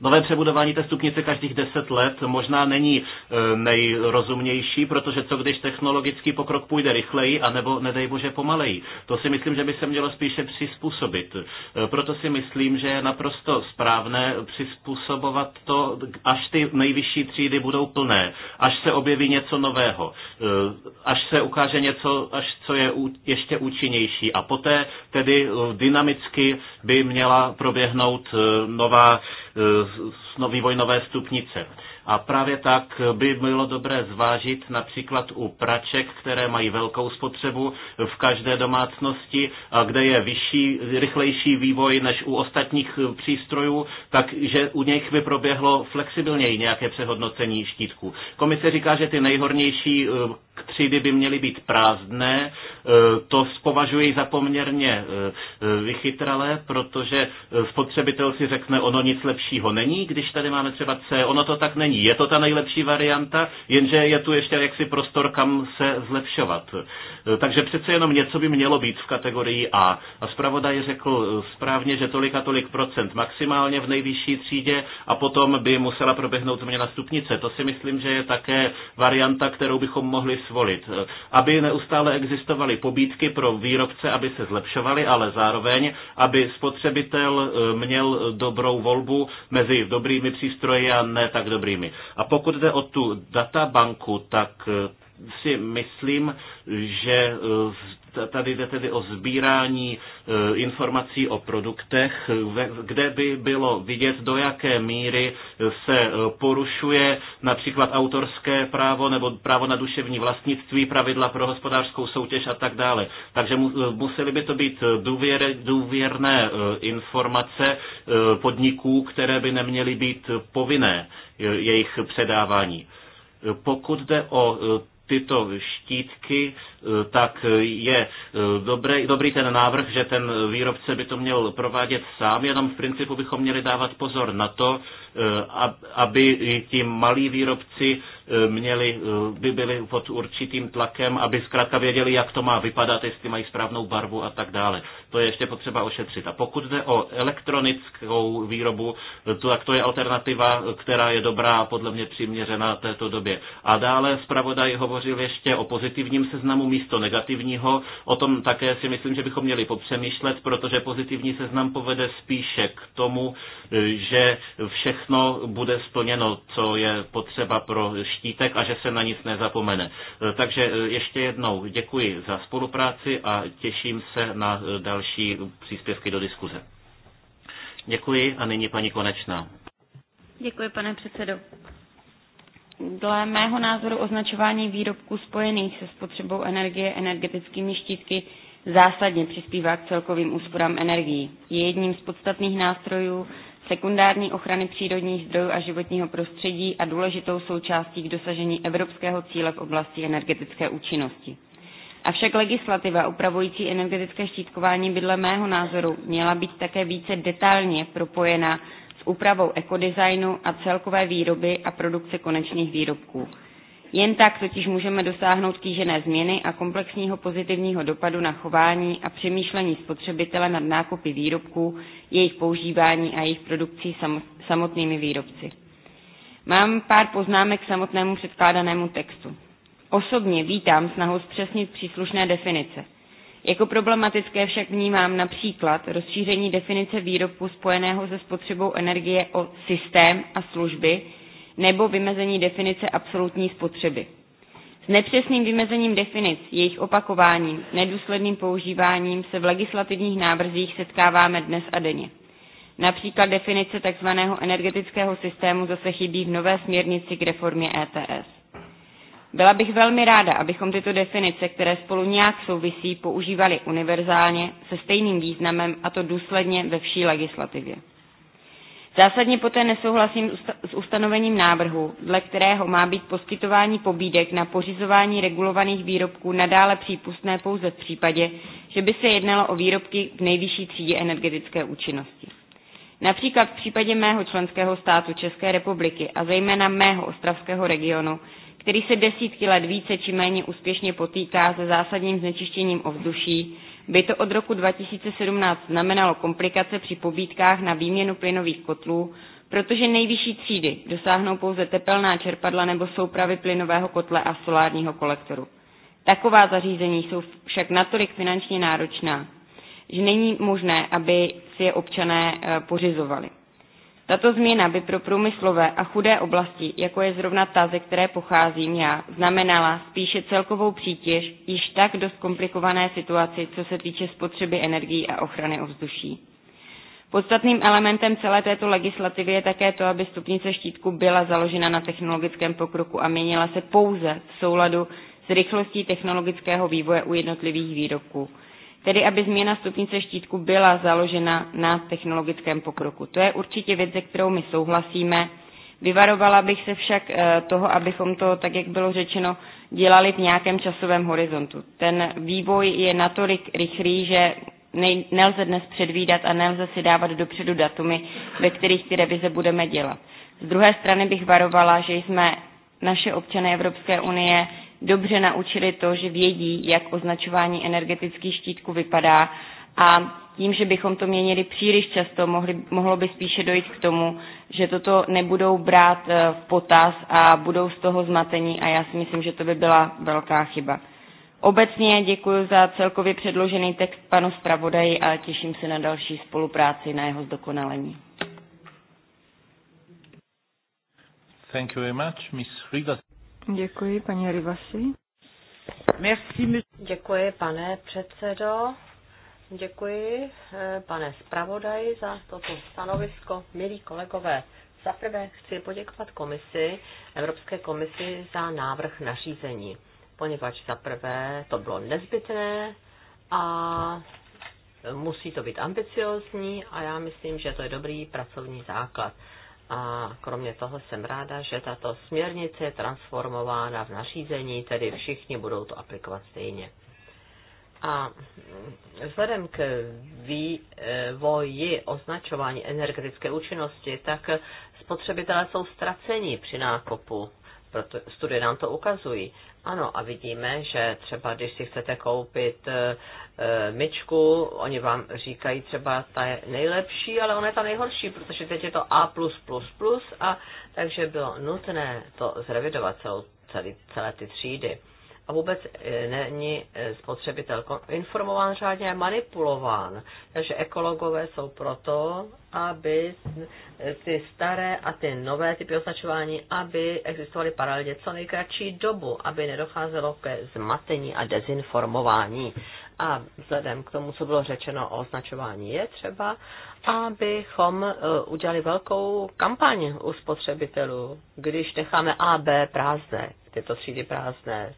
Nové přebudování té stupnice každých deset let možná není e, nejrozumnější, protože co když technologický pokrok půjde rychleji, anebo nedej bože pomaleji. To si myslím, že by se mělo spíše přizpůsobit. E, proto si myslím, že je naprosto správné přizpůsobovat to, až ty nejvyšší třídy budou plné, až se objeví něco nového, e, až se ukáže něco, až co je ještě účinnější. A poté tedy dynamicky by měla proběhnout nová nový vojnové stupnice. A právě tak by bylo dobré zvážit například u praček, které mají velkou spotřebu v každé domácnosti, a kde je vyšší, rychlejší vývoj než u ostatních přístrojů, takže u nich by proběhlo flexibilněji nějaké přehodnocení štítků. Komise říká, že ty nejhornější eh, třídy by měly být prázdné. Eh, to považuji za poměrně eh, vychytralé, protože spotřebitel si řekne, ono nic lepšího není, když tady máme třeba C, ono to tak není je to ta nejlepší varianta, jenže je tu ještě jaksi prostor, kam se zlepšovat. Takže přece jenom něco by mělo být v kategorii A. A zpravodaj řekl správně, že tolik a tolik procent maximálně v nejvyšší třídě a potom by musela proběhnout změna stupnice. To si myslím, že je také varianta, kterou bychom mohli svolit. Aby neustále existovaly pobídky pro výrobce, aby se zlepšovaly, ale zároveň, aby spotřebitel měl dobrou volbu mezi dobrými přístroji a ne tak dobrými zájmy. A pokud jde o tu databanku, tak eh, si myslím, že eh, tady jde tedy o sbírání e, informací o produktech, kde by bylo vidět, do jaké míry se e, porušuje například autorské právo nebo právo na duševní vlastnictví, pravidla pro hospodářskou soutěž a tak dále. Takže e, museli by to být důvěr, důvěrné informace podniků, které by neměly být povinné jejich předávání. Pokud jde o tyto štítky, tak je eh, dobrý, dobrý ten návrh, že ten výrobce by to měl provádět sám, jenom v principu bychom měli dávat pozor na to, eh, aby ti malí výrobci eh, měli, by byli pod určitým tlakem, aby zkrátka věděli, jak to má vypadat, jestli mají správnou barvu a tak dále. To je ještě potřeba ošetřit. A pokud jde o elektronickou výrobu, to, tak to je alternativa, která je dobrá a podle mě přiměřená této době. A dále zpravodaj hovořil ještě o pozitivním seznamu místo negativního. O tom také si myslím, že bychom měli popřemýšlet, protože pozitivní seznam povede spíše k tomu, že všechno bude splněno, co je potřeba pro štítek a že se na nic nezapomene. Takže ještě jednou děkuji za spolupráci a těším se na další příspěvky do diskuze. Děkuji a nyní paní Konečná. Děkuji, pane předsedo. Dle mého názoru označování výrobků spojených se spotřebou energie energetickými štítky zásadně přispívá k celkovým úsporám energií. Je jedním z podstatných nástrojů sekundární ochrany přírodních zdrojů a životního prostředí a důležitou součástí k dosažení evropského cíle v oblasti energetické účinnosti. Avšak legislativa upravující energetické štítkování by dle mého názoru měla být také více detailně propojena s úpravou ekodesignu a celkové výroby a produkce konečných výrobků. Jen tak totiž můžeme dosáhnout kýžené změny a komplexního pozitivního dopadu na chování a přemýšlení spotřebitele nad nákupy výrobků, jejich používání a jejich produkcí samotnými výrobci. Mám pár poznámek k samotnému předkládanému textu. Osobně vítám snahu zpřesnit příslušné definice – jako problematické však vnímám například rozšíření definice výrobku spojeného se spotřebou energie o systém a služby nebo vymezení definice absolutní spotřeby. S nepřesným vymezením definic, jejich opakováním, nedůsledným používáním se v legislativních návrzích setkáváme dnes a denně. Například definice tzv. energetického systému zase chybí v nové směrnici k reformě ETS. Byla bych velmi ráda, abychom tyto definice, které spolu nějak souvisí, používali univerzálně se stejným významem a to důsledně ve vší legislativě. Zásadně poté nesouhlasím s ustanovením návrhu, dle kterého má být poskytování pobídek na pořizování regulovaných výrobků nadále přípustné pouze v případě, že by se jednalo o výrobky v nejvyšší třídě energetické účinnosti. Například v případě mého členského státu České republiky a zejména mého ostravského regionu který se desítky let více či méně úspěšně potýká se zásadním znečištěním ovzduší, by to od roku 2017 znamenalo komplikace při pobítkách na výměnu plynových kotlů, protože nejvyšší třídy dosáhnou pouze tepelná čerpadla nebo soupravy plynového kotle a solárního kolektoru. Taková zařízení jsou však natolik finančně náročná, že není možné, aby si je občané eh, pořizovali. Tato změna by pro průmyslové a chudé oblasti, jako je zrovna ta, ze které pocházím já, znamenala spíše celkovou přítěž již tak dost komplikované situaci, co se týče spotřeby energií a ochrany ovzduší. Podstatným elementem celé této legislativy je také to, aby stupnice štítku byla založena na technologickém pokroku a měnila se pouze v souladu s rychlostí technologického vývoje u jednotlivých výrobků tedy aby změna stupnice štítku byla založena na technologickém pokroku. To je určitě věc, se kterou my souhlasíme. Vyvarovala bych se však eh, toho, abychom to, tak jak bylo řečeno, dělali v nějakém časovém horizontu. Ten vývoj je natolik rychlý, že nelze dnes předvídat a nelze si dávat dopředu datumy, ve kterých ty revize budeme dělat. Z druhé strany bych varovala, že jsme naše občany Evropské unie dobře naučili to, že vědí, jak označování energetických štítků vypadá a tím, že bychom to měnili příliš často, mohli, mohlo by spíše dojít k tomu, že toto nebudou brát eh, v potaz a budou z toho zmatení a já si myslím, že to by byla velká chyba. Obecně děkuji za celkově předložený text panu zpravodaji a těším se na další spolupráci na jeho zdokonalení. Thank you very much, Ms. Děkuji, paní Rivasi. Merci. Děkuji, pane předsedo. Děkuji, eh, pane zpravodaji, za toto stanovisko. Milí kolegové, za prvé chci poděkovat komisi, Evropské komisi za návrh nařízení, poněvadž za prvé to bylo nezbytné a musí to být ambiciozní a já myslím, že to je dobrý pracovní základ. A kromě toho jsem ráda, že tato směrnice je transformována v nařízení, tedy všichni budou to aplikovat stejně. A vzhledem k vývoji označování energetické účinnosti, tak spotřebitelé jsou ztraceni při nákupu, proto studie nám to ukazují. Ano, a vidíme, že třeba když si chcete koupit e, myčku, oni vám říkají třeba ta je nejlepší, ale ona je ta nejhorší, protože teď je to A+++, a takže bylo nutné to zrevidovat celou, celý, celé ty třídy a vůbec e, není e, spotřebitel informován řádně a manipulován. Takže ekologové jsou proto, aby e, ty staré a ty nové typy označování, aby existovaly paralelně co nejkratší dobu, aby nedocházelo ke zmatení a dezinformování. A vzhledem k tomu, co bylo řečeno o označování, je třeba, abychom udělali velkou kampaň u spotřebitelů, když necháme A, B prázdné, tyto třídy prázdné,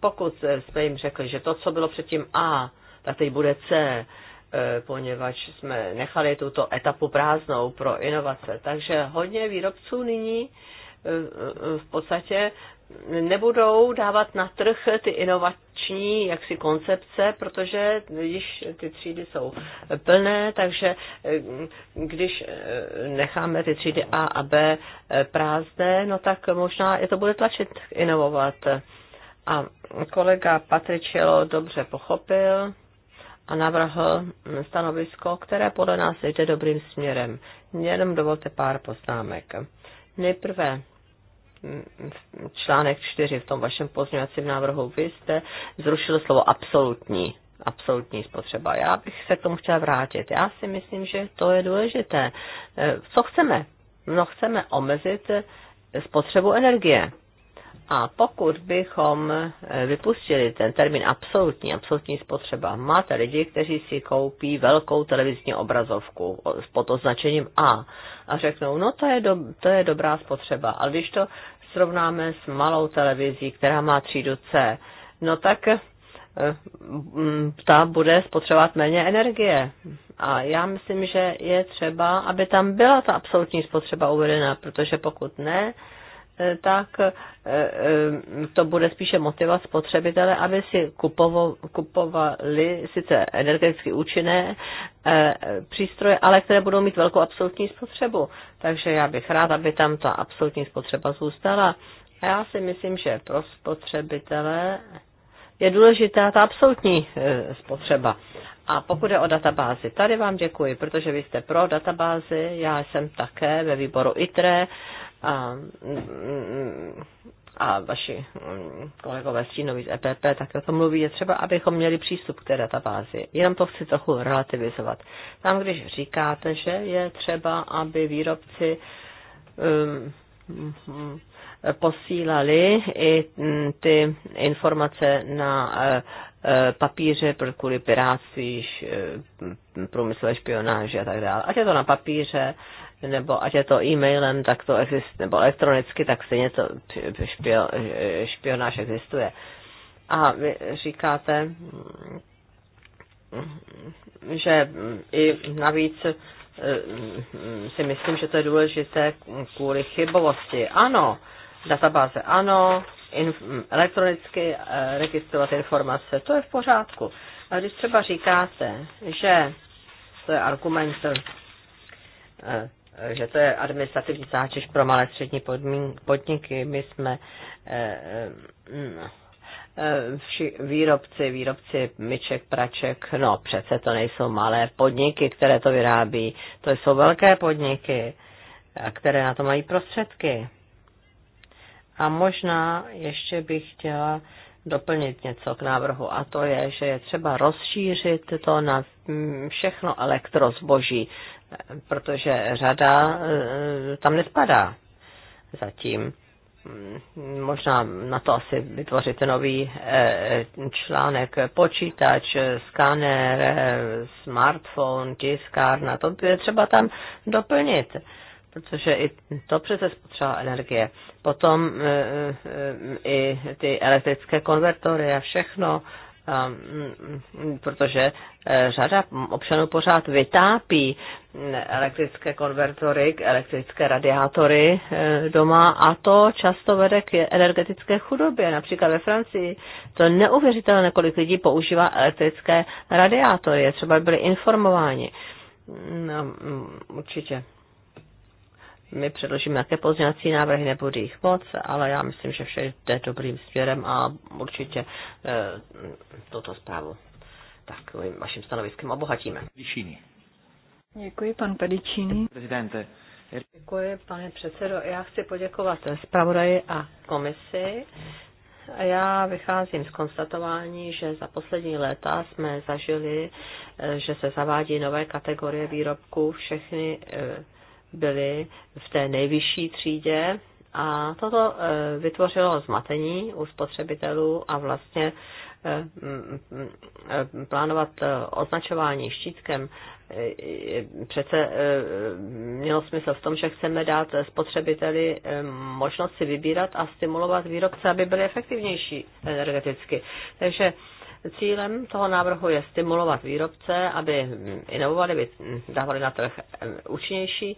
pokud jsme jim řekli, že to, co bylo předtím A, tak teď bude C, eh, poněvadž jsme nechali tuto etapu prázdnou pro inovace. Takže hodně výrobců nyní eh, eh, v podstatě nebudou dávat na trh ty inovační jaksi koncepce, protože již ty třídy jsou plné, takže když necháme ty třídy A a B prázdné, no tak možná je to bude tlačit inovovat. A kolega Patričelo dobře pochopil a navrhl stanovisko, které podle nás jde dobrým směrem. Jenom dovolte pár poznámek. Nejprve mm, článek 4 v tom vašem pozměňovacím návrhu. Vy jste zrušil slovo absolutní absolutní spotřeba. Já bych se k tomu chtěla vrátit. Já si myslím, že to je důležité. E, co chceme? No chceme omezit spotřebu energie. A pokud bychom eh, vypustili ten termín absolutní, absolutní spotřeba, máte lidi, kteří si koupí velkou televizní obrazovku pod označením A a řeknou, no to je, do, to je dobrá spotřeba, ale když to srovnáme s malou televizí, která má třídu C, no tak eh, mm, ta bude spotřebovat méně energie. A já myslím, že je třeba, aby tam byla ta absolutní spotřeba uvedena, protože pokud ne, E, tak e, e, to bude spíše motivovat spotřebitele, aby si kupovali sice energeticky účinné přístroje, ale které budou mít velkou absolutní spotřebu. Takže já bych rád, aby tam ta absolutní spotřeba zůstala. A já si myslím, že pro spotřebitele je důležitá ta absolutní spotřeba. A pokud je o databázi, tady vám děkuji, protože vy jste pro databázi, já jsem také ve výboru ITRE a, mm, a vaši mm, kolegové stínoví z EPP také o tom mluví, je třeba, abychom měli přístup k té databázi. Jenom to chci trochu relativizovat. Tam, když říkáte, že je třeba, aby výrobci um, mm, posílali i ty informace na e, e, papíře kvůli piráctví, e, průmyslové špionáži a tak dále. Ať je to na papíře nebo ať je to e-mailem, tak to existuje, nebo elektronicky, tak stejně to špio, špionáž existuje. A vy říkáte, že i navíc eh, si myslím, že to je důležité kvůli chybovosti. Ano, databáze ano, in, elektronicky eh, registrovat informace, to je v pořádku. A když třeba říkáte, že to je argument eh, že to je administrativní zátěž pro malé střední podniky. My jsme eh, eh, mm, eh, výrobci, výrobci myček, praček, no přece to nejsou malé podniky, které to vyrábí, to jsou velké podniky, které na to mají prostředky. A možná ještě bych chtěla doplnit něco k návrhu a to je, že je třeba rozšířit to na všechno elektrozboží protože řada eh, tam nespadá zatím. Mm, možná na to asi vytvořit nový eh, článek, počítač, skáner smartphone, tiskárna, to je třeba tam doplnit protože i to přece spotřeba energie. Potom eh, i ty elektrické konvertory a všechno, Ehm, mm, protože eh, řada občanů pořád vytápí mm, elektrické konvertory, elektrické radiátory eh, doma a to často vede k energetické chudobě. Například ve Francii to neuvěřitelné, kolik lidí používá elektrické radiátory. Třeba byli informováni. No, určitě my předložíme nějaké pozměňovací návrhy, nebude jich moc, ale já myslím, že vše jde dobrým směrem a určitě e, eh, toto zprávu takovým vaším stanoviskem obohatíme. Děkuji, pan Pedicini. Prezidente. Děkuji, pane předsedo. Já chci poděkovat zpravodaji a komisi. Já vycházím z konstatování, že za poslední léta jsme zažili, eh, že se zavádí nové kategorie výrobků, všechny e, byli v té nejvyšší třídě a toto eh, vytvořilo zmatení u spotřebitelů a vlastně eh, plánovat eh, označování štítkem přece mělo smysl v tom, že chceme dát spotřebiteli možnost si vybírat a stimulovat výrobce, aby byly efektivnější energeticky. Takže Cílem toho návrhu je stimulovat výrobce, aby inovovali, aby dávali na trh eh, účinnější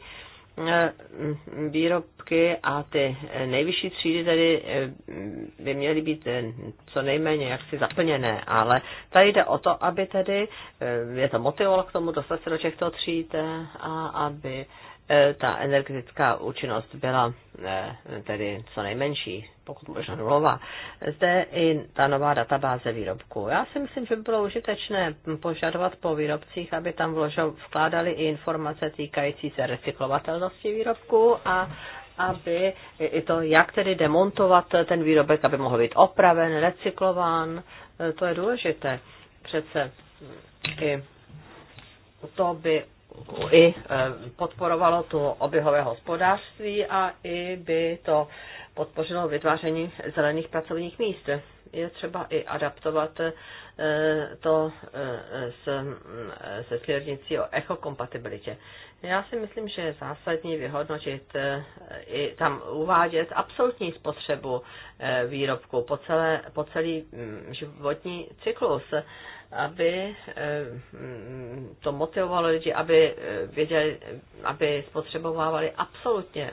eh, výrobky a ty nejvyšší třídy tedy eh, by měly být co nejméně jaksi zaplněné, ale tady jde o to, aby tedy je to motivovalo k tomu dostat se do těchto tříd a aby E, ta energetická účinnost byla e, tedy co nejmenší, pokud možná nulová. Zde i ta nová databáze výrobků. Já si myslím, že by bylo užitečné požadovat po výrobcích, aby tam vložil, vkládali i informace týkající se recyklovatelnosti výrobků a aby i to, jak tedy demontovat ten výrobek, aby mohl být opraven, recyklován, e, to je důležité. Přece i to by i e, podporovalo to oběhové hospodářství a i by to podpořilo vytváření zelených pracovních míst. Je třeba i adaptovat e, to se, e, se směrnicí o ekokompatibilitě. Já si myslím, že je zásadní vyhodnotit i tam uvádět absolutní spotřebu výrobku po, celé, po celý životní cyklus aby eh, to motivovalo lidi, aby eh, věděli, aby spotřebovávali absolutně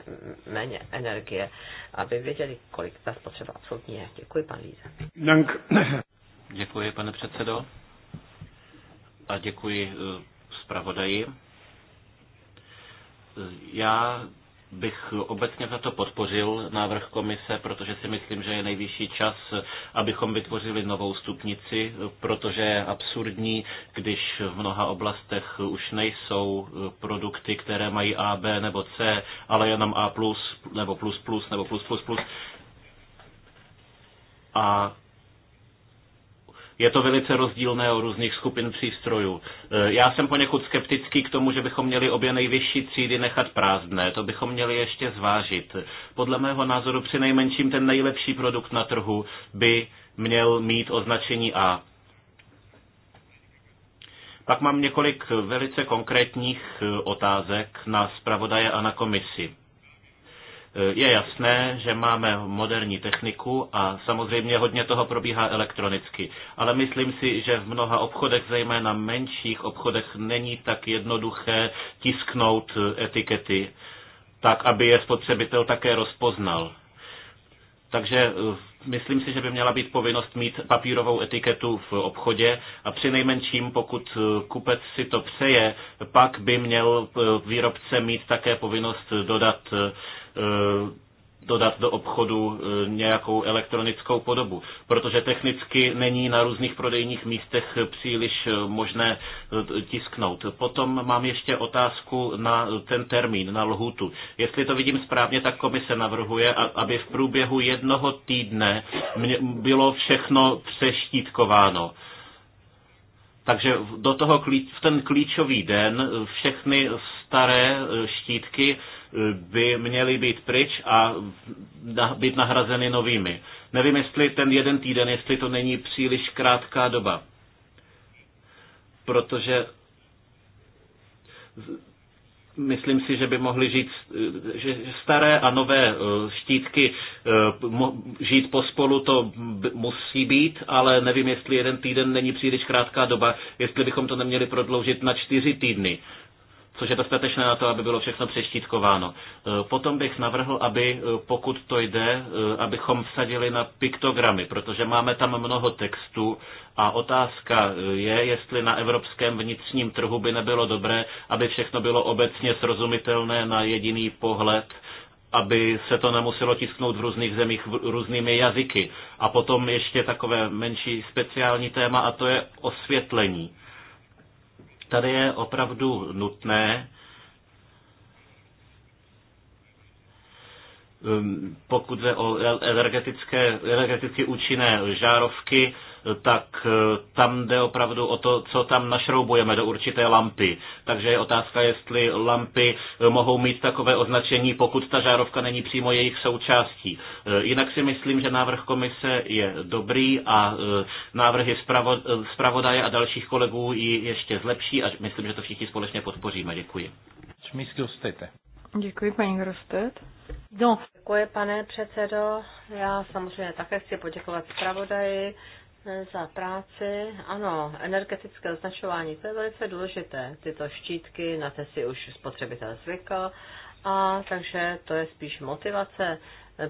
méně energie, aby věděli, kolik ta spotřeba absolutně je. Děkuji, pan Líze. Děkuji, pane předsedo. A děkuji eh, zpravodaji. Já bych obecně za to podpořil návrh komise, protože si myslím, že je nejvyšší čas, abychom vytvořili novou stupnici, protože je absurdní, když v mnoha oblastech už nejsou produkty, které mají A, B nebo C, ale jenom A+, nebo plus plus, nebo plus plus plus. A je to velice rozdílné u různých skupin přístrojů. Eh, já jsem poněkud skeptický k tomu, že bychom měli obě nejvyšší třídy nechat prázdné. To bychom měli ještě zvážit. Podle mého názoru při nejmenším ten nejlepší produkt na trhu by měl mít označení A. Pak mám několik velice konkrétních eh, otázek na zpravodaje a na komisi. Je jasné, že máme moderní techniku a samozřejmě hodně toho probíhá elektronicky. Ale myslím si, že v mnoha obchodech, zejména menších obchodech, není tak jednoduché tisknout eh, etikety, tak aby je spotřebitel také rozpoznal. Takže eh, myslím si, že by měla být povinnost mít papírovou etiketu v obchodě a při nejmenším, pokud eh, kupec si to přeje, pak by měl výrobce mít také povinnost dodat Eh, dodat do obchodu eh, nějakou elektronickou podobu, protože technicky není na různých prodejních místech příliš eh, možné tisknout. Potom mám ještě otázku na ten termín, na lhutu. Jestli to vidím správně, tak komise navrhuje, aby v průběhu jednoho týdne bylo všechno přeštítkováno. Takže do toho, v ten klíčový den všechny staré štítky by měly být pryč a být nahrazeny novými. Nevím, jestli ten jeden týden, jestli to není příliš krátká doba. Protože myslím si, že by mohly žít, že staré a nové eh, štítky eh, žít pospolu to musí být, ale nevím, jestli jeden týden není příliš krátká doba, jestli bychom to neměli prodloužit na čtyři týdny což je dostatečné na to, aby bylo všechno přeštítkováno. E, potom bych navrhl, aby e, pokud to jde, e, abychom vsadili na piktogramy, protože máme tam mnoho textů a otázka je, jestli na evropském vnitřním trhu by nebylo dobré, aby všechno bylo obecně srozumitelné na jediný pohled, aby se to nemuselo tisknout v různých zemích v různými jazyky. A potom ještě takové menší speciální téma a to je osvětlení Tady je opravdu nutné um, pokud jde o energetické, energeticky účinné žárovky, tak eh, tam jde opravdu o to, co tam našroubujeme do určité lampy. Takže je otázka, jestli lampy eh, mohou mít takové označení, pokud ta žárovka není přímo jejich součástí. Eh, jinak si myslím, že návrh komise je dobrý a návrhy zpravodaje a dalších kolegů ji ještě zlepší a myslím, že to všichni společně podpoříme. Děkuji. Děkuji, paní Grostet. No. Děkuji, pane předsedo. Já samozřejmě také chci poděkovat zpravodaji za práci. Ano, energetické označování, to je velice důležité. Tyto štítky, na ty si už spotřebitel zvykl, a takže to je spíš motivace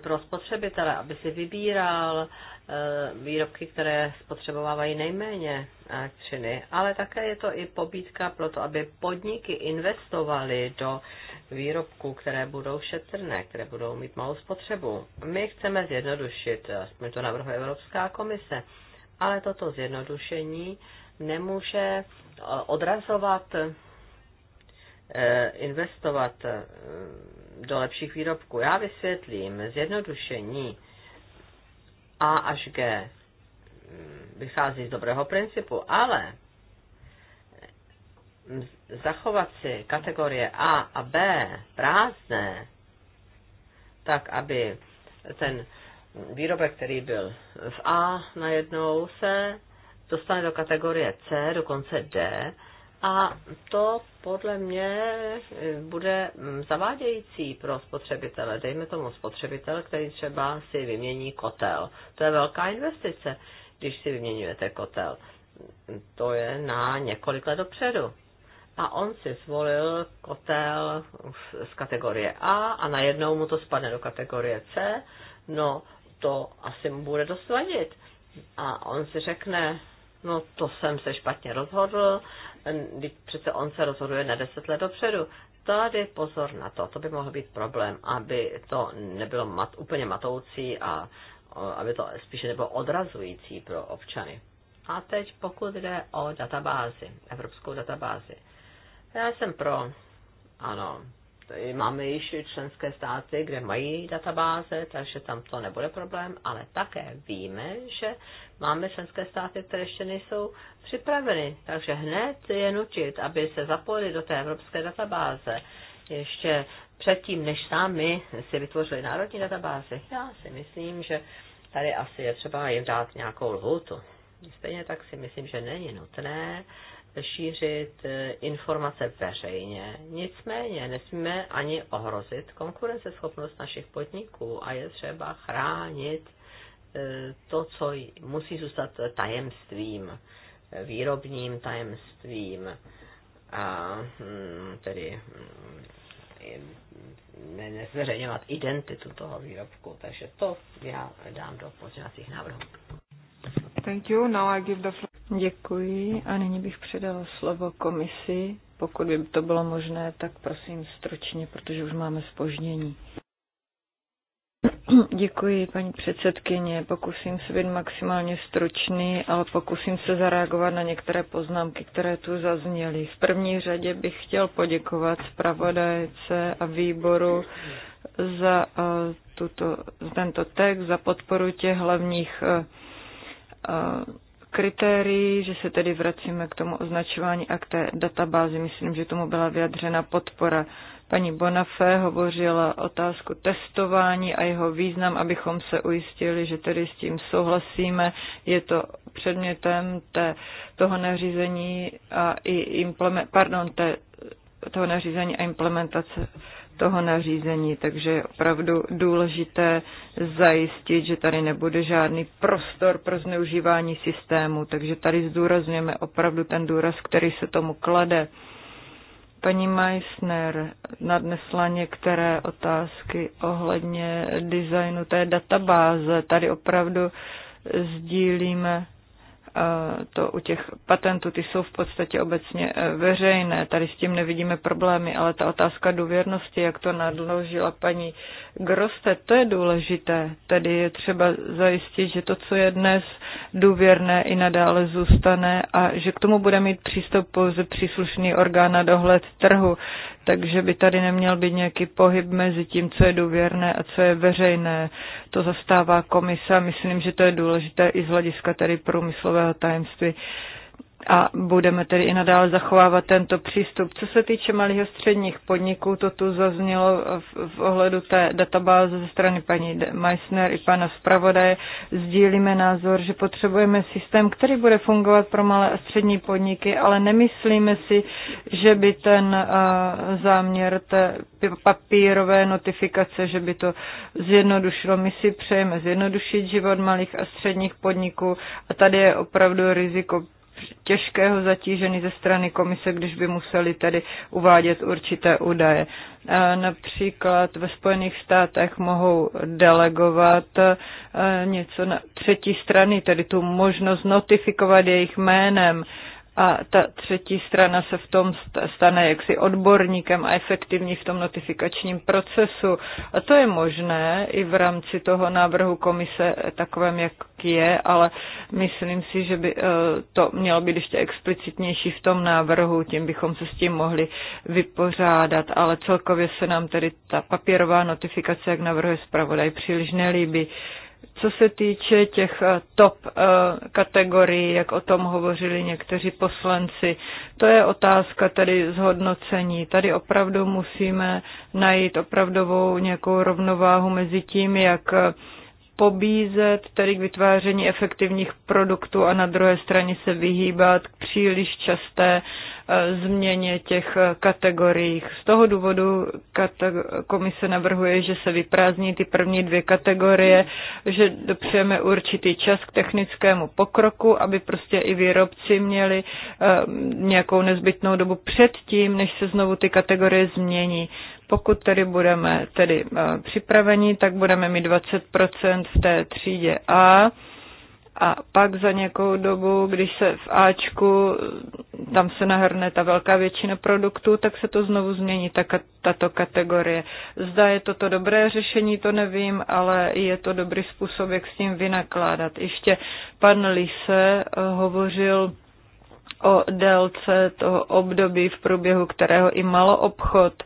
pro spotřebitele, aby si vybíral eh, výrobky, které spotřebovávají nejméně elektřiny, ale také je to i pobídka pro to, aby podniky investovaly do výrobků, které budou šetrné, které budou mít malou spotřebu. My chceme zjednodušit, aspoň to navrhuje Evropská komise, ale toto zjednodušení nemůže eh, odrazovat eh, investovat eh, do lepších výrobků. Já vysvětlím zjednodušení A až G vychází z dobrého principu, ale zachovat si kategorie A a B prázdné, tak aby ten výrobek, který byl v A, najednou se dostane do kategorie C, dokonce D, a to podle mě eh, bude mm, zavádějící pro spotřebitele. Dejme tomu spotřebitel, který třeba si vymění kotel. To je velká investice, když si vyměňujete kotel. To je na několik let dopředu. A on si zvolil kotel z kategorie A a najednou mu to spadne do kategorie C. No, to asi mu bude dost vadit. A on si řekne, no to jsem se špatně rozhodl, teď přece on se rozhoduje na deset let dopředu. Tady pozor na to, to by mohl být problém, aby to nebylo mat, úplně matoucí a aby to spíše nebylo odrazující pro občany. A teď pokud jde o databázi, evropskou databázi. Já jsem pro, ano, máme již členské státy, kde mají databáze, takže tam to nebude problém, ale také víme, že máme členské státy, které ještě nejsou připraveny, takže hned je nutit, aby se zapojili do té evropské databáze ještě předtím, než sami si vytvořili národní databáze. Já si myslím, že tady asi je třeba jim dát nějakou lhutu. Stejně tak si myslím, že není nutné uh, šířit eh, informace veřejně. Nicméně nesmíme ani ohrozit konkurenceschopnost našich podniků a je třeba chránit eh, to, co musí zůstat tajemstvím, výrobním tajemstvím, a hm, tedy hm, nezveřejňovat identitu toho výrobku. Takže to já dám do pozměňovacích návrhů. Thank you. Now I give the floor. Děkuji a nyní bych předala slovo komisi. Pokud by to bylo možné, tak prosím stručně, protože už máme spoždění. Děkuji, paní předsedkyně. Pokusím se být maximálně stručný, ale pokusím se zareagovat na některé poznámky, které tu zazněly. V první řadě bych chtěl poděkovat zpravodajce a výboru za, eh, tuto, za tento text, za podporu těch hlavních eh, eh, kritérií, že se tedy vracíme k tomu označování a k té databázi. Myslím, že tomu byla vyjadřena podpora. Paní Bonafé hovořila otázku testování a jeho význam, abychom se ujistili, že tedy s tím souhlasíme. Je to předmětem té, toho nařízení a i implement, pardon, té, toho nařízení a implementace toho nařízení, takže je opravdu důležité zajistit, že tady nebude žádný prostor pro zneužívání systému, takže tady zdůrazňujeme opravdu ten důraz, který se tomu klade. Paní Meissner nadnesla některé otázky ohledně designu té databáze. Tady opravdu sdílíme to u těch patentů, ty jsou v podstatě obecně e, veřejné, tady s tím nevidíme problémy, ale ta otázka důvěrnosti, jak to nadložila paní Groste, to je důležité. Tedy je třeba zajistit, že to, co je dnes důvěrné, i nadále zůstane a že k tomu bude mít přístup pouze příslušný orgán na dohled trhu takže by tady neměl být nějaký pohyb mezi tím, co je důvěrné a co je veřejné. To zastává komise a myslím, že to je důležité i z hlediska tady průmyslového tajemství. Uh, a budeme tedy i nadále zachovávat tento přístup. Co se týče malých a středních podniků, to tu zaznělo v, ohledu té databáze ze strany paní Meissner i pana zpravodaje. Sdílíme názor, že potřebujeme systém, který bude fungovat pro malé a střední podniky, ale nemyslíme si, že by ten eh, záměr té papírové notifikace, že by to zjednodušilo. My si přejeme zjednodušit život malých a středních podniků a tady je opravdu riziko těžkého zatížení ze strany komise, když by museli tedy uvádět určité údaje. Například ve Spojených státech mohou delegovat e, něco na třetí strany, tedy tu možnost notifikovat jejich jménem a ta třetí strana se v tom stane jaksi odborníkem a efektivní v tom notifikačním procesu. A to je možné i v rámci toho návrhu komise takovém, jak je, ale myslím si, že by e, to mělo být ještě explicitnější v tom návrhu, tím bychom se s tím mohli vypořádat, ale celkově se nám tedy ta papírová notifikace, jak navrhuje zpravodaj, příliš nelíbí. Co se týče těch eh, top eh, kategorií, jak o tom hovořili někteří poslanci, to je otázka tady zhodnocení. Tady opravdu musíme najít opravdovou nějakou rovnováhu mezi tím, jak eh, pobízet tedy k vytváření efektivních produktů a na druhé straně se vyhýbat k příliš časté změně těch kategorií. Z toho důvodu komise navrhuje, že se vyprázdní ty první dvě kategorie, že dopřejeme určitý čas k technickému pokroku, aby prostě i výrobci měli eh, nějakou nezbytnou dobu předtím, než se znovu ty kategorie změní. Pokud tedy budeme tedy eh, připraveni, tak budeme mít 20% v té třídě A a pak za nějakou dobu, když se v Ačku, tam se nahrne ta velká většina produktů, tak se to znovu změní, ta, tato kategorie. Zda je toto dobré řešení, to nevím, ale je to dobrý způsob, jak s tím vynakládat. Ještě pan Lise eh, hovořil o délce toho období, v průběhu kterého i malo obchod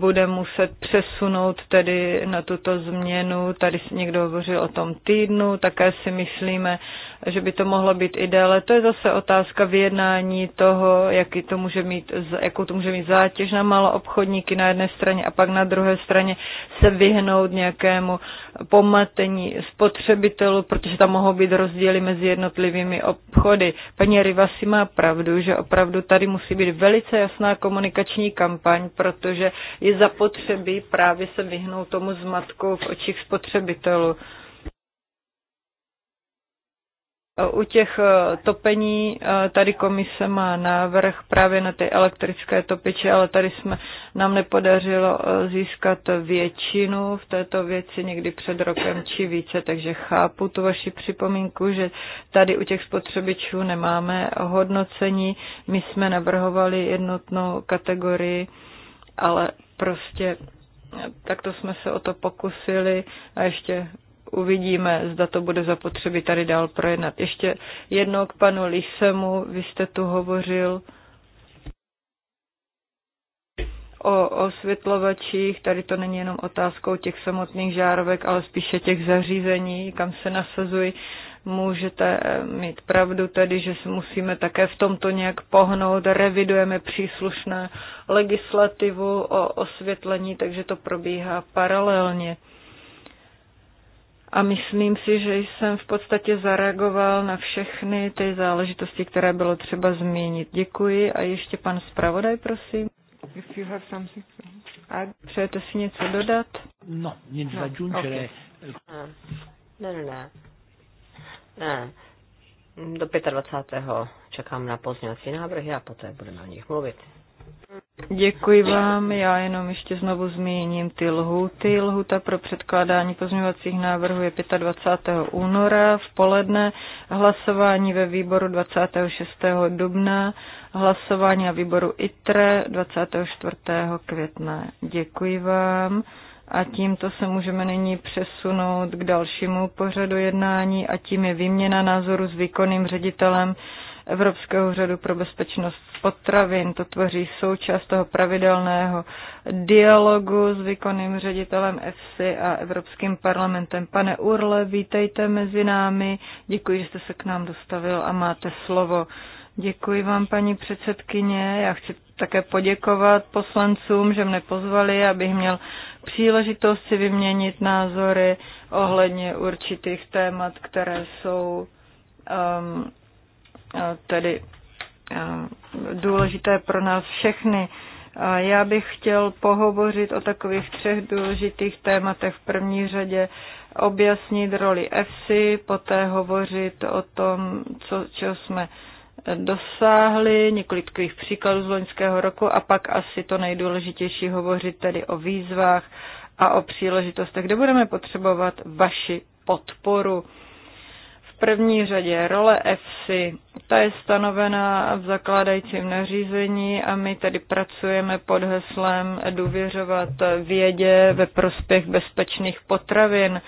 bude muset přesunout tedy na tuto změnu. Tady někdo hovořil o tom týdnu, také si myslíme že by to mohlo být i déle. To je zase otázka vyjednání toho, jaký to může mít, jakou to může mít zátěž na malo obchodníky na jedné straně a pak na druhé straně se vyhnout nějakému pomatení spotřebitelů, protože tam mohou být rozdíly mezi jednotlivými obchody. Paní si má pravdu, že opravdu tady musí být velice jasná komunikační kampaň, protože je zapotřebí právě se vyhnout tomu zmatku v očích spotřebitelů. U těch eh, topení eh, tady komise má návrh právě na ty elektrické topiče, ale tady jsme nám nepodařilo eh, získat většinu v této věci někdy před rokem či více, takže chápu tu vaši připomínku, že tady u těch spotřebičů nemáme hodnocení. My jsme navrhovali jednotnou kategorii, ale prostě tak to jsme se o to pokusili a ještě uvidíme, zda to bude zapotřebí tady dál projednat. Ještě jednou k panu Lisemu, vy jste tu hovořil o osvětlovačích, tady to není jenom otázkou těch samotných žárovek, ale spíše těch zařízení, kam se nasazují. Můžete mít pravdu tedy, že se musíme také v tomto nějak pohnout, revidujeme příslušné legislativu o osvětlení, takže to probíhá paralelně a myslím si, že jsem v podstatě zareagoval na všechny ty záležitosti, které bylo třeba zmínit. Děkuji a ještě pan zpravodaj, prosím. If you have something. Přejete si něco dodat? No, nic no, džunčere. Okay. Ne, ne, ne. Ne. Do 25. čekám na pozdňovací návrhy a poté budeme o nich mluvit. Děkuji vám. Já jenom ještě znovu zmíním ty lhuty. Lhuta pro předkládání pozměňovacích návrhů je 25. února v poledne, hlasování ve výboru 26. dubna, hlasování a výboru ITRE 24. května. Děkuji vám. A tímto se můžeme nyní přesunout k dalšímu pořadu jednání a tím je výměna názoru s výkonným ředitelem Evropského řadu pro bezpečnost potravin. To tvoří součást toho pravidelného dialogu s výkonným ředitelem EFSI a Evropským parlamentem. Pane Urle, vítejte mezi námi. Děkuji, že jste se k nám dostavil a máte slovo. Děkuji vám, paní předsedkyně. Já chci také poděkovat poslancům, že mne pozvali, abych měl příležitost si vyměnit názory ohledně určitých témat, které jsou um, tedy důležité pro nás všechny. já bych chtěl pohovořit o takových třech důležitých tématech. V první řadě objasnit roli EFSI, poté hovořit o tom, co, čeho jsme dosáhli, několik takových příkladů z loňského roku a pak asi to nejdůležitější hovořit tedy o výzvách a o příležitostech, kde budeme potřebovat vaši podporu první řadě role EFSI. Ta je stanovená v zakládajícím nařízení a my tedy pracujeme pod heslem důvěřovat vědě ve prospěch bezpečných potravin.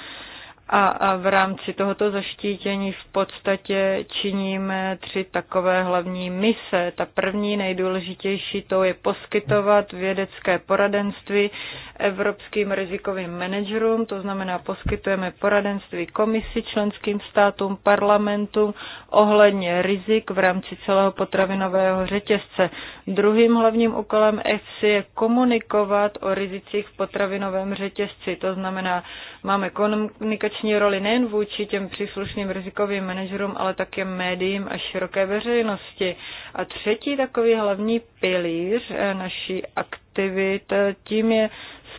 A, a v rámci tohoto zaštítění v podstatě činíme tři takové hlavní mise. Ta první, nejdůležitější, to je poskytovat vědecké poradenství evropským rizikovým manažerům, to znamená poskytujeme poradenství komisi, členským státům, parlamentům ohledně rizik v rámci celého potravinového řetězce. Druhým hlavním úkolem EFSI je komunikovat o rizicích v potravinovém řetězci, to znamená máme komunikační koordinační roli nejen vůči těm příslušným rizikovým manažerům, ale také médiím a široké veřejnosti. A třetí takový hlavní pilíř eh, naší aktivit, eh, tím je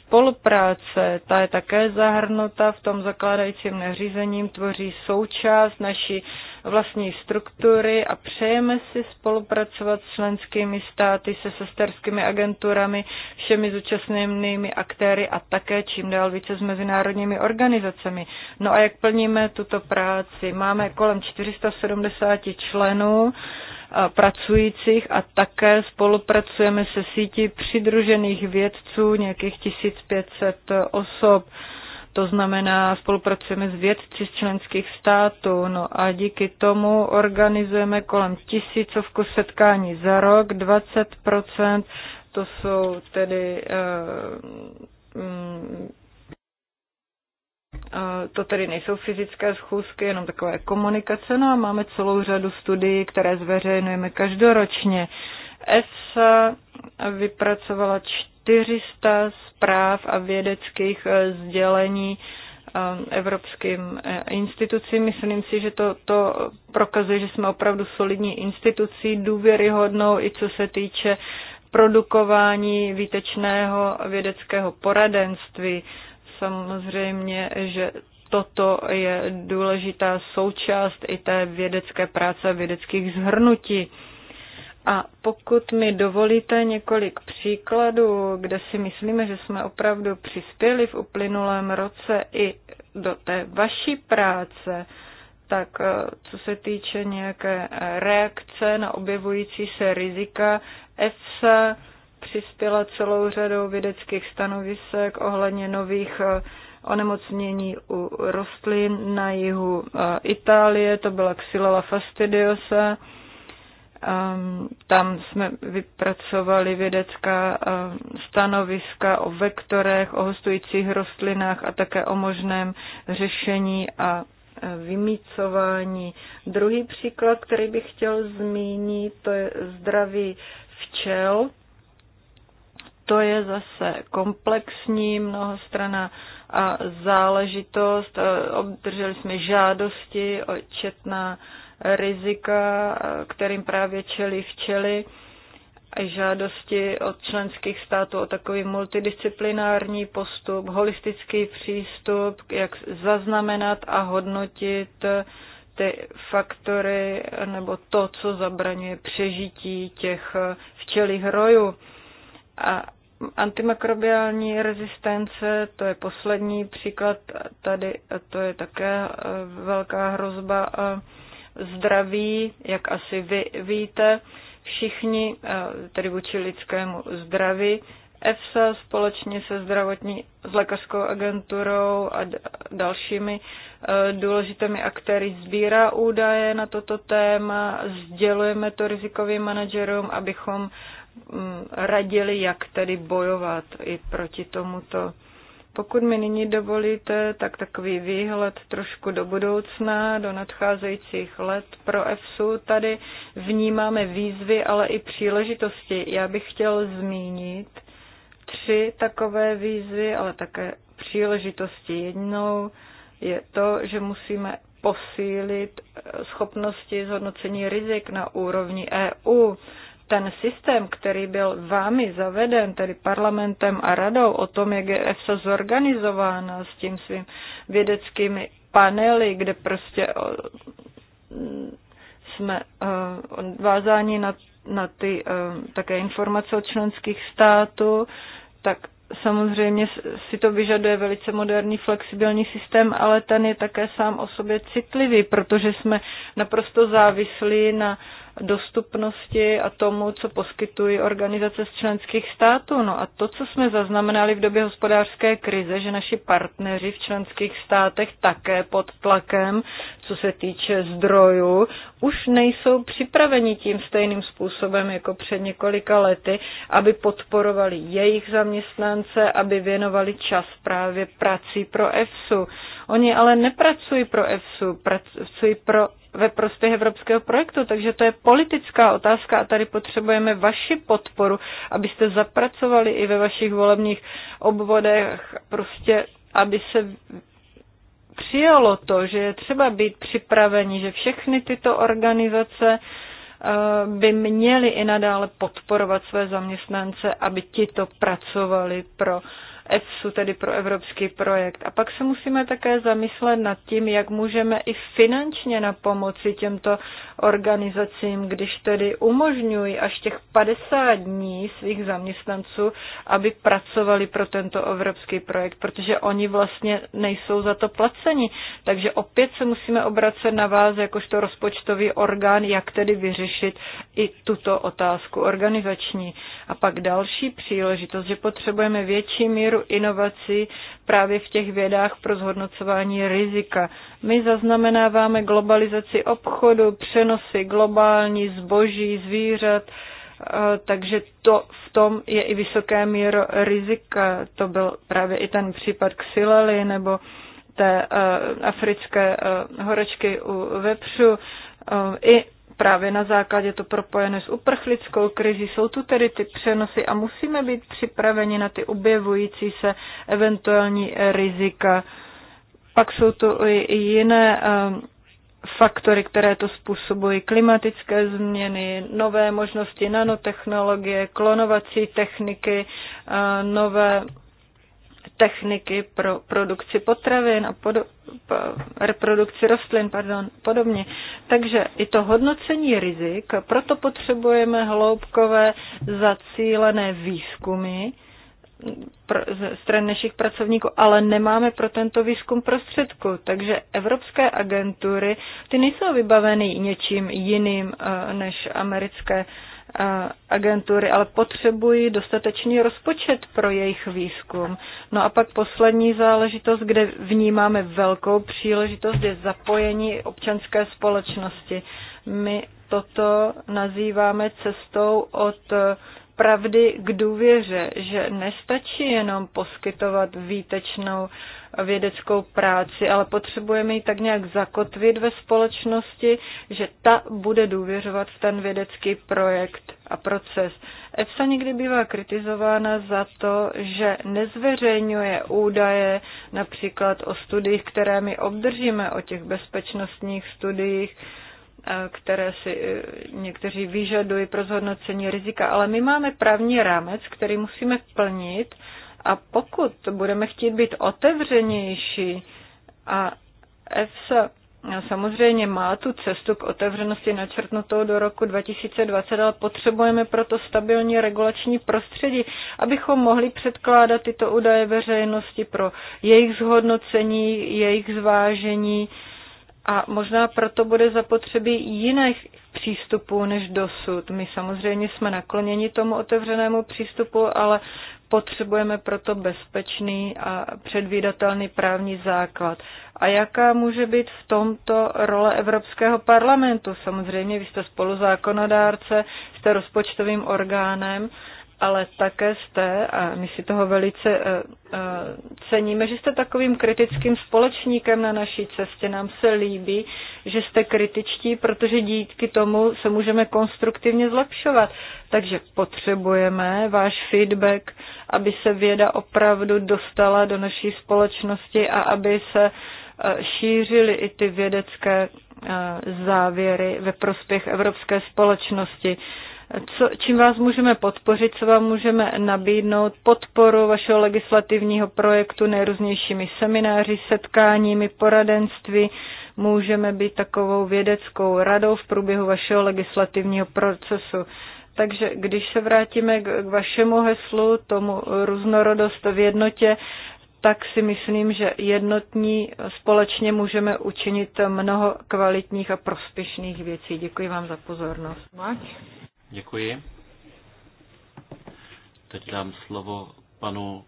spolupráce, ta je také zahrnuta v tom zakládajícím nařízením, tvoří součást naší vlastní struktury a přejeme si spolupracovat s členskými státy, se sesterskými agenturami, všemi zúčastněnými aktéry a také čím dál více s mezinárodními organizacemi. No a jak plníme tuto práci? Máme kolem 470 členů, pracujících a také spolupracujeme se sítí přidružených vědců, nějakých 1500 osob. To znamená, spolupracujeme s vědci z členských států. No a díky tomu organizujeme kolem tisícovku setkání za rok, 20 to jsou tedy eh, mm, to tedy nejsou fyzické schůzky, jenom takové komunikace. No a máme celou řadu studií, které zveřejňujeme každoročně. EFSA vypracovala 400 zpráv a vědeckých eh, sdělení eh, evropským eh, institucím. Myslím si, že to, to prokazuje, že jsme opravdu solidní institucí, důvěryhodnou i co se týče produkování výtečného vědeckého poradenství samozřejmě, že toto je důležitá součást i té vědecké práce, vědeckých zhrnutí. A pokud mi dovolíte několik příkladů, kde si myslíme, že jsme opravdu přispěli v uplynulém roce i do té vaší práce, tak eh, co se týče nějaké reakce na objevující se rizika, EFSA přispěla celou řadou vědeckých stanovisek ohledně nových eh, onemocnění u rostlin na jihu eh, Itálie, to byla Xylella fastidiosa. Ehm, tam jsme vypracovali vědecká eh, stanoviska o vektorech, o hostujících rostlinách a také o možném řešení a vymícování. Druhý příklad, který bych chtěl zmínit, to je zdraví včel to je zase komplexní, mnohostrana a záležitost. E, obdrželi jsme žádosti o četná rizika, e, kterým právě čeli včely žádosti od členských států o takový multidisciplinární postup, holistický přístup, jak zaznamenat a hodnotit ty faktory nebo to, co zabraňuje přežití těch včelých rojů. A Antimikrobiální rezistence, to je poslední příklad tady, to je také e, velká hrozba e, zdraví, jak asi vy víte, všichni, e, tedy vůči lidskému zdraví. EFSA společně se zdravotní, s lékařskou agenturou a dalšími důležitými aktéry sbírá údaje na toto téma, sdělujeme to rizikovým manažerům, abychom Mm, radili, jak tedy bojovat i proti tomuto. Pokud mi nyní dovolíte, tak takový výhled trošku do budoucna, do nadcházejících let pro EFSU. Tady vnímáme výzvy, ale i příležitosti. Já bych chtěl zmínit tři takové výzvy, ale také příležitosti. Jednou je to, že musíme posílit eh, schopnosti zhodnocení rizik na úrovni EU ten systém, který byl vámi zaveden, tedy parlamentem a radou, o tom, jak je EFSA zorganizována s tím svým vědeckými panely, kde prostě mm, jsme eh, vázáni na, na ty eh, také informace od členských států, tak samozřejmě si to vyžaduje velice moderní flexibilní systém, ale ten je také sám o sobě citlivý, protože jsme naprosto závislí na uh, dostupnosti a tomu, co poskytují organizace z členských států. No a to, co jsme zaznamenali v době hospodářské krize, že naši partneři v členských státech také pod tlakem, co se týče zdrojů, už nejsou připraveni tím stejným způsobem jako před několika lety, aby podporovali jejich zaměstnance, aby věnovali čas právě prací pro EFSU. Oni ale nepracují pro EFSU, pracují pro ve prospěch evropského projektu. Takže to je politická otázka a tady potřebujeme vaši podporu, abyste zapracovali i ve vašich volebních obvodech, prostě aby se přijalo to, že je třeba být připraveni, že všechny tyto organizace eh, by měly i nadále podporovat své zaměstnance, aby ti to pracovali pro EPSu, tedy pro evropský projekt. A pak se musíme také zamyslet nad tím, jak můžeme i finančně na pomoci těmto organizacím, když tedy umožňují až těch 50 dní svých zaměstnanců, aby pracovali pro tento evropský projekt, protože oni vlastně nejsou za to placeni. Takže opět se musíme obracet na vás, jakožto rozpočtový orgán, jak tedy vyřešit i tuto otázku organizační. A pak další příležitost, že potřebujeme větší míru míru inovací právě v těch vědách pro zhodnocování rizika. My zaznamenáváme globalizaci obchodu, přenosy globální zboží, zvířat, eh, takže to v tom je i vysoké míro rizika. To byl právě i ten případ Xylely nebo té eh, africké eh, horečky u vepřu. I právě na základě to propojené s uprchlickou krizi. Jsou tu tedy ty přenosy a musíme být připraveni na ty objevující se eventuální rizika. Pak jsou tu i jiné ehm, faktory, které to způsobují, klimatické změny, nové možnosti nanotechnologie, klonovací techniky, ehm, nové techniky pro produkci potravin a podo- reprodukci rostlin pardon, podobně. Takže i to hodnocení rizik, proto potřebujeme hloubkové zacílené výzkumy ze strany našich pracovníků, ale nemáme pro tento výzkum prostředku. Takže evropské agentury, ty nejsou vybaveny něčím jiným eh, než americké agentury, ale potřebují dostatečný rozpočet pro jejich výzkum. No a pak poslední záležitost, kde vnímáme velkou příležitost, je zapojení občanské společnosti. My toto nazýváme cestou od pravdy k důvěře, že nestačí jenom poskytovat výtečnou vědeckou práci, ale potřebujeme ji tak nějak zakotvit ve společnosti, že ta bude důvěřovat v ten vědecký projekt a proces. EFSA někdy bývá kritizována za to, že nezveřejňuje údaje například o studiích, které my obdržíme, o těch bezpečnostních studiích, které si e, někteří vyžadují pro zhodnocení rizika, ale my máme právní rámec, který musíme plnit a pokud budeme chtít být otevřenější a EFSA samozřejmě má tu cestu k otevřenosti načrtnutou do roku 2020, ale potřebujeme proto stabilní regulační prostředí, abychom mohli předkládat tyto údaje veřejnosti pro jejich zhodnocení, jejich zvážení, a možná proto bude zapotřebí jiných přístupů než dosud. My samozřejmě jsme nakloněni tomu otevřenému přístupu, ale potřebujeme proto bezpečný a předvídatelný právní základ. A jaká může být v tomto role Evropského parlamentu? Samozřejmě vy jste spoluzákonodárce, jste rozpočtovým orgánem ale také jste, a my si toho velice eh, eh, ceníme, že jste takovým kritickým společníkem na naší cestě. Nám se líbí, že jste kritičtí, protože díky tomu se můžeme konstruktivně zlepšovat. Takže potřebujeme váš feedback, aby se věda opravdu dostala do naší společnosti a aby se eh, šířily i ty vědecké závěry ve prospěch evropské společnosti co, čím vás můžeme podpořit, co vám můžeme nabídnout, podporu vašeho legislativního projektu nejrůznějšími semináři, setkáními, poradenství. Můžeme být takovou vědeckou radou v průběhu vašeho legislativního procesu. Takže když se vrátíme k, k vašemu heslu, tomu různorodost v jednotě, tak si myslím, že jednotní společně můžeme učinit mnoho kvalitních a prospěšných věcí. Děkuji vám za pozornost. Mať. Děkuji. Teď dám slovo panu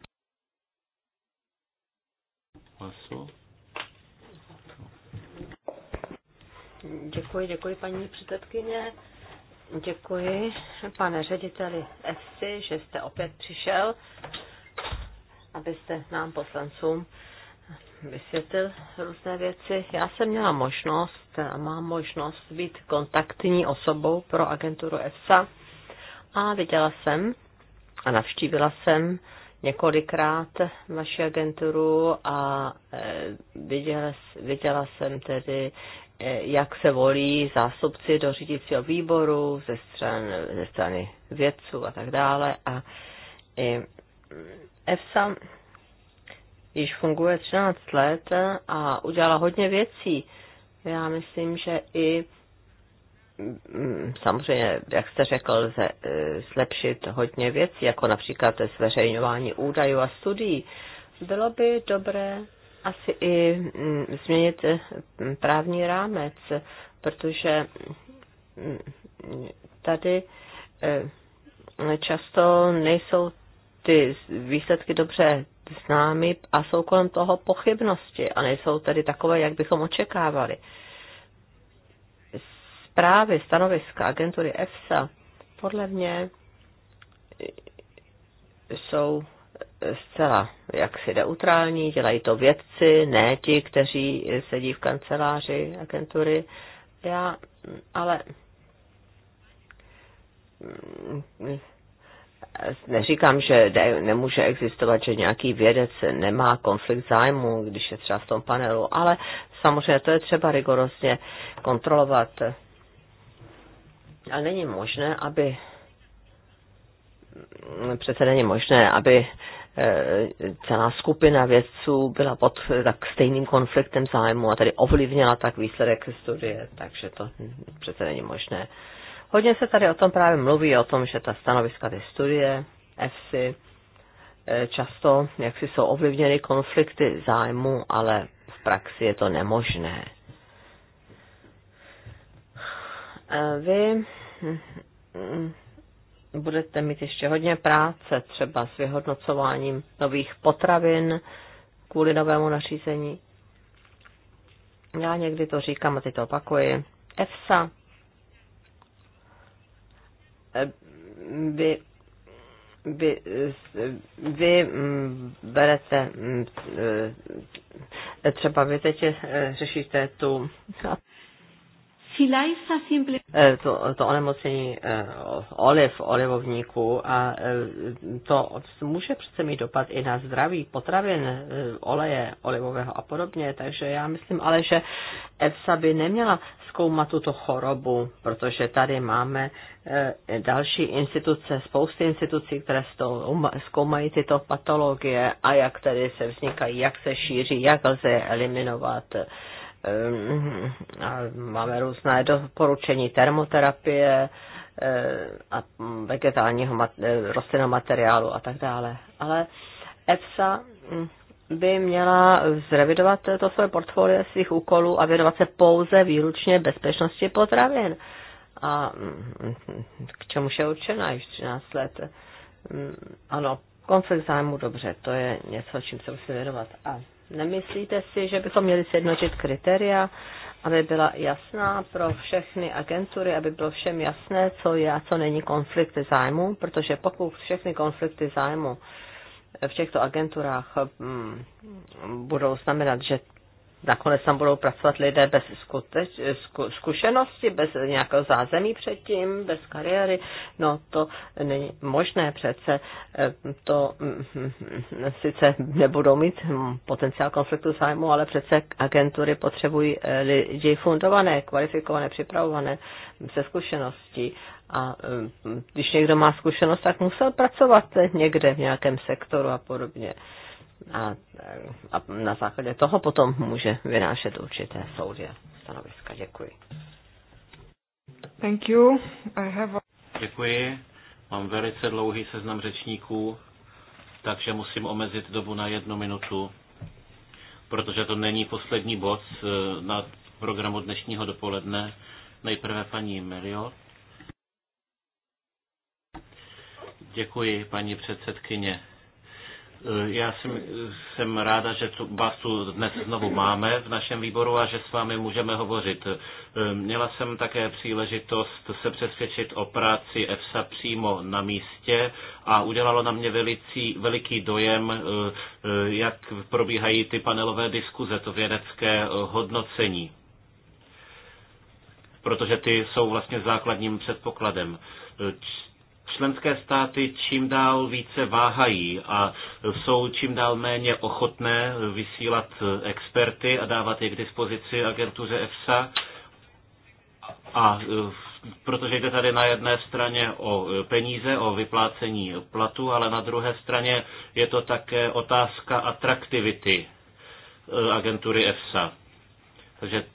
Vasu. Děkuji, děkuji paní předsedkyně. Děkuji, pane řediteli FC, že jste opět přišel, abyste nám poslancům vysvětlil různé věci. Já jsem měla možnost, mám možnost být kontaktní osobou pro agenturu EFSA a viděla jsem a navštívila jsem několikrát vaši agenturu a e, viděla, viděla jsem tedy, e, jak se volí zástupci do řídícího výboru ze, stran, ze strany vědců a tak dále. A i EFSA již funguje 13 let a udělala hodně věcí. Já myslím, že i mm, samozřejmě, jak jste řekl, lze e, zlepšit hodně věcí, jako například zveřejňování údajů a studií. Bylo by dobré asi i mm, změnit mm, právní rámec, protože tady e, často nejsou ty výsledky dobře s námi a jsou kolem toho pochybnosti a nejsou tedy takové, jak bychom očekávali. Zprávy, stanoviska agentury EFSA podle mě jsou zcela jaksi neutrální, dělají to vědci, ne ti, kteří sedí v kanceláři agentury. Já, ale neříkám, že nemůže existovat, že nějaký vědec nemá konflikt zájmu, když je třeba v tom panelu, ale samozřejmě to je třeba rigorosně kontrolovat. A není možné, aby přece není možné, aby eh, celá skupina vědců byla pod tak stejným konfliktem zájmu a tady ovlivnila tak výsledek studie, takže to přece není možné. Hodně se tady o tom právě mluví, o tom, že ta stanoviska, ty studie, EFSI, eh, často jak si jsou ovlivněny konflikty zájmu, ale v praxi je to nemožné. Eh, vy hm, hm, budete mít ještě hodně práce třeba s vyhodnocováním nových potravin kvůli novému nařízení. Já někdy to říkám a teď to opakuji. EFSA Eh, vy, vy, eh, vy mm, berete, mm, eh, třeba vy teď řešíte tu Eh, to, to onemocnění eh, olev, olivovníku a eh, to může přece mít dopad i na zdraví potravin, oleje, olivového a podobně, takže já myslím ale, že EFSA by neměla zkoumat tuto chorobu, protože tady máme další instituce, spousty institucí, které zkoumají tyto patologie a jak tedy se vznikají, jak se šíří, jak lze eliminovat eliminovat. Ehm, máme různé doporučení termoterapie ehm, a vegetálního ehm, rostlinného materiálu a tak dále. Ale EFSA hm, by měla zrevidovat to svoje portfolio svých úkolů a věnovat se pouze výlučně bezpečnosti potravin. A hm, k čemu je určena již 13 let. Hm, ano, konflikt zájmu, dobře, to je něco, čím se musí věnovat. A Nemyslíte si, že bychom měli sjednotit kritéria, aby byla jasná pro všechny agentury, aby bylo všem jasné, co je a co není konflikty zájmu, protože pokud všechny konflikty zájmu v těchto agenturách mm, budou znamenat, že nakonec tam budou pracovat lidé bez skuteč, zku, zkušenosti, bez nějakého zázemí předtím, bez kariéry. No to není možné přece. E, to mm, sice nebudou mít hm, potenciál konfliktu zájmu, ale přece agentury potřebují e, lidi fundované, kvalifikované, připravované se zkušeností. A e, když někdo má zkušenost, tak musel pracovat někde v nějakém sektoru a podobně a, a na základě toho potom může vynášet určité soudy a stanoviska. Děkuji. Thank you. I have a... Děkuji. Mám velice dlouhý seznam řečníků, takže musím omezit dobu na jednu minutu, protože to není poslední bod eh, na programu dnešního dopoledne. Nejprve paní Merio. Děkuji, paní předsedkyně. Eh, já jsem, jsem ráda, že tu, vás tu dnes znovu máme v našem výboru a že s vámi můžeme hovořit. Eh, měla jsem také příležitost se přesvědčit o práci EFSA přímo na místě a udělalo na mě velicí, veliký dojem, eh, jak probíhají ty panelové diskuze, to vědecké hodnocení. Protože ty jsou vlastně základním předpokladem členské státy čím dál více váhají a jsou čím dál méně ochotné vysílat experty a dávat je k dispozici agentuře EFSA. A e, protože jde tady na jedné straně o peníze, o vyplácení platu, ale na druhé straně je to také otázka atraktivity e, agentury EFSA. Takže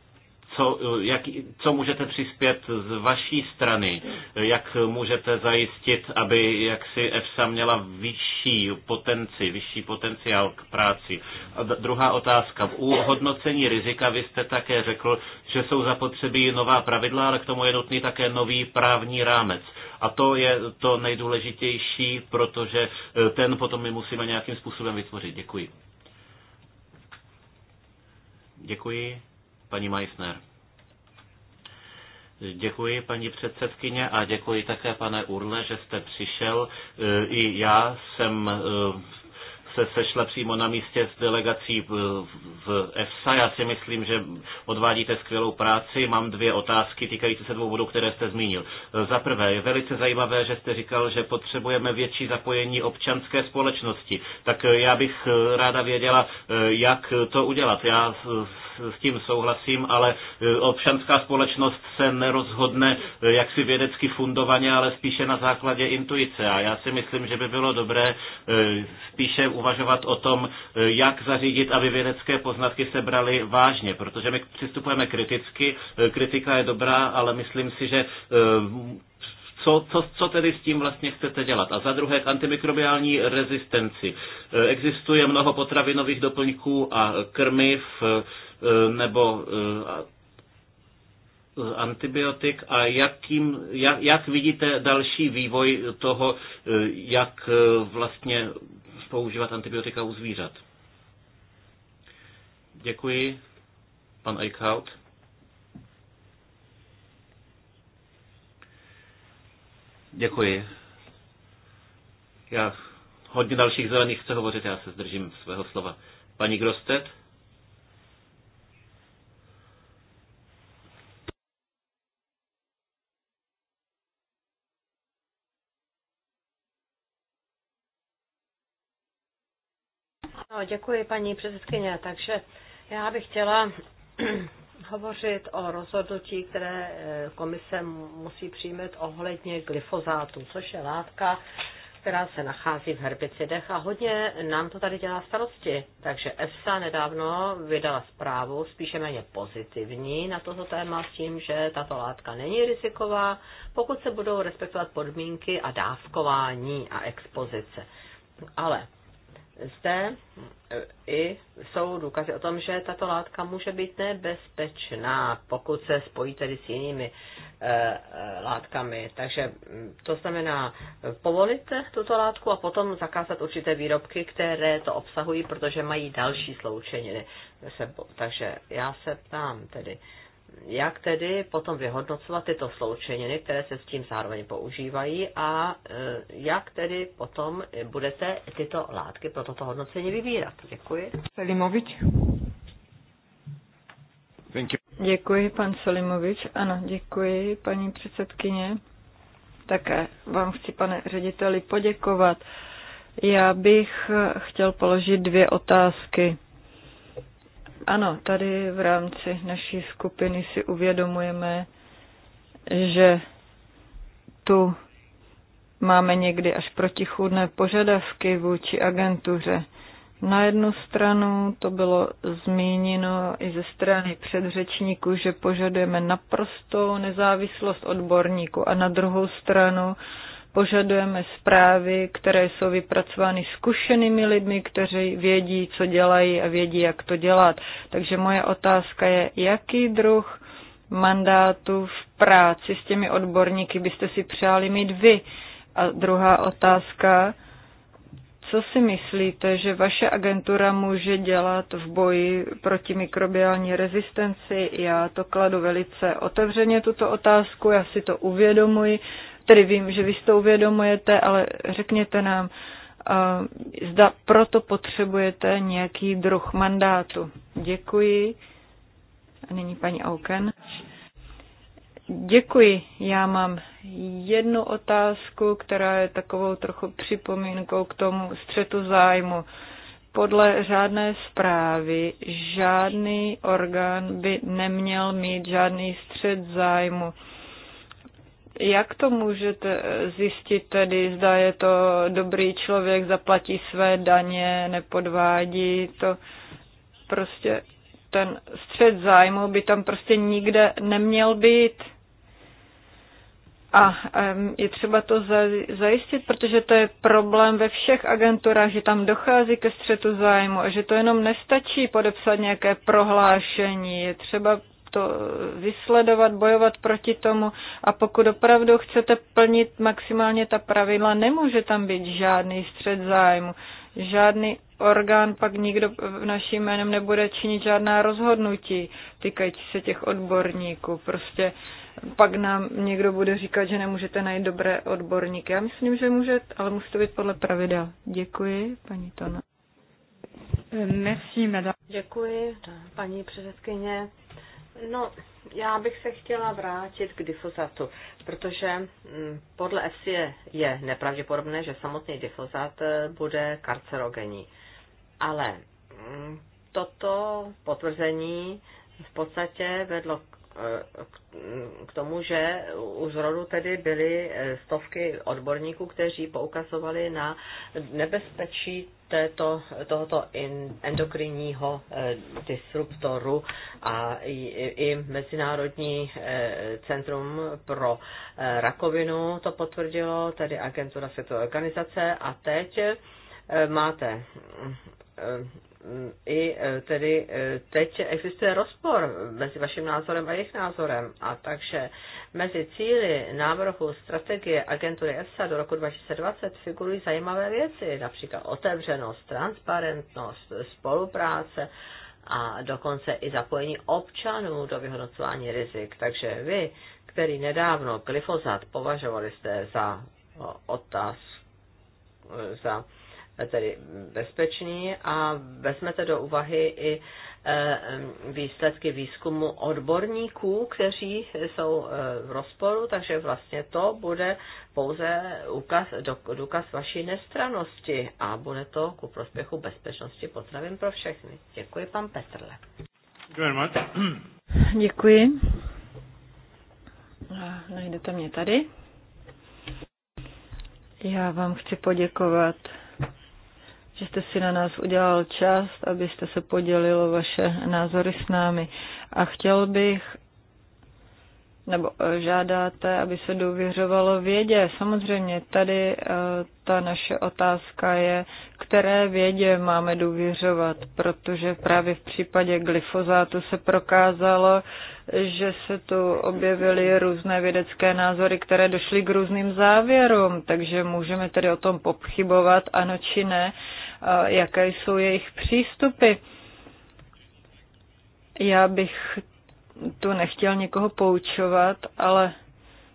co, jak, co můžete přispět z vaší strany, jak můžete zajistit, aby jaksi EFSA měla vyšší potenci, vyšší potenciál k práci. A druhá otázka. U hodnocení rizika vy jste také řekl, že jsou zapotřebí nová pravidla, ale k tomu je nutný také nový právní rámec. A to je to nejdůležitější, protože e, ten potom my musíme nějakým způsobem vytvořit. Děkuji. Děkuji paní Meissner. Děkuji, paní předsedkyně, a děkuji také, pane Urle, že jste přišel. E, I já jsem e, se sešla přímo na místě s delegací v EFSA. Já si myslím, že odvádíte skvělou práci. Mám dvě otázky týkající se dvou bodů, které jste zmínil. Za prvé, je velice zajímavé, že jste říkal, že potřebujeme větší zapojení občanské společnosti. Tak já bych ráda věděla, jak to udělat. Já s tím souhlasím, ale občanská společnost se nerozhodne jaksi vědecky fundovaně, ale spíše na základě intuice. A já si myslím, že by bylo dobré eh, spíše uvažovat o tom, eh, jak zařídit, aby vědecké poznatky se braly vážně, protože my přistupujeme kriticky, eh, kritika je dobrá, ale myslím si, že eh, co, co, co tedy s tím vlastně chcete dělat? A za druhé k antimikrobiální rezistenci. Existuje mnoho potravinových doplňků a krmiv nebo antibiotik a jakým, jak, jak vidíte další vývoj toho, jak vlastně používat antibiotika u zvířat. Děkuji. Pan Eichhout. Děkuji. Já hodně dalších zelených chce hovořit, já se zdržím svého slova. Paní Grostet? No, děkuji, paní předsedkyně. Takže já bych chtěla hovořit o rozhodnutí, které eh, komise musí přijmout ohledně glyfozátu, což je látka, která se nachází v herbicidech a hodně nám to tady dělá starosti. Takže EFSA nedávno vydala zprávu spíše méně pozitivní na toto téma s tím, že tato látka není riziková, pokud se budou respektovat podmínky a dávkování a expozice. Ale zde eh, i jsou důkazy o tom, že tato látka může být nebezpečná, pokud se spojí tedy s jinými e, látkami. Takže hm, to znamená povolit tuto látku a potom zakázat určité výrobky, které to obsahují, protože mají další sloučeniny. Takže já se ptám tedy, e, jak tedy potom vyhodnocovat tyto sloučeniny, které se s tím zároveň používají a e, jak tedy potom budete tyto látky pro toto hodnocení vybírat. Děkuji. Selimovič. Děkuji, pan Selimovič. Ano, děkuji, paní předsedkyně. Také vám chci, pane řediteli, poděkovat. Já bych chtěl položit dvě otázky. Ano, tady v rámci naší skupiny si uvědomujeme, že tu máme někdy až protichůdné požadavky vůči agentuře. Na jednu stranu to bylo zmíněno i ze strany předřečníků, že požadujeme naprostou nezávislost odborníku. a na druhou stranu Požadujeme zprávy, které jsou vypracovány zkušenými lidmi, kteří vědí, co dělají a vědí, jak to dělat. Takže moje otázka je, jaký druh mandátu v práci s těmi odborníky byste si přáli mít vy? A druhá otázka, co si myslíte, že vaše agentura může dělat v boji proti mikrobiální rezistenci? Já to kladu velice otevřeně, tuto otázku, já si to uvědomuji, Tedy vím, že vy si to uvědomujete, ale řekněte nám, eh, zda proto potřebujete nějaký druh mandátu. Děkuji. A nyní paní Auken. Děkuji. Já mám jednu otázku, která je takovou trochu připomínkou k tomu střetu zájmu. Podle řádné zprávy žádný orgán by neměl mít žádný střet zájmu. Jak to můžete zjistit tedy, zda je to dobrý člověk, zaplatí své daně, nepodvádí, to prostě ten střed zájmu by tam prostě nikde neměl být. A je třeba to zajistit, protože to je problém ve všech agenturách, že tam dochází ke střetu zájmu a že to jenom nestačí podepsat nějaké prohlášení. Je třeba to vysledovat, bojovat proti tomu a pokud opravdu chcete plnit maximálně ta pravidla, nemůže tam být žádný střed zájmu, žádný orgán, pak nikdo v naším jménem nebude činit žádná rozhodnutí týkající se těch odborníků. Prostě pak nám někdo bude říkat, že nemůžete najít dobré odborníky. Já myslím, že může, ale musí to být podle pravidel. Děkuji, paní Tona. Merci, madame. Děkuji, paní předsedkyně. No, já bych se chtěla vrátit k difuzatu, protože mm, podle FCE je, je nepravděpodobné, že samotný difuzat eh, bude karcerogenní. Ale mm, toto potvrzení v podstatě vedlo eh, mm, k tomu, že u zrodu tedy byly eh, stovky odborníků, kteří poukazovali na nebezpečí této, tohoto endokrinního eh, disruptoru a i, i Mezinárodní eh, centrum pro eh, rakovinu to potvrdilo, tedy agentura světové organizace a teď máte i e, tedy e, teď existuje rozpor mezi vaším názorem a jejich názorem. A takže mezi cíly návrhu strategie agentury ESA do roku 2020 figurují zajímavé věci, například otevřenost, transparentnost, spolupráce a dokonce i zapojení občanů do vyhodnocování rizik. Takže vy, který nedávno glyfozat považovali jste za otázku, za tedy bezpečný a vezmete do úvahy i e, výsledky výzkumu odborníků, kteří jsou e, v rozporu, takže vlastně to bude pouze ukaz, důkaz vaší nestranosti a bude to ku prospěchu bezpečnosti potravin pro všechny. Děkuji, pan Petrle. Děkuji. Najdete mě tady. Já vám chci poděkovat že jste si na nás udělal čas, abyste se podělilo vaše názory s námi. A chtěl bych, nebo eh, žádáte, aby se důvěřovalo vědě. Samozřejmě tady eh, ta naše otázka je, které vědě máme důvěřovat, protože právě v případě glyfozátu se prokázalo, že se tu objevily různé vědecké názory, které došly k různým závěrům, takže můžeme tedy o tom popchybovat, ano či ne, Eh, jaké jsou jejich přístupy. Já bych tu nechtěl někoho poučovat, ale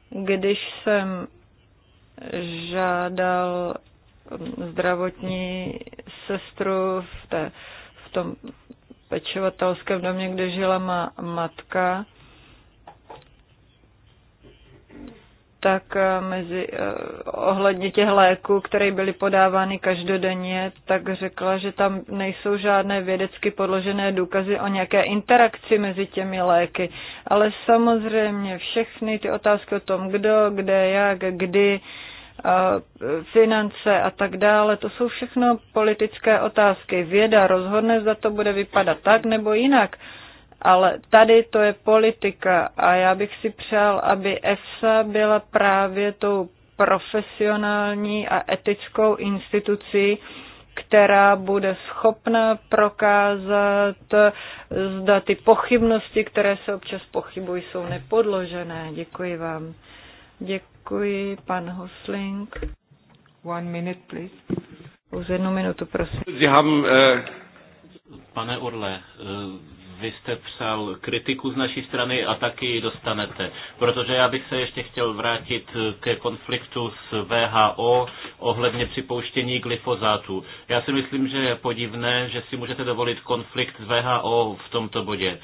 když jsem žádal mm, zdravotní sestru v, té, v tom pečovatelském domě, kde žila má matka, tak eh, mezi, eh, ohledně těch léků, které byly podávány každodenně, tak řekla, že tam nejsou žádné vědecky podložené důkazy o nějaké interakci mezi těmi léky. Ale samozřejmě všechny ty otázky o tom, kdo, kde, jak, kdy, eh, finance a tak dále, to jsou všechno politické otázky. Věda rozhodne, zda to bude vypadat tak nebo jinak. Ale tady to je politika a já bych si přál, aby EFSA byla právě tou profesionální a etickou institucí, která bude schopna prokázat, zda ty pochybnosti, které se občas pochybují, jsou nepodložené. Děkuji vám. Děkuji, pan Hosling. One minute, please. Už jednu minutu, prosím. Äh, Pane Orle, vy jste psal kritiku z naší strany a taky ji dostanete. Protože já bych se ještě chtěl vrátit ke konfliktu s VHO ohledně připouštění glyfozátu. Já si myslím, že je podivné, že si můžete dovolit konflikt s VHO v tomto bodě.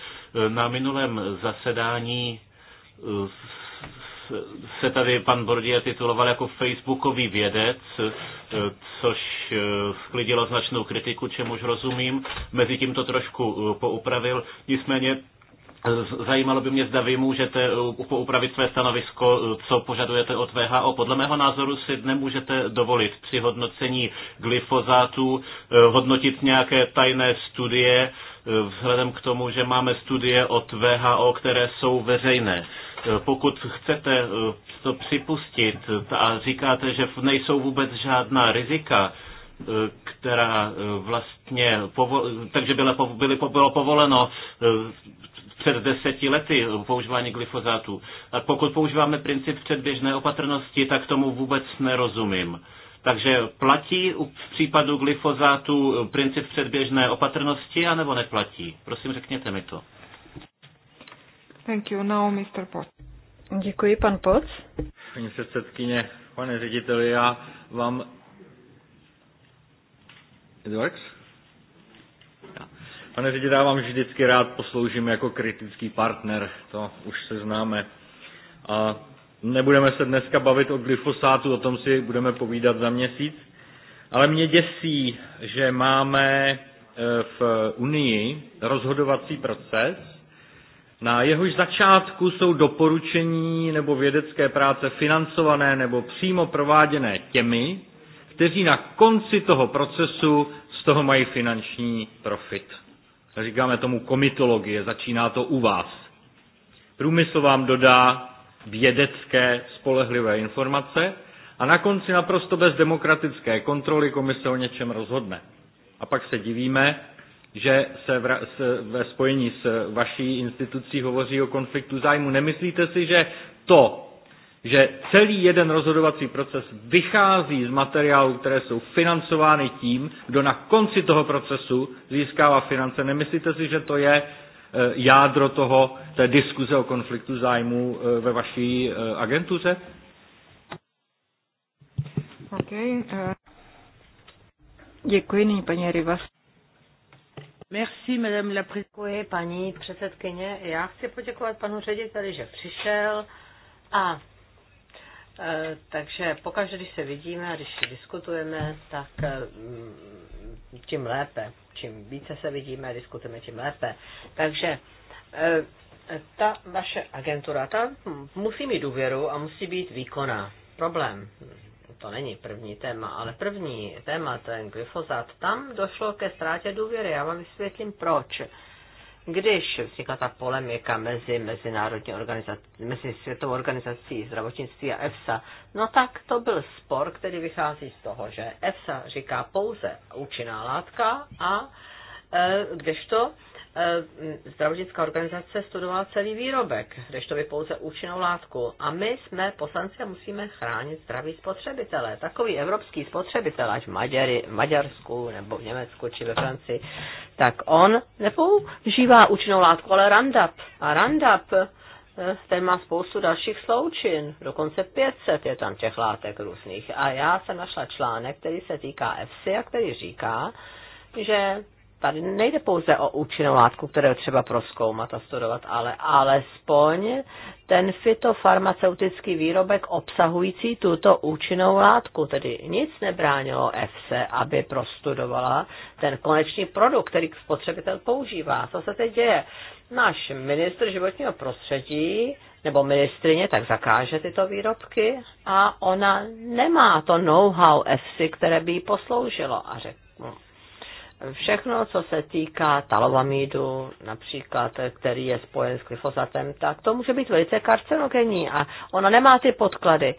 Na minulém zasedání eh, se tady pan Bordier tituloval jako facebookový vědec, eh, což eh, sklidilo značnou kritiku, čemuž rozumím. Mezi tím to trošku eh, poupravil. Nicméně Zajímalo by mě, zda vy můžete poupravit své stanovisko, co požadujete od VHO. Podle mého názoru si nemůžete dovolit při hodnocení glyfozátů hodnotit nějaké tajné studie, vzhledem k tomu, že máme studie od VHO, které jsou veřejné. Pokud chcete eh, to připustit a říkáte, že nejsou vůbec žádná rizika, eh, která eh, vlastně, takže byla, byly, bylo povoleno před deseti lety používání glyfozátu. A pokud používáme princip předběžné opatrnosti, tak tomu vůbec nerozumím. Takže platí v případu glyfozátu princip předběžné opatrnosti, anebo neplatí? Prosím, řekněte mi to. Thank you. Now Mr. Pot. Děkuji, pan Poc. Paní předsedkyně, pane řediteli, já vám... It works? Pane řediteli, já vám vždycky rád posloužím jako kritický partner, to už se známe. A nebudeme se dneska bavit o glyfosátu, o tom si budeme povídat za měsíc, ale mě děsí, že máme eh, v Unii rozhodovací proces, na jehož začátku jsou doporučení nebo vědecké práce financované nebo přímo prováděné těmi, kteří na konci toho procesu z toho mají finanční profit. Říkáme tomu komitologie, začíná to u vás. Průmysl vám dodá vědecké spolehlivé informace a na konci naprosto bez demokratické kontroly komise o něčem rozhodne. A pak se divíme, že se v, ve spojení s vaší institucí hovoří o konfliktu zájmu. Nemyslíte si, že to, že celý jeden rozhodovací proces vychází z materiálů, které jsou financovány tím, kdo na konci toho procesu získává finance. Nemyslíte si, že to je e, jádro toho, té diskuze o konfliktu zájmu e, ve vaší e, agentuře? Okay. Děkuji, nyní paní Rivas. Merci, madame la Děkuji, paní předsedkyně. Já chci poděkovat panu řediteli, že přišel a e, takže pokaždé, když se vidíme a když diskutujeme, tak e, tím lépe. Čím více se vidíme a diskutujeme, tím lépe. Takže e, ta vaše agentura, ta musí mít důvěru a musí být výkonná. Problém to není první téma, ale první téma, ten glyfozát, tam došlo ke ztrátě důvěry. Já vám vysvětlím proč. Když vznikla ta polemika mezi mezinárodní organizací, mezi světovou organizací zdravotnictví a EFSA, no tak to byl spor, který vychází z toho, že EFSA říká pouze účinná látka a e, kdežto Eh, zdravotnická organizace studovala celý výrobek, když to by pouze účinnou látku. A my jsme poslanci musíme chránit zdraví spotřebitele. Takový evropský spotřebitel, ať v, Maďari, v Maďarsku nebo v Německu či ve Francii, tak on nepoužívá účinnou látku, ale Roundup. A Roundup eh, ten má spoustu dalších sloučin, dokonce 500 je tam těch látek různých. A já jsem našla článek, který se týká EFSI a který říká, že tady nejde pouze o účinnou látku, kterou třeba proskoumat a studovat, ale alespoň ten fitofarmaceutický výrobek obsahující tuto účinnou látku. Tedy nic nebránilo EFSE, aby prostudovala ten konečný produkt, který spotřebitel používá. Co se teď děje? Náš ministr životního prostředí nebo ministrině, tak zakáže tyto výrobky a ona nemá to know-how EFSI, které by jí posloužilo. A řekl, všechno, co se týká talovamidu, například, který je spojen s glyfosatem, tak to může být velice karcinogenní a ona nemá ty podklady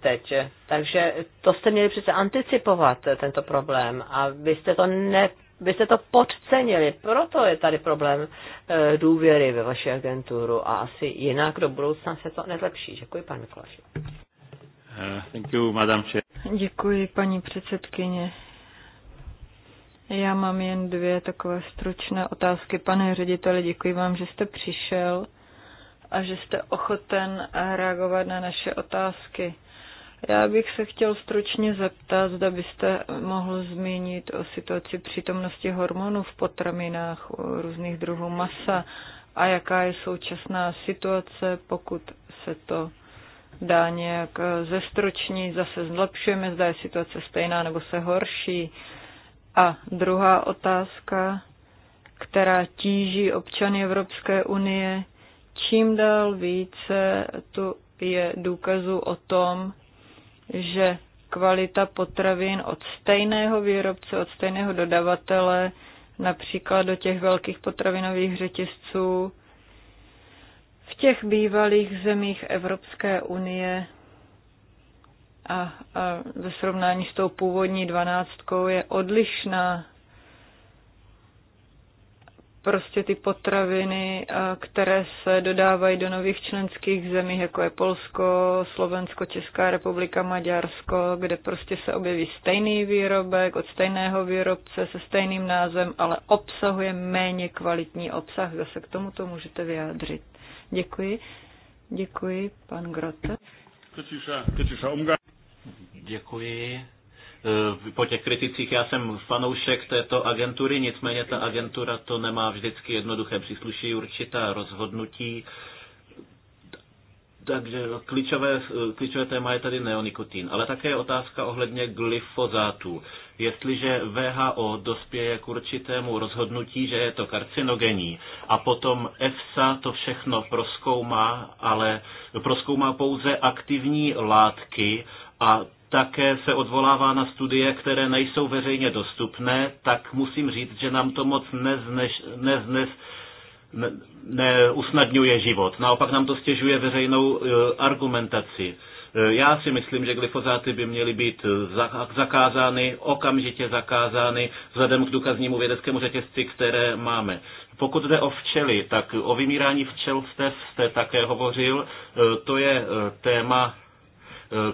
teď. Takže to jste měli přece anticipovat, tento problém, a vy jste to ne, vy jste to podcenili, proto je tady problém e, důvěry ve vaši agenturu a asi jinak do budoucna se to nezlepší. Děkuji, pane Mikuláš. Uh, eh, thank you, madam Děkuji, paní předsedkyně. Já mám jen dvě takové stručné otázky. Pane řediteli, děkuji vám, že jste přišel a že jste ochoten reagovat na naše otázky. Já bych se chtěl stručně zeptat, zda byste mohl zmínit o situaci přítomnosti hormonů v potraminách u různých druhů masa a jaká je současná situace, pokud se to dá nějak zestručnit, zase zlepšujeme, zda je situace stejná nebo se horší. A druhá otázka, která tíží občany Evropské unie, čím dál více tu je důkazu o tom, že kvalita potravin od stejného výrobce, od stejného dodavatele, například do těch velkých potravinových řetězců, v těch bývalých zemích Evropské unie a, a ve srovnání s tou původní dvanáctkou je odlišná. Prostě ty potraviny, které se dodávají do nových členských zemí, jako je Polsko, Slovensko, Česká republika, Maďarsko, kde prostě se objeví stejný výrobek od stejného výrobce se stejným názvem, ale obsahuje méně kvalitní obsah. Zase k tomuto můžete vyjádřit. Děkuji. Děkuji, pan Grote. Děkuji. Eh, po těch kriticích já jsem fanoušek této agentury, nicméně ta agentura to nemá vždycky jednoduché. Přísluší určitá rozhodnutí. Takže klíčové, eh, klíčové téma je tady neonikotin, ale také je otázka ohledně glyfozátů. Jestliže VHO dospěje k určitému rozhodnutí, že je to karcinogenní a potom EFSA to všechno proskoumá, ale proskoumá pouze aktivní látky a také se odvolává na studie, které nejsou veřejně dostupné, tak musím říct, že nám to moc nezneš, neznes, ne, neusnadňuje život. Naopak nám to stěžuje veřejnou e, argumentaci. E, já si myslím, že glyfozáty by měly být e, zakázány, okamžitě zakázány, vzhledem k důkaznímu vědeckému řetězci, které máme. Pokud jde o včely, tak o vymírání včelstev jste také hovořil. To je téma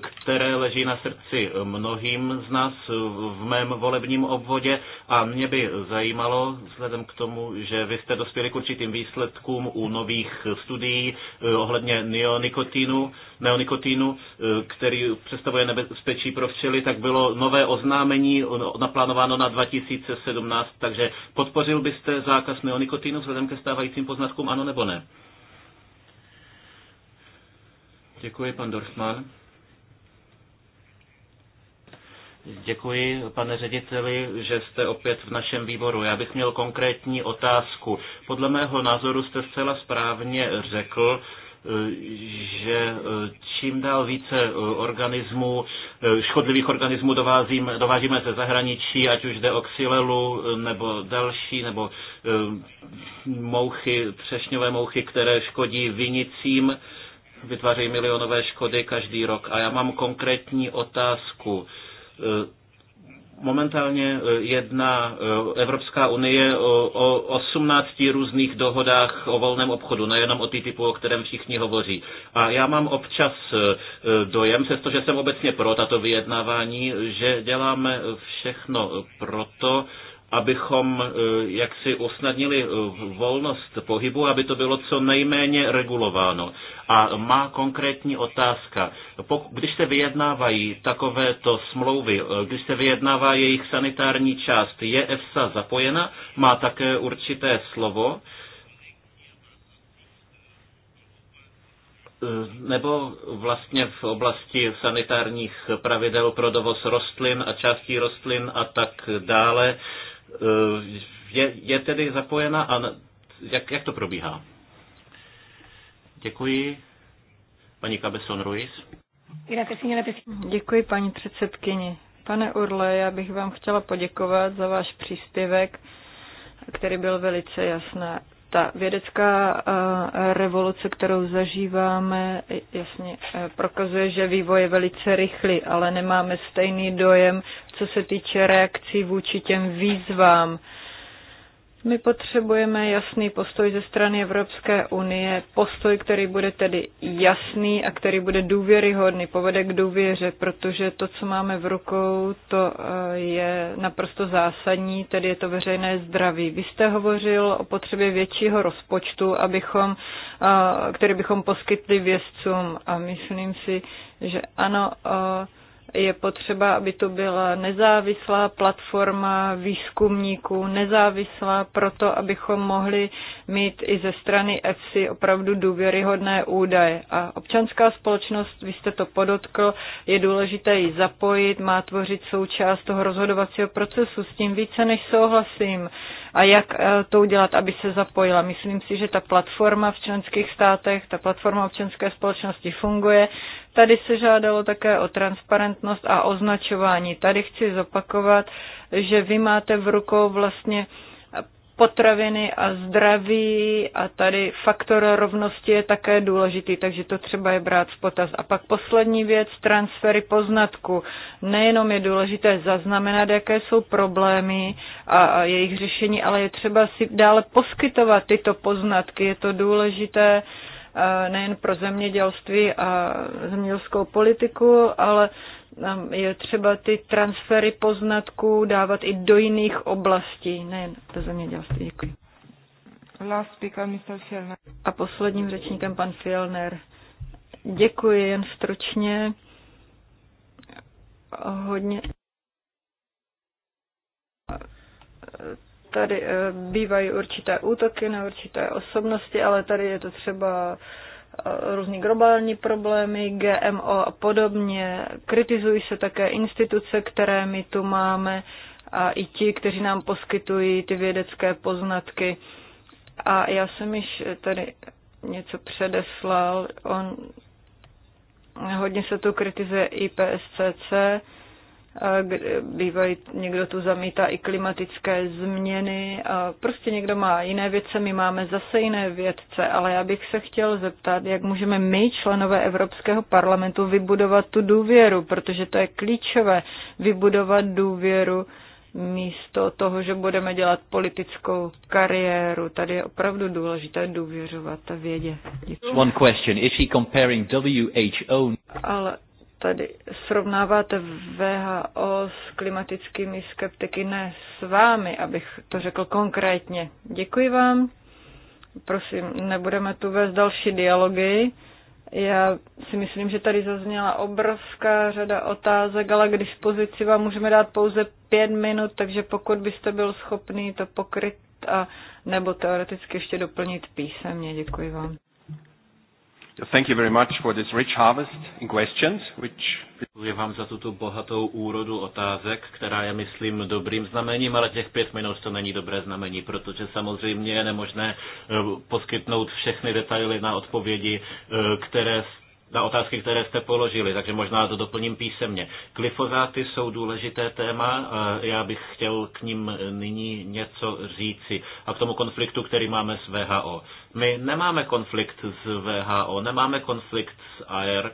které leží na srdci mnohým z nás v mém volebním obvodě a mě by zajímalo, vzhledem k tomu, že vy jste dospěli k určitým výsledkům u nových studií eh, ohledně neonikotinu, neonikotinu eh, který představuje nebezpečí pro včely, tak bylo nové oznámení naplánováno na 2017, takže podpořil byste zákaz neonikotinu vzhledem ke stávajícím poznatkům, ano nebo ne? Děkuji, pan Dorfman. Děkuji, pane řediteli, že jste opět v našem výboru. Já bych měl konkrétní otázku. Podle mého názoru jste zcela správně řekl, e, že e, čím dál více e, organismů, škodlivých organismů dovázím, dovážíme ze zahraničí, ať už jde o xylelu nebo další, nebo mouchy, třešňové mouchy, které škodí vinicím, vytvářejí milionové škody každý rok. A já mám konkrétní otázku Eh, momentálně eh, jedna eh, Evropská unie o, o 18 různých dohodách o volném obchodu, nejenom o TTIPu, o kterém všichni hovoří. A já mám občas dojem, přestože jsem obecně pro tato vyjednávání, že děláme všechno proto, abychom eh, jaksi usnadnili eh, volnost pohybu, aby to bylo co nejméně regulováno. A má konkrétní otázka. Když se vyjednávají takovéto smlouvy, eh, když se vyjednává jejich sanitární část, je EFSA zapojena? Má také určité slovo? nebo vlastně v oblasti sanitárních pravidel pro dovoz rostlin a částí rostlin a tak dále Eh, je, je tedy zapojena a jak, jak to probíhá? Děkuji. Paní Cabezon Ruiz. Děkuji, paní předsedkyni. Pane Urle, já bych vám chtěla poděkovat za váš příspěvek, který byl velice jasný ta vědecká eh, revoluce, kterou zažíváme, jasně eh, prokazuje, že vývoj je velice rychlý, ale nemáme stejný dojem, co se týče reakcí vůči těm výzvám, my potřebujeme jasný postoj ze strany Evropské unie, postoj, který bude tedy jasný a který bude důvěryhodný, povede k důvěře, protože to, co máme v rukou, to eh, je naprosto zásadní, tedy je to veřejné zdraví. Vy jste hovořil o potřebě většího rozpočtu, abychom, eh, který bychom poskytli vězcům a myslím si, že ano, eh, je potřeba, aby to byla nezávislá platforma výzkumníků, nezávislá proto, abychom mohli mít i ze strany EFSI opravdu důvěryhodné údaje. A občanská společnost, vy jste to podotkl, je důležité ji zapojit, má tvořit součást toho rozhodovacího procesu. S tím více než souhlasím a jak eh, to udělat, aby se zapojila. Myslím si, že ta platforma v členských státech, ta platforma občanské společnosti funguje. Tady se žádalo také o transparentnost a označování. Tady chci zopakovat, že vy máte v rukou vlastně uh, potraviny a zdraví a tady faktor rovnosti je také důležitý, takže to třeba je brát v potaz. A pak poslední věc, transfery poznatku. Nejenom je důležité zaznamenat, jaké jsou problémy a jejich řešení, ale je třeba si dále poskytovat tyto poznatky. Je to důležité eh, nejen pro zemědělství a zemědělskou politiku, ale je třeba ty transfery poznatků dávat i do jiných oblastí, nejen do zemědělství. Děkuji. Last speaker, Mr. A posledním řečníkem pan Fjellner. Děkuji jen stručně. Hodně. Tady eh, bývají určité útoky na určité osobnosti, ale tady je to třeba různé globální problémy, GMO a podobně. Kritizují se také instituce, které my tu máme a i ti, kteří nám poskytují ty vědecké poznatky. A já jsem již tady něco předeslal. On hodně se tu kritizuje IPSCC, bývají, někdo tu zamítá i klimatické změny, prostě někdo má jiné vědce, my máme zase jiné vědce, ale já bych se chtěl zeptat, jak můžeme my, členové Evropského parlamentu, vybudovat tu důvěru, protože to je klíčové, vybudovat důvěru místo toho, že budeme dělat politickou kariéru. Tady je opravdu důležité důvěřovat vědě. One question. Is she comparing WHO? Ale tady srovnáváte VHO s klimatickými skeptiky, ne s vámi, abych to řekl konkrétně. Děkuji vám. Prosím, nebudeme tu vést další dialogy. Já si myslím, že tady zazněla obrovská řada otázek, ale k dispozici vám můžeme dát pouze pět minut, takže pokud byste byl schopný to pokryt a nebo teoreticky ještě doplnit písemně, děkuji vám. Thank you very much for this rich harvest in questions, which... Děkuji vám za tuto bohatou úrodu otázek, která je, myslím, dobrým znamením, ale těch pět minut to není dobré znamení, protože samozřejmě je nemožné eh, poskytnout všechny detaily na odpovědi, eh, které na otázky, které jste položili, takže možná to doplním písemně. Glyfozáty jsou důležité téma, já bych chtěl k ním nyní něco říci a k tomu konfliktu, který máme s VHO. My nemáme konflikt s VHO, nemáme konflikt s AERC,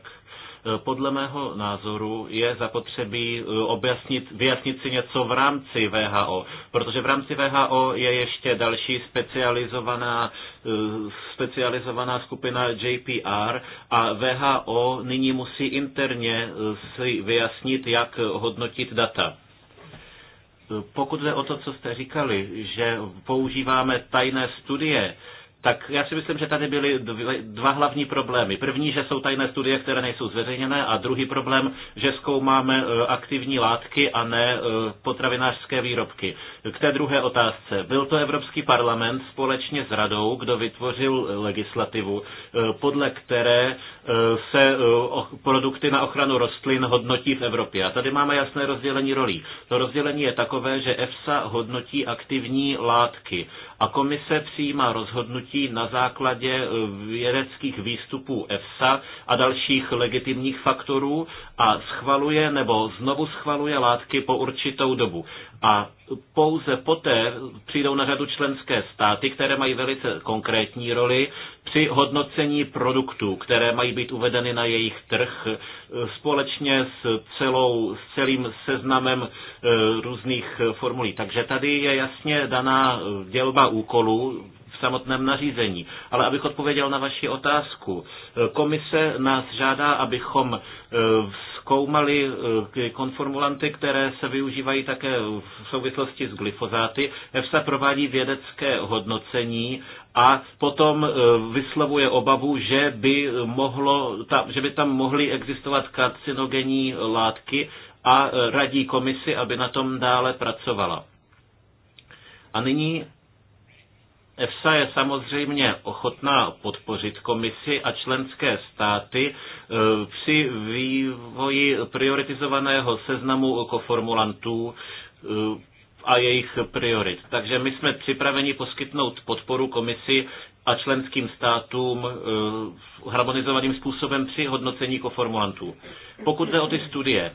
Eh, podle mého názoru je zapotřebí eh, objasnit, vyjasnit si něco v rámci VHO, protože v rámci VHO je ještě další specializovaná, eh, specializovaná skupina JPR a VHO nyní musí interně si vyjasnit, jak hodnotit data. Pokud jde o to, co jste říkali, že používáme tajné studie, tak já si myslím, že tady byly dva hlavní problémy. První, že jsou tajné studie, které nejsou zveřejněné a druhý problém, že zkoumáme e, aktivní látky a ne e, potravinářské výrobky. K té druhé otázce. Byl to Evropský parlament společně s radou, kdo vytvořil legislativu, e, podle které Eh, se eh, produkty na ochranu rostlin hodnotí v Evropě. A tady máme jasné rozdělení rolí. To rozdělení je takové, že EFSA hodnotí aktivní látky a komise přijímá rozhodnutí na základě eh, vědeckých výstupů EFSA a dalších legitimních faktorů a schvaluje nebo znovu schvaluje látky po určitou dobu. A pouze poté přijdou na řadu členské státy, které mají velice konkrétní roli při hodnocení produktů, které mají být uvedeny na jejich trh e, společně s, celou, s celým seznamem e, různých formulí. Takže tady je jasně daná e, dělba úkolů samotném nařízení. Ale abych odpověděl na vaši otázku. Eh, komise nás žádá, abychom eh, zkoumali eh, konformulanty, které se využívají také v souvislosti s glyfozáty. EFSA provádí vědecké hodnocení a potom vyslovuje obavu, že by, mohlo, že by tam mohly existovat karcinogenní látky a radí komisi, aby na tom dále pracovala. A nyní EFSA je samozřejmě ochotná podpořit komisi a členské státy e, při vývoji prioritizovaného seznamu koformulantů e, a jejich priorit. Takže my jsme připraveni poskytnout podporu komisi a členským státům e, harmonizovaným způsobem při hodnocení koformulantů. Pokud jde o ty studie,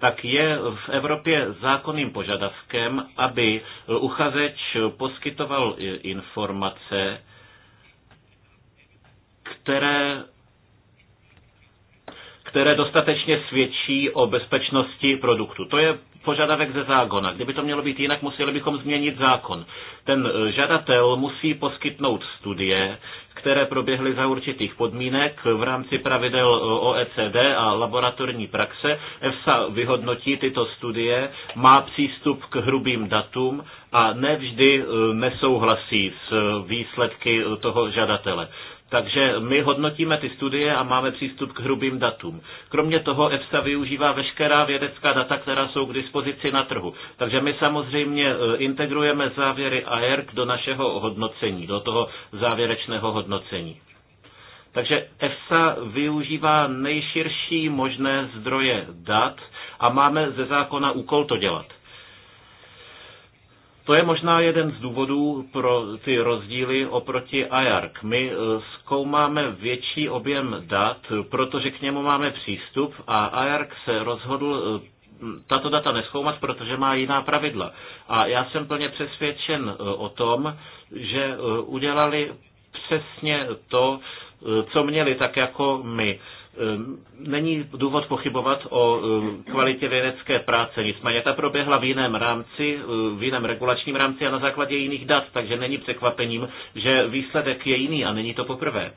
tak je v Evropě zákonným požadavkem, aby uchazeč poskytoval informace, které které dostatečně svědčí o bezpečnosti produktu. To je požadavek ze zákona. Kdyby to mělo být jinak, museli bychom změnit zákon. Ten eh, žadatel musí poskytnout studie, které proběhly za určitých podmínek v rámci pravidel eh, OECD a laboratorní praxe. EFSA vyhodnotí tyto studie, má přístup k hrubým datům a nevždy eh, nesouhlasí s výsledky toho žadatele. Takže my hodnotíme ty studie a máme přístup k hrubým datům. Kromě toho EFSA využívá veškerá vědecká data, která jsou k dispozici na trhu. Takže my samozřejmě e, integrujeme závěry AERC do našeho hodnocení, do toho závěrečného hodnocení. Takže EFSA využívá nejširší možné zdroje dat a máme ze zákona úkol to dělat. To je možná jeden z důvodů pro ty rozdíly oproti IARC. My eh, zkoumáme větší objem dat, protože k němu máme přístup a IARC se rozhodl eh, tato data neskoumat, protože má jiná pravidla. A já jsem plně přesvědčen eh, o tom, že udělali přesně to, co měli, tak jako my. Ehm, není důvod pochybovat o ehm, kvalitě vědecké práce, nicméně ta proběhla v jiném rámci, eh, v jiném regulačním rámci a na základě jiných dat, takže není překvapením, že výsledek je jiný a není to poprvé.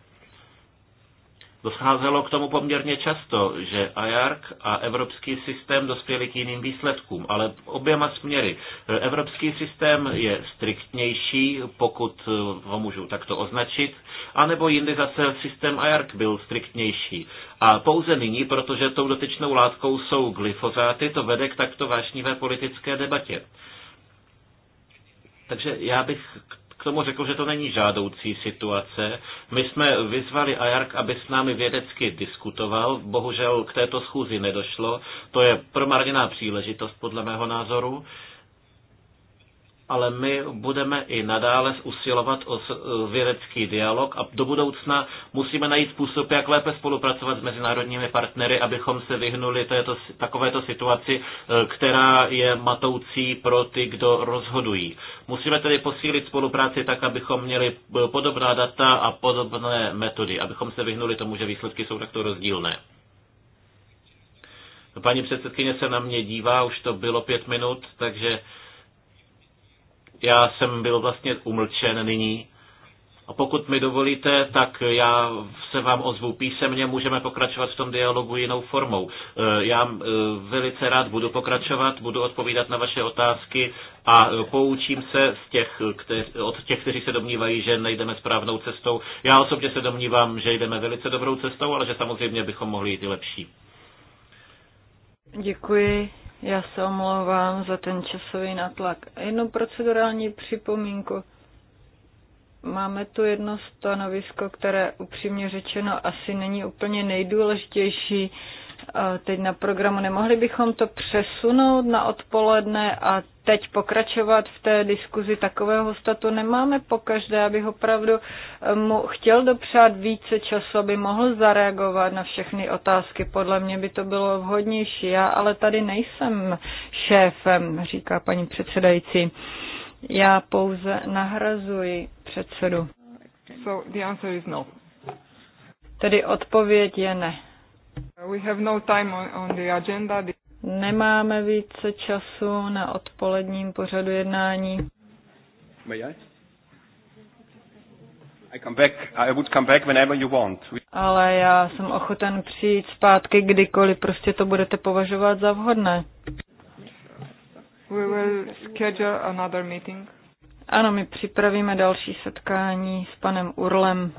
Doscházelo k tomu poměrně často, že IARC a evropský systém dospěli k jiným výsledkům, ale oběma směry. Evropský systém je striktnější, pokud eh, ho můžu takto označit, anebo jindy zase systém IARC byl striktnější. A pouze nyní, protože tou dotyčnou látkou jsou glyfozáty, to vede k takto vášnivé politické debatě. Takže já bych k k tomu řekl, že to není žádoucí situace. My jsme vyzvali AJARK, aby s námi vědecky diskutoval. Bohužel k této schůzi nedošlo. To je promarněná příležitost podle mého názoru. Uh, ale my budeme i nadále usilovat o vědecký dialog a do budoucna musíme najít způsob, jak lépe spolupracovat s mezinárodními partnery, abychom se vyhnuli této, takovéto situaci, eh, která je matoucí pro ty, kdo rozhodují. Musíme tedy posílit spolupráci tak, abychom měli eh, podobná data a podobné metody, abychom se vyhnuli tomu, že výsledky jsou takto rozdílné. Paní předsedkyně se na mě dívá, už to bylo pět minut, takže já jsem byl vlastně umlčen nyní. A pokud mi dovolíte, tak já se vám ozvu písemně, můžeme pokračovat v tom dialogu jinou formou. E, já e, velice rád budu pokračovat, budu odpovídat na vaše otázky a poučím se z těch, kteř, od těch, kteří se domnívají, že nejdeme správnou cestou. Já osobně se domnívám, že jdeme velice dobrou cestou, ale že samozřejmě bychom mohli jít i lepší. Děkuji. Já se omlouvám za ten časový natlak. Jednu procedurální připomínku. Máme tu jedno stanovisko, které upřímně řečeno asi není úplně nejdůležitější eh, teď na programu. Nemohli bychom to přesunout na odpoledne a teď pokračovat v té diskuzi takového statu nemáme pokaždé, abych opravdu eh, mu chtěl dopřát více času, aby mohl zareagovat na všechny otázky. Podle mě by to bylo vhodnější. Já ale tady nejsem šéfem, říká paní předsedající. Já pouze nahrazuji předsedu. So the answer is no. Tedy odpověď je ne. We have no time on, on the agenda. Nemáme více času na odpoledním pořadu jednání. Ale já jsem ochoten přijít zpátky kdykoliv, prostě to budete považovat za vhodné. We will schedule another meeting. Ano, my připravíme další setkání s panem Urlem.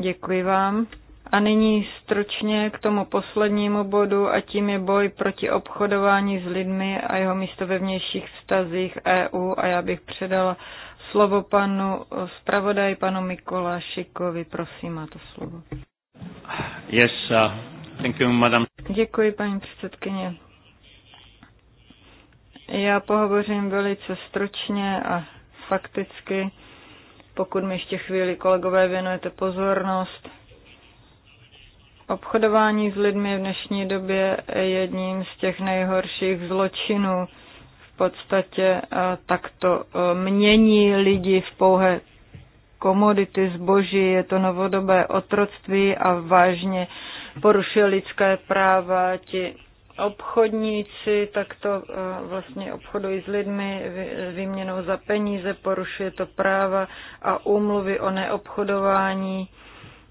Děkuji vám. A nyní stručně k tomu poslednímu bodu a tím je boj proti obchodování s lidmi a jeho místo ve vnějších vztazích EU a já bych předala slovo panu zpravodaj, panu Mikolášikovi. Prosím, máte slovo. Yes, uh, thank you, madam. Děkuji, paní předsedkyně. Já pohovořím velice stručně a fakticky, pokud mi ještě chvíli kolegové věnujete pozornost. Obchodování s lidmi v dnešní době je jedním z těch nejhorších zločinů. V podstatě eh, takto eh, mění lidi v pouhé komodity zboží, je to novodobé otroctví a vážně porušuje lidské práva. Ti obchodníci takto eh, vlastně obchodují s lidmi výměnou za peníze, porušuje to práva a úmluvy o neobchodování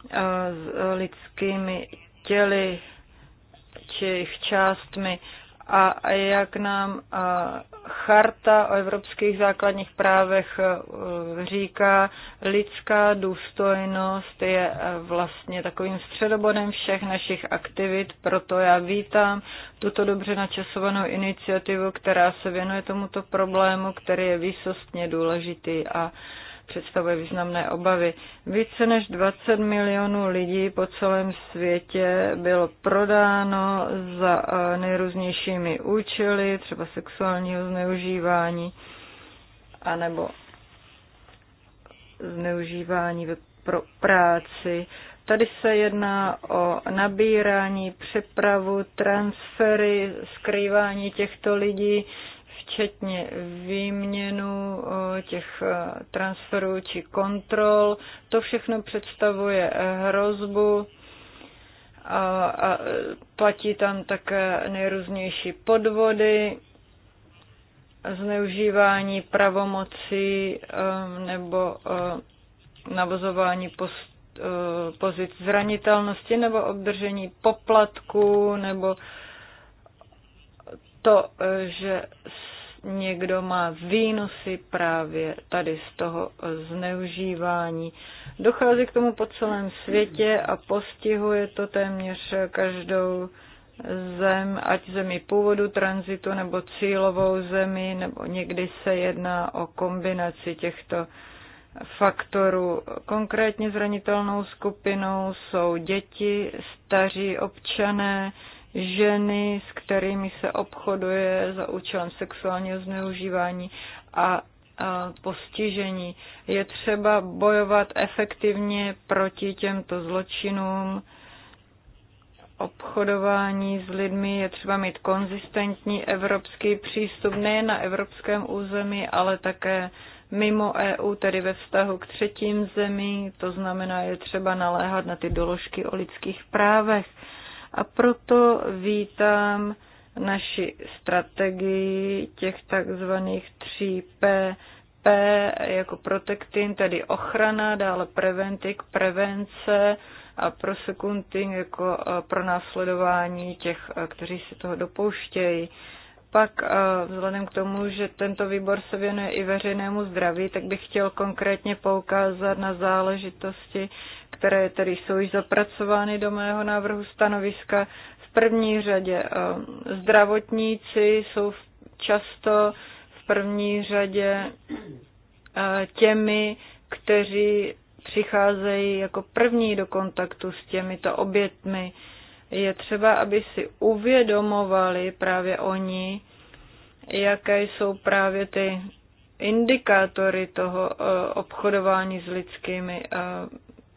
s lidskými těly či jejich částmi a jak nám charta o evropských základních právech e, říká, lidská důstojnost je e, vlastně takovým středobodem všech našich aktivit, proto já vítám tuto dobře načasovanou iniciativu, která se věnuje tomuto problému, který je výsostně důležitý a představuje významné obavy. Více než 20 milionů lidí po celém světě bylo prodáno za eh, nejrůznějšími účely, třeba sexuálního zneužívání, anebo zneužívání ve pro práci. Tady se jedná o nabírání, přepravu, transfery, skrývání těchto lidí včetně výměnu eh, těch eh, transferů či kontrol. To všechno představuje eh, hrozbu a, platí tam také nejrůznější podvody, zneužívání pravomocí nebo navozování postupů pozic zranitelnosti nebo obdržení poplatků nebo to, že někdo má výnosy právě tady z toho zneužívání. Dochází k tomu po celém světě a postihuje to téměř každou zem, ať zemi původu, tranzitu nebo cílovou zemi, nebo někdy se jedná o kombinaci těchto faktorů. Konkrétně zranitelnou skupinou jsou děti, staří občané, ženy, s kterými se obchoduje za účelem sexuálního zneužívání a postižení. Je třeba bojovat efektivně proti těmto zločinům. Obchodování s lidmi je třeba mít konzistentní evropský přístup nejen na evropském území, ale také mimo EU, tedy ve vztahu k třetím zemím. To znamená, je třeba naléhat na ty doložky o lidských právech a proto vítám naši strategii těch takzvaných 3P. P jako protektin, tedy ochrana, dále preventik, prevence a prosekunting jako eh, pro následování těch, eh, kteří se toho dopouštějí. Pak eh, vzhledem k tomu, že tento výbor se věnuje i veřejnému zdraví, tak bych chtěl konkrétně poukázat na záležitosti, které tedy jsou již zapracovány do mého návrhu stanoviska. V první řadě eh, zdravotníci jsou často v první řadě eh, těmi, kteří přicházejí jako první do kontaktu s těmito obětmi je třeba, aby si uvědomovali právě oni, jaké jsou právě ty indikátory toho eh, obchodování s lidskými eh,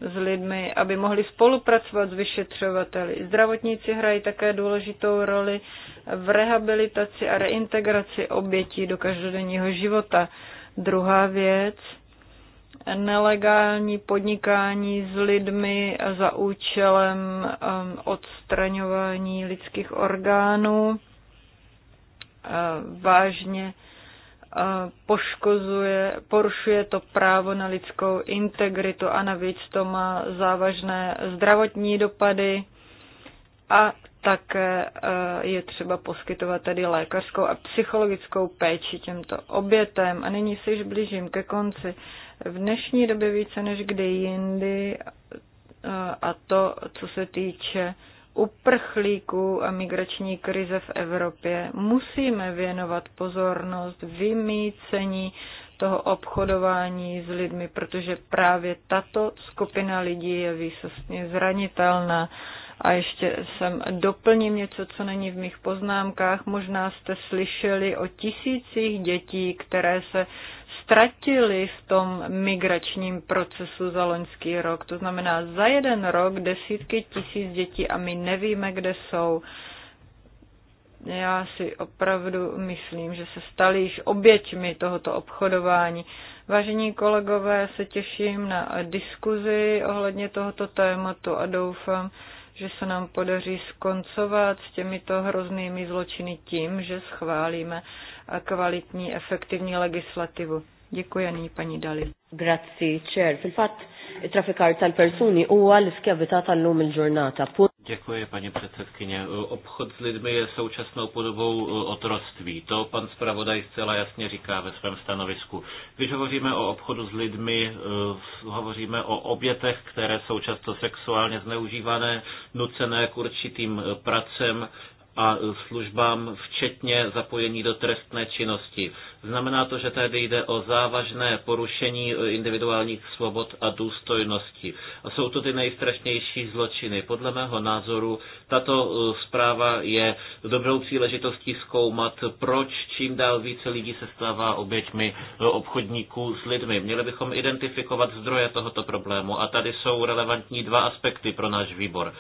s lidmi, aby mohli spolupracovat s vyšetřovateli. Zdravotníci hrají také důležitou roli v rehabilitaci a reintegraci obětí do každodenního života. Druhá věc, nelegální podnikání s lidmi za účelem um, odstraňování lidských orgánů uh, vážně uh, poškozuje, porušuje to právo na lidskou integritu a navíc to má závažné zdravotní dopady a také uh, je třeba poskytovat tedy lékařskou a psychologickou péči těmto obětem. A nyní se již blížím ke konci v dnešní době více než kdy jindy a to, co se týče uprchlíků a migrační krize v Evropě, musíme věnovat pozornost vymícení toho obchodování s lidmi, protože právě tato skupina lidí je výsostně zranitelná. A ještě jsem doplním něco, co není v mých poznámkách. Možná jste slyšeli o tisících dětí, které se ztratili v tom migračním procesu za loňský rok. To znamená, za jeden rok desítky tisíc dětí a my nevíme, kde jsou. Já si opravdu myslím, že se stali již oběťmi tohoto obchodování. Vážení kolegové, se těším na diskuzi ohledně tohoto tématu a doufám, že se nám podaří skoncovat s těmito hroznými zločiny tím, že schválíme kvalitní, efektivní legislativu. Děkuji ani paní Dali. Grazie, Chair. Fil-fatt, trafikar tal personi, huwa l-iskjavita tal-lum il-ġurnata. Děkuji, paní předsedkyně. Obchod s lidmi je současnou podobou e, otroství. To pan zpravodaj zcela jasně říká ve svém stanovisku. Když hovoříme o obchodu s lidmi, e, hovoříme o obětech, které jsou často sexuálně zneužívané, nucené k určitým e, pracem a službám, včetně zapojení do trestné činnosti. Znamená to, že tady jde o závažné porušení individuálních svobod a důstojnosti. A jsou to ty nejstrašnější zločiny. Podle mého názoru tato uh, zpráva je dobrou příležitostí zkoumat, proč čím dál více lidí se stává oběťmi uh, obchodníků s lidmi. Měli bychom identifikovat zdroje tohoto problému a tady jsou relevantní dva aspekty pro náš výbor.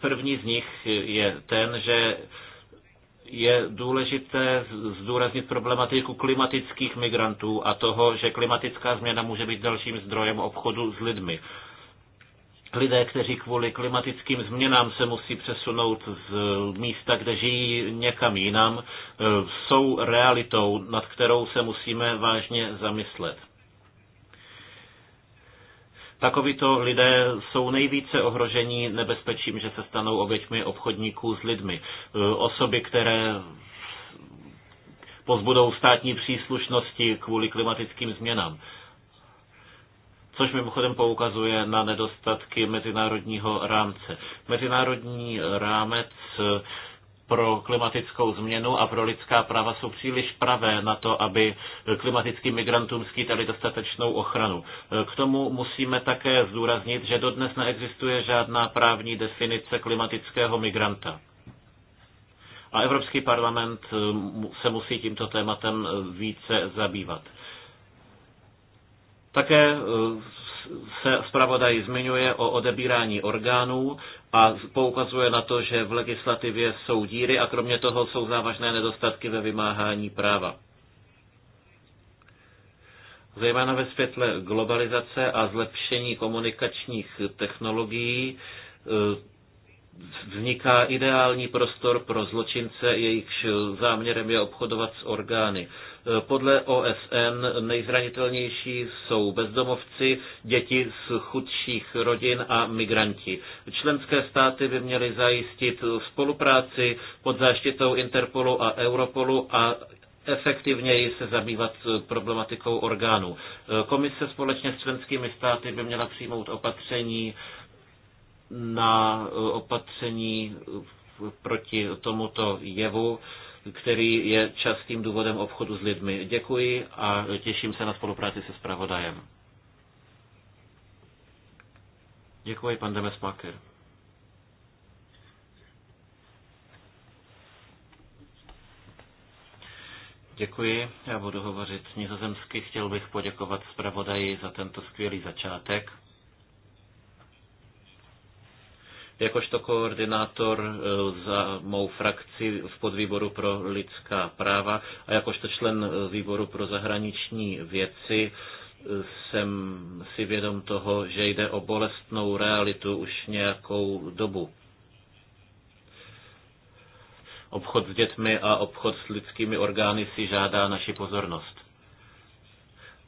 První z nich je ten, že je důležité zdůraznit problematiku klimatických migrantů a toho, že klimatická změna může být dalším zdrojem obchodu s lidmi. Lidé, kteří kvůli klimatickým změnám se musí přesunout z místa, kde žijí, někam jinam, jsou realitou, nad kterou se musíme vážně zamyslet. Takovýto lidé jsou nejvíce ohroženi nebezpečím, že se stanou oběťmi obchodníků s lidmi. E, osoby, které pozbudou státní příslušnosti kvůli klimatickým změnám což mimochodem poukazuje na nedostatky mezinárodního rámce. Mezinárodní rámec pro klimatickou změnu a pro lidská práva jsou příliš pravé na to, aby klimatickým migrantům skýtali dostatečnou ochranu. K tomu musíme také zdůraznit, že dodnes neexistuje žádná právní definice klimatického migranta. A Evropský parlament eh, se musí tímto tématem eh, více zabývat. Také eh, se zpravodaj zmiňuje o odebírání orgánů a poukazuje na to, že v legislativě jsou díry a kromě toho jsou závažné nedostatky ve vymáhání práva. Zejména ve světle globalizace a zlepšení komunikačních technologií eh, vzniká ideální prostor pro zločince, jejichž záměrem je obchodovat s orgány. Podle OSN nejzranitelnější jsou bezdomovci, děti z chudších rodin a migranti. Členské státy by měly zajistit spolupráci pod záštitou Interpolu a Europolu a efektivněji se zabývat problematikou orgánů. Komise společně s členskými státy by měla přijmout opatření na eh, opatření eh, proti tomuto jevu, který je častým důvodem obchodu s lidmi. Děkuji a těším se na spolupráci se zpravodajem. Děkuji, pan Demesmaker. Děkuji, já budu hovořit nizozemsky. Chtěl bych poděkovat zpravodaji za tento skvělý začátek. Jakožto koordinátor eh, za mou frakci v podvýboru pro lidská práva a jakožto člen eh, výboru pro zahraniční věci eh, jsem si vědom toho, že jde o bolestnou realitu už nějakou dobu. Obchod s dětmi a obchod s lidskými orgány si žádá naši pozornost.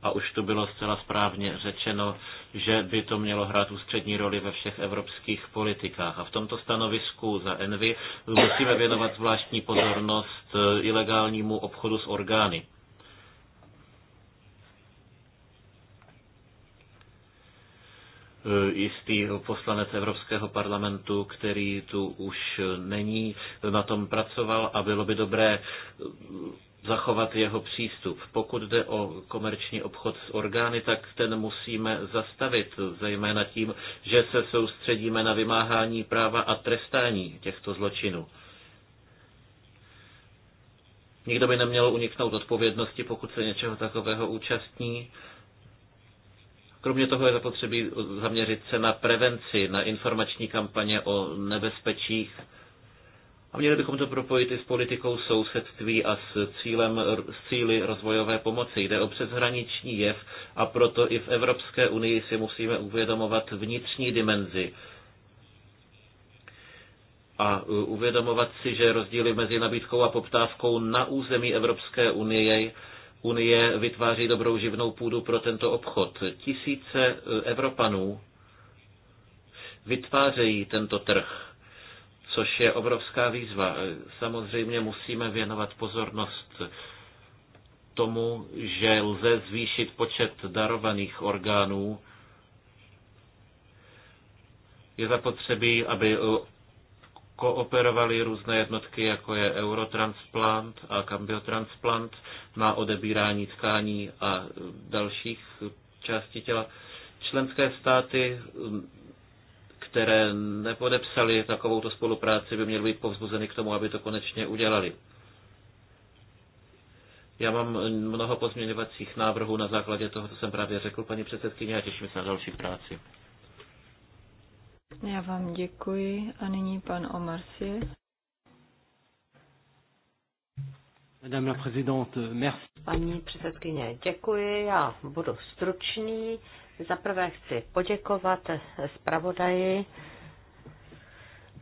A už tu bylo zcela správně řečeno, že by to mělo hrát ústřední roli ve všech evropských politikách. A v tomto stanovisku za Envy musíme věnovat zvláštní pozornost e, ilegálnímu obchodu s orgány. E, jistý poslanec Evropského parlamentu, který tu už není, na tom pracoval a bylo by dobré zachovat jeho přístup. Pokud jde o komerční obchod s orgány, tak ten musíme zastavit, zejména tím, že se soustředíme na vymáhání práva a trestání těchto zločinů. Nikdo by neměl uniknout odpovědnosti, pokud se něčeho takového účastní. Kromě toho je zapotřebí zaměřit se na prevenci, na informační kampaně o nebezpečích, a měli bychom to propojit i s politikou sousedství a s cílem, s cíly rozvojové pomoci. Jde o přeshraniční jev a proto i v Evropské unii si musíme uvědomovat vnitřní dimenzi a e, uvědomovat si, že rozdíly mezi nabídkou a poptávkou na území Evropské unie Unie vytváří dobrou živnou půdu pro tento obchod. Tisíce e, Evropanů vytvářejí tento trh což je obrovská výzva. Samozřejmě musíme věnovat pozornost tomu, že lze zvýšit počet darovaných orgánů. Je zapotřebí, aby kooperovaly různé jednotky, jako je Eurotransplant a Kambiotransplant na odebírání tkání a dalších částí těla. Členské státy které nepodepsali takovouto spolupráci, by měly být povzbuzeny k tomu, aby to konečně udělali. Já mám mnoho pozměňovacích návrhů na základě toho, co jsem právě řekl, paní předsedkyně, a těším se na další práci. Já vám děkuji a nyní pan Omar Madame la présidente, merci. Paní předsedkyně, děkuji, já budu stručný. Za prvé chci poděkovat zpravodaji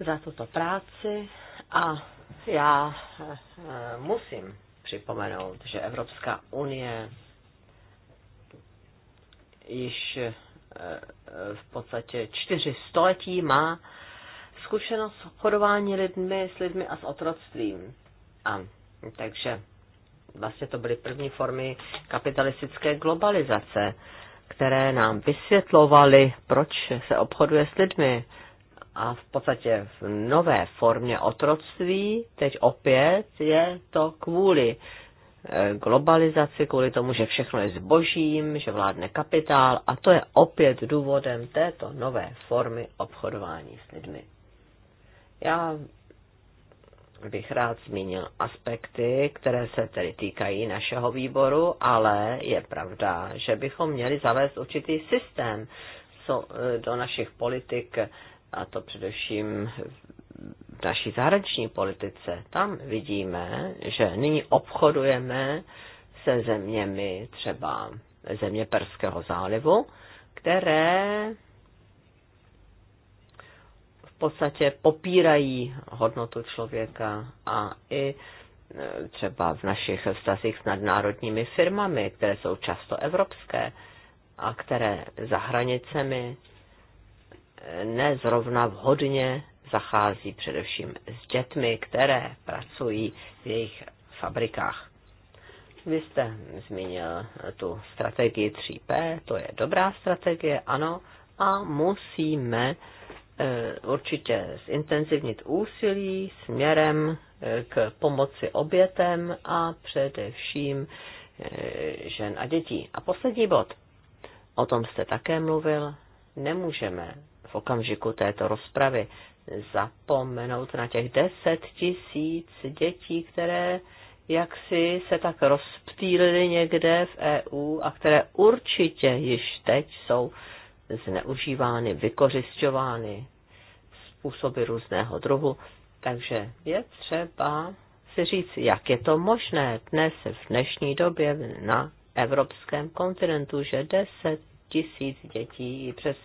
za tuto práci a já eh, musím připomenout, že Evropská unie již eh, v podstatě čtyři století má zkušenost s obchodování lidmi, s lidmi a s otroctvím. A takže vlastně to byly první formy kapitalistické globalizace které nám vysvětlovaly, proč se obchoduje s lidmi. A v podstatě v nové formě otroctví, teď opět je to kvůli eh, globalizaci, kvůli tomu, že všechno je zbožím, že vládne kapitál a to je opět důvodem této nové formy obchodování s lidmi. Já bych rád zmínil aspekty, které se tedy týkají našeho výboru, ale je pravda, že bychom měli zavést určitý systém e, do našich politik, a to především v naší zahraniční politice. Tam vidíme, že nyní obchodujeme se zeměmi třeba země Perského zálivu, které podstatě popírají hodnotu člověka a i e, třeba v našich vztazích s nadnárodními firmami, které jsou často evropské a které za hranicemi e, nezrovna vhodně zachází především s dětmi, které pracují v jejich fabrikách. Vy jste zmínil tu strategii 3P, to je dobrá strategie, ano, a musíme E, určitě zintenzivnit úsilí směrem e, k pomoci obětem a především e, žen a dětí. A poslední bod. O tom jste také mluvil. Nemůžeme v okamžiku této rozpravy zapomenout na těch deset tisíc dětí, které jak si se tak rozptýlily někde v EU a které určitě již teď jsou zneužívány, vykořišťovány způsoby různého druhu. Takže je třeba si říct, jak je to možné dnes, v dnešní době na evropském kontinentu, že 10 tisíc dětí i přes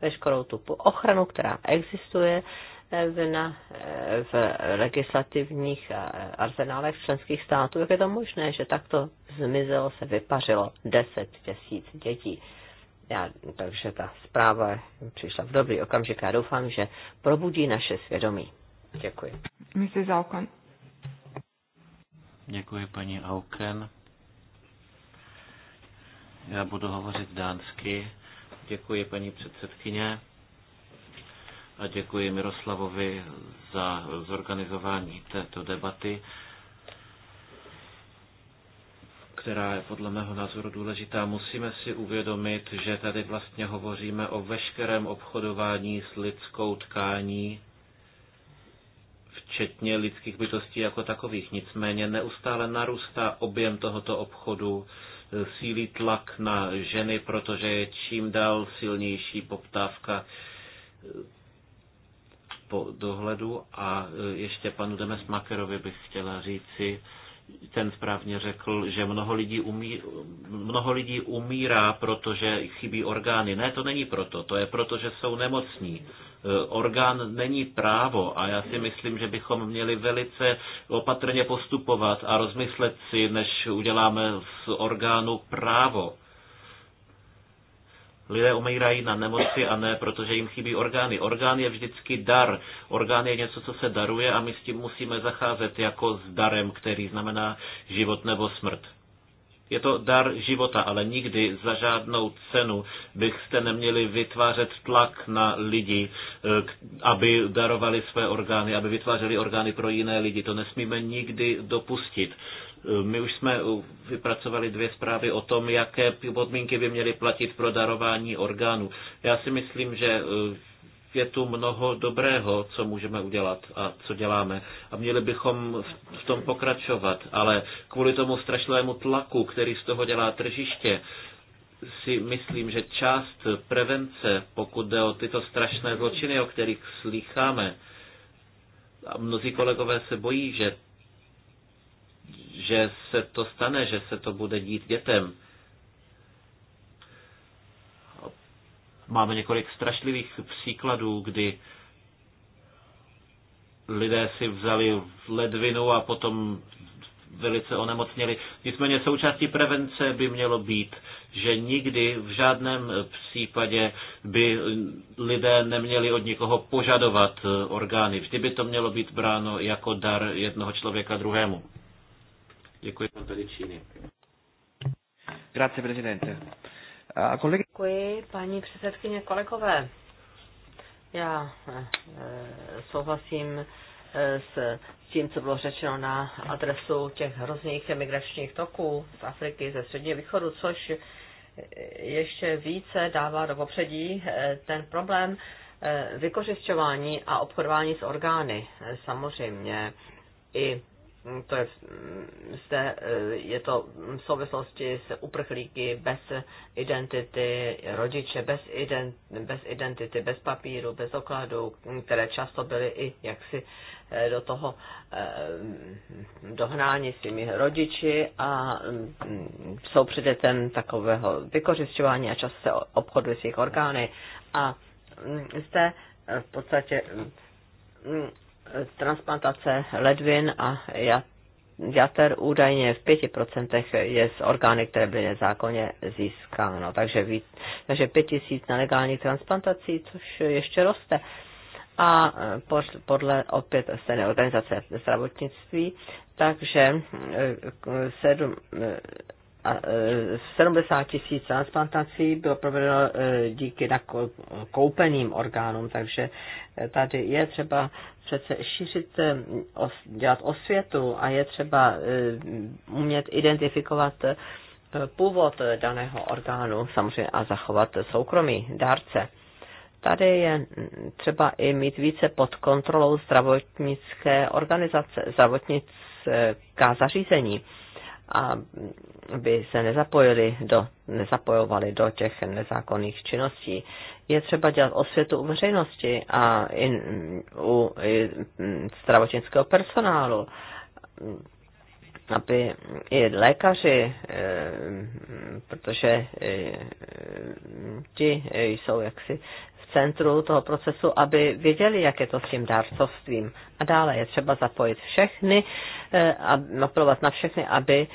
veškerou tu ochranu, která existuje eh, v, na, eh, v legislativních eh, arzenálech členských států, jak je to možné, že takto zmizelo se vypařilo 10 tisíc dětí. Já, takže ta zpráva přišla v dobrý okamžik a doufám, že probudí naše svědomí. Děkuji. Mrs. Auken. Děkuji, paní Auken. Já budu hovořit dánsky. Děkuji, paní předsedkyně. A děkuji Miroslavovi za zorganizování této debaty která je podle mého názoru důležitá. Musíme si uvědomit, že tady vlastně hovoříme o veškerém obchodování s lidskou tkání, včetně lidských bytostí jako takových. Nicméně neustále narůstá objem tohoto obchodu, sílí tlak na ženy, protože je čím dál silnější poptávka eh, po dohledu. A eh, ještě panu Demes Makerovi bych chtěla říci, ten správně řekl, že mnoho lidí, umí, mnoho lidí umírá, protože chybí orgány. Ne, to není proto, to je proto, že jsou nemocní. E, orgán není právo a já si myslím, že bychom měli velice opatrně postupovat a rozmyslet si, než uděláme z orgánu právo Lidé umírají na nemoci a ne, protože jim chybí orgány. Orgán je vždycky dar. Orgán je něco, co se daruje a my s tím musíme zacházet jako s darem, který znamená život nebo smrt. Je to dar života, ale nikdy za žádnou cenu bychste neměli vytvářet tlak na lidi, eh, aby darovali své orgány, aby vytvářeli orgány pro jiné lidi. To nesmíme nikdy dopustit. My už jsme vypracovali dvě zprávy o tom, jaké podmínky by měly platit pro darování orgánů. Já si myslím, že e, je tu mnoho dobrého, co můžeme udělat a co děláme. A měli bychom v tom pokračovat, ale kvůli tomu strašlému tlaku, který z toho dělá tržiště, si myslím, že část prevence, pokud jde o tyto strašné zločiny, o kterých slýcháme, a mnozí kolegové se bojí, že že se to stane, že se to bude dít dětem. Máme několik strašlivých příkladů, kdy lidé si vzali ledvinu a potom velice onemocněli. Nicméně součástí prevence by mělo být, že nikdy v žádném případě by lidé neměli od nikoho požadovat orgány. Vždy by to mělo být bráno jako dar jednoho člověka druhému. Děkuji, pan Pedicini. Grazie, prezidente. A kolik... Děkuji, paní předsedkyně, kolegové. Já e, souhlasím eh, s tím, co bylo řečeno na adresu těch hrozných emigračních toků z Afriky, ze Středního východu, což ještě více dává do popředí ten problém vykořišťování a obchodování s orgány. Samozřejmě i Mm, to je, mm, zde eh, je to v souvislosti s uprchlíky bez identity, rodiče bez, ident, bez identity, bez papíru, bez okladů, mm, které často byly i jaksi eh, do toho eh, dohnáni svými rodiči a jsou předmětem takového vykořišťování a často se obchoduje s jejich orgány. A zde v podstatě transplantace ledvin a jater údajně v 5% je z orgány, které byly nezákonně získáno. Takže, víc, takže 5 tisíc legálních transplantací, což ještě roste. A eh, podle opět stejné organizace zdravotnictví, takže 7, eh, 70 e, tisíc transplantací bylo provedeno e, díky koupeným orgánům, takže e, tady je třeba přece šířit, dělat osvětu a je třeba umět identifikovat původ daného orgánu samozřejmě a zachovat soukromí dárce. Tady je třeba i mít více pod kontrolou zdravotnické organizace, zdravotnická zařízení aby se nezapojili do, nezapojovali do těch nezákonných činností. Je třeba dělat osvětu u veřejnosti a i u i, mm, zdravotnického personálu, aby i lékaři, e, protože e, ti jsou jaksi centru toho procesu, aby věděli, jak je to s tím dárcovstvím. A dále je třeba zapojit všechny eh, a apelovat na všechny, aby,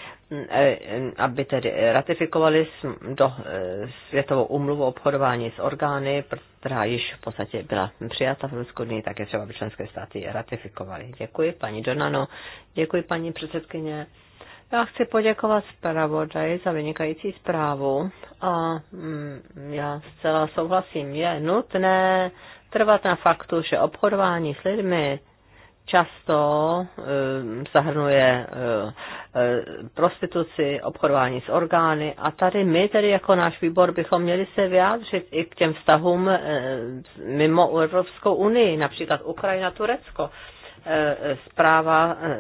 eh, aby tedy ratifikovali do eh, Světovou umluvu obchodování s orgány, která již v podstatě byla přijata v Rusku dní, tak je třeba, aby členské státy ratifikovali. Děkuji, paní Donano. Děkuji, paní předsedkyně. Já chci poděkovat zpravodaji za vynikající zprávu a mm, já zcela souhlasím, je nutné trvat na faktu, že obchodování s lidmi často e, zahrnuje e, e, prostituci, obchodování s orgány a tady my tedy jako náš výbor bychom měli se vyjádřit i k těm vztahům e, mimo Evropskou unii, například Ukrajina, Turecko. E, e zpráva e,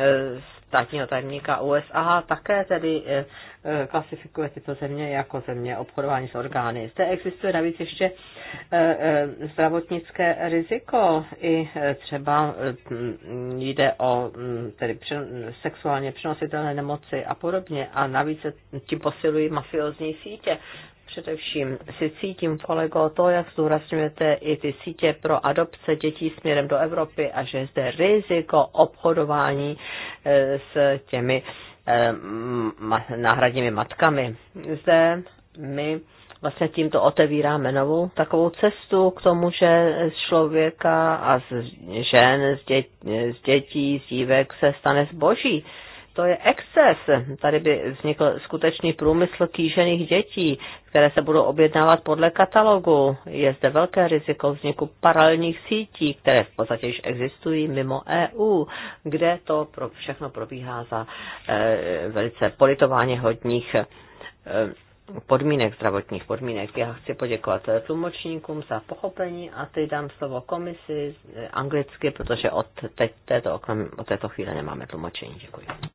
e, státního tajemníka USA také tedy eh, eh, klasifikuje tyto země jako země obchodování s orgány. Zde existuje navíc ještě eh, zdravotnické riziko. I třeba jde o mm, tedy sexuálně přenositelné nemoci a podobně. A navíc se tím posilují mafiozní sítě. Především si cítím, kolego, to, jak zdůrazňujete i ty sítě pro adopce dětí směrem do Evropy a že je zde riziko obchodování eh, s těmi eh, náhradními matkami. Zde my vlastně tímto otevíráme novou takovou cestu k tomu, že z člověka a z žen, z, dět, z dětí, z dívek se stane zboží to je exces. Tady by vznikl skutečný průmysl kýžených dětí, které se budou objednávat podle katalogu. Je zde velké riziko vzniku paralelních sítí, které v podstatě již existují mimo EU, kde to pro všechno probíhá za eh, velice politování hodních eh, podmínek, zdravotních podmínek. Já chci poděkovat eh, tlumočníkům za pochopení a teď dám slovo komisi eh, anglicky, protože od, teď, této, od této chvíle nemáme tlumočení. Děkuji.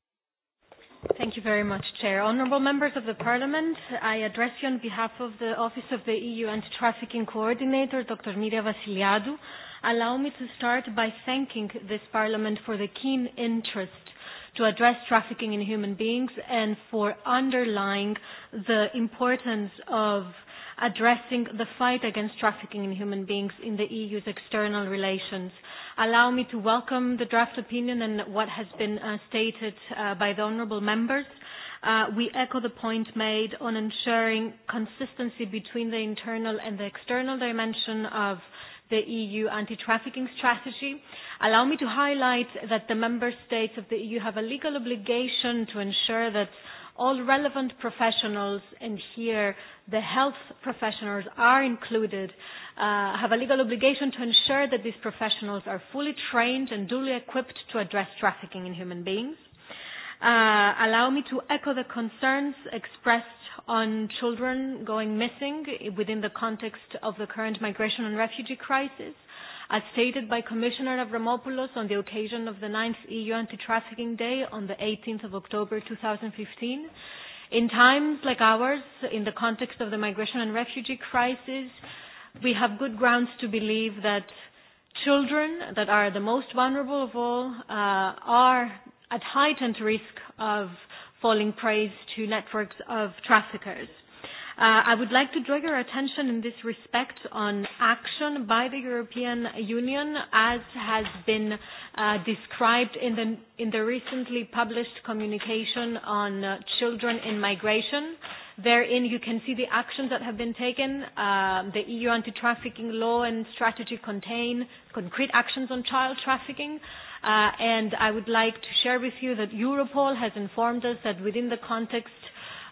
Thank you very much, Chair. Honourable members of the Parliament, I address you on behalf of the Office of the EU Anti-Trafficking Coordinator, Dr. Miria Vassiliadou. Allow me to start by thanking this Parliament for the keen interest to address trafficking in human beings and for underlying the importance of addressing the fight against trafficking in human beings in the EU's external relations. Allow me to welcome the draft opinion and what has been uh, stated uh, by the honourable members. Uh, we echo the point made on ensuring consistency between the internal and the external dimension of the EU anti-trafficking strategy. Allow me to highlight that the member states of the EU have a legal obligation to ensure that all relevant professionals, and here the health professionals are included, uh, have a legal obligation to ensure that these professionals are fully trained and duly equipped to address trafficking in human beings. Uh, allow me to echo the concerns expressed on children going missing within the context of the current migration and refugee crisis as stated by Commissioner Avramopoulos on the occasion of the 9th EU Anti-Trafficking Day on the 18th of October 2015. In times like ours, in the context of the migration and refugee crisis, we have good grounds to believe that children that are the most vulnerable of all uh, are at heightened risk of falling prey to networks of traffickers. Uh, I would like to draw your attention in this respect on action by the European Union, as has been uh, described in the, in the recently published communication on uh, children in migration. Therein, you can see the actions that have been taken. Uh, the EU anti-trafficking law and strategy contain concrete actions on child trafficking. Uh, and I would like to share with you that Europol has informed us that within the context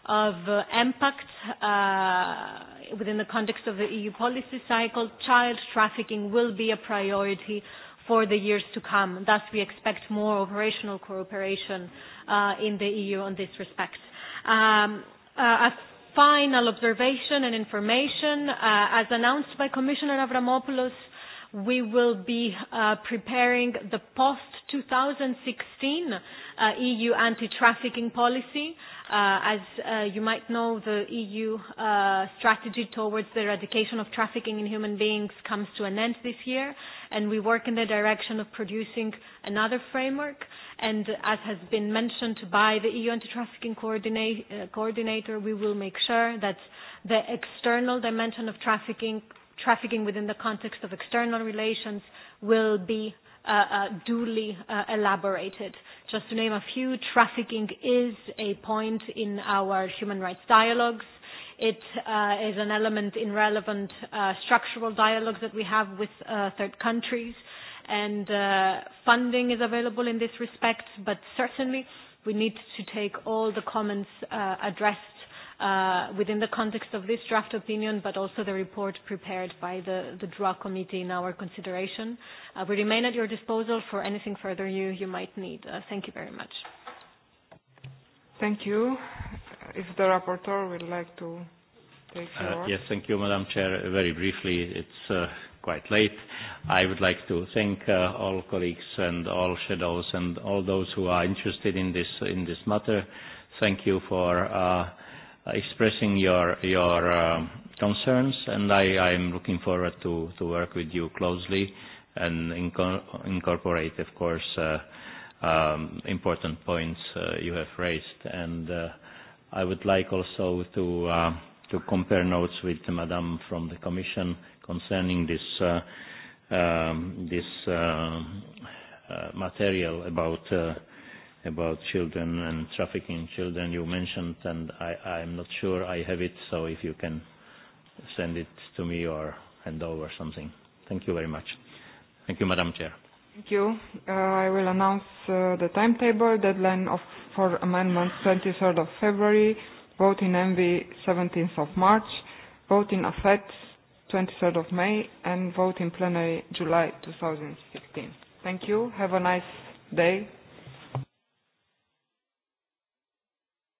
of uh, impact uh, within the context of the EU policy cycle, child trafficking will be a priority for the years to come. Thus, we expect more operational cooperation uh, in the EU on this respect. Um, uh, a final observation and information, uh, as announced by Commissioner Avramopoulos, we will be uh, preparing the post-2016 uh, EU anti-trafficking policy. Uh, as uh, you might know, the EU uh, strategy towards the eradication of trafficking in human beings comes to an end this year, and we work in the direction of producing another framework. And as has been mentioned by the EU anti-trafficking coordinate, uh, coordinator, we will make sure that the external dimension of trafficking, trafficking within the context of external relations, will be uh, uh, uh, duly uh, elaborated. Just to name a few, trafficking is a point in our human rights dialogues. It uh, is an element in relevant uh, structural dialogues that we have with uh, third countries, and uh, funding is available in this respect, but certainly we need to take all the comments uh, addressed uh, within the context of this draft opinion, but also the report prepared by the, the DRA committee in our consideration. Uh, we remain at your disposal for anything further you, you might need. Uh, thank you very much. Thank you. If the rapporteur would like to take the uh, floor. Uh, yes, thank you, Madam Chair. Very briefly, it's uh, quite late. I would like to thank uh, all colleagues and all shadows and all those who are interested in this in this matter. Thank you for uh, Uh, expressing your your uh, concerns, and I I'm looking forward to to work with you closely and inco incorporate, of course, uh, um, important points uh, you have raised. And uh, I would like also to uh, to compare notes with Madame from the Commission concerning this uh, um, this uh, uh, material about. Uh, about children and trafficking children you mentioned, and I, I'm not sure I have it, so if you can send it to me or hand over something. Thank you very much. Thank you, Madam Chair. Thank you. Uh, I will announce uh, the timetable, deadline of, for amendments 23rd of February, vote in MV 17th of March, vote in AFET 23rd of May, and vote in plenary July 2016. Thank you. Have a nice day.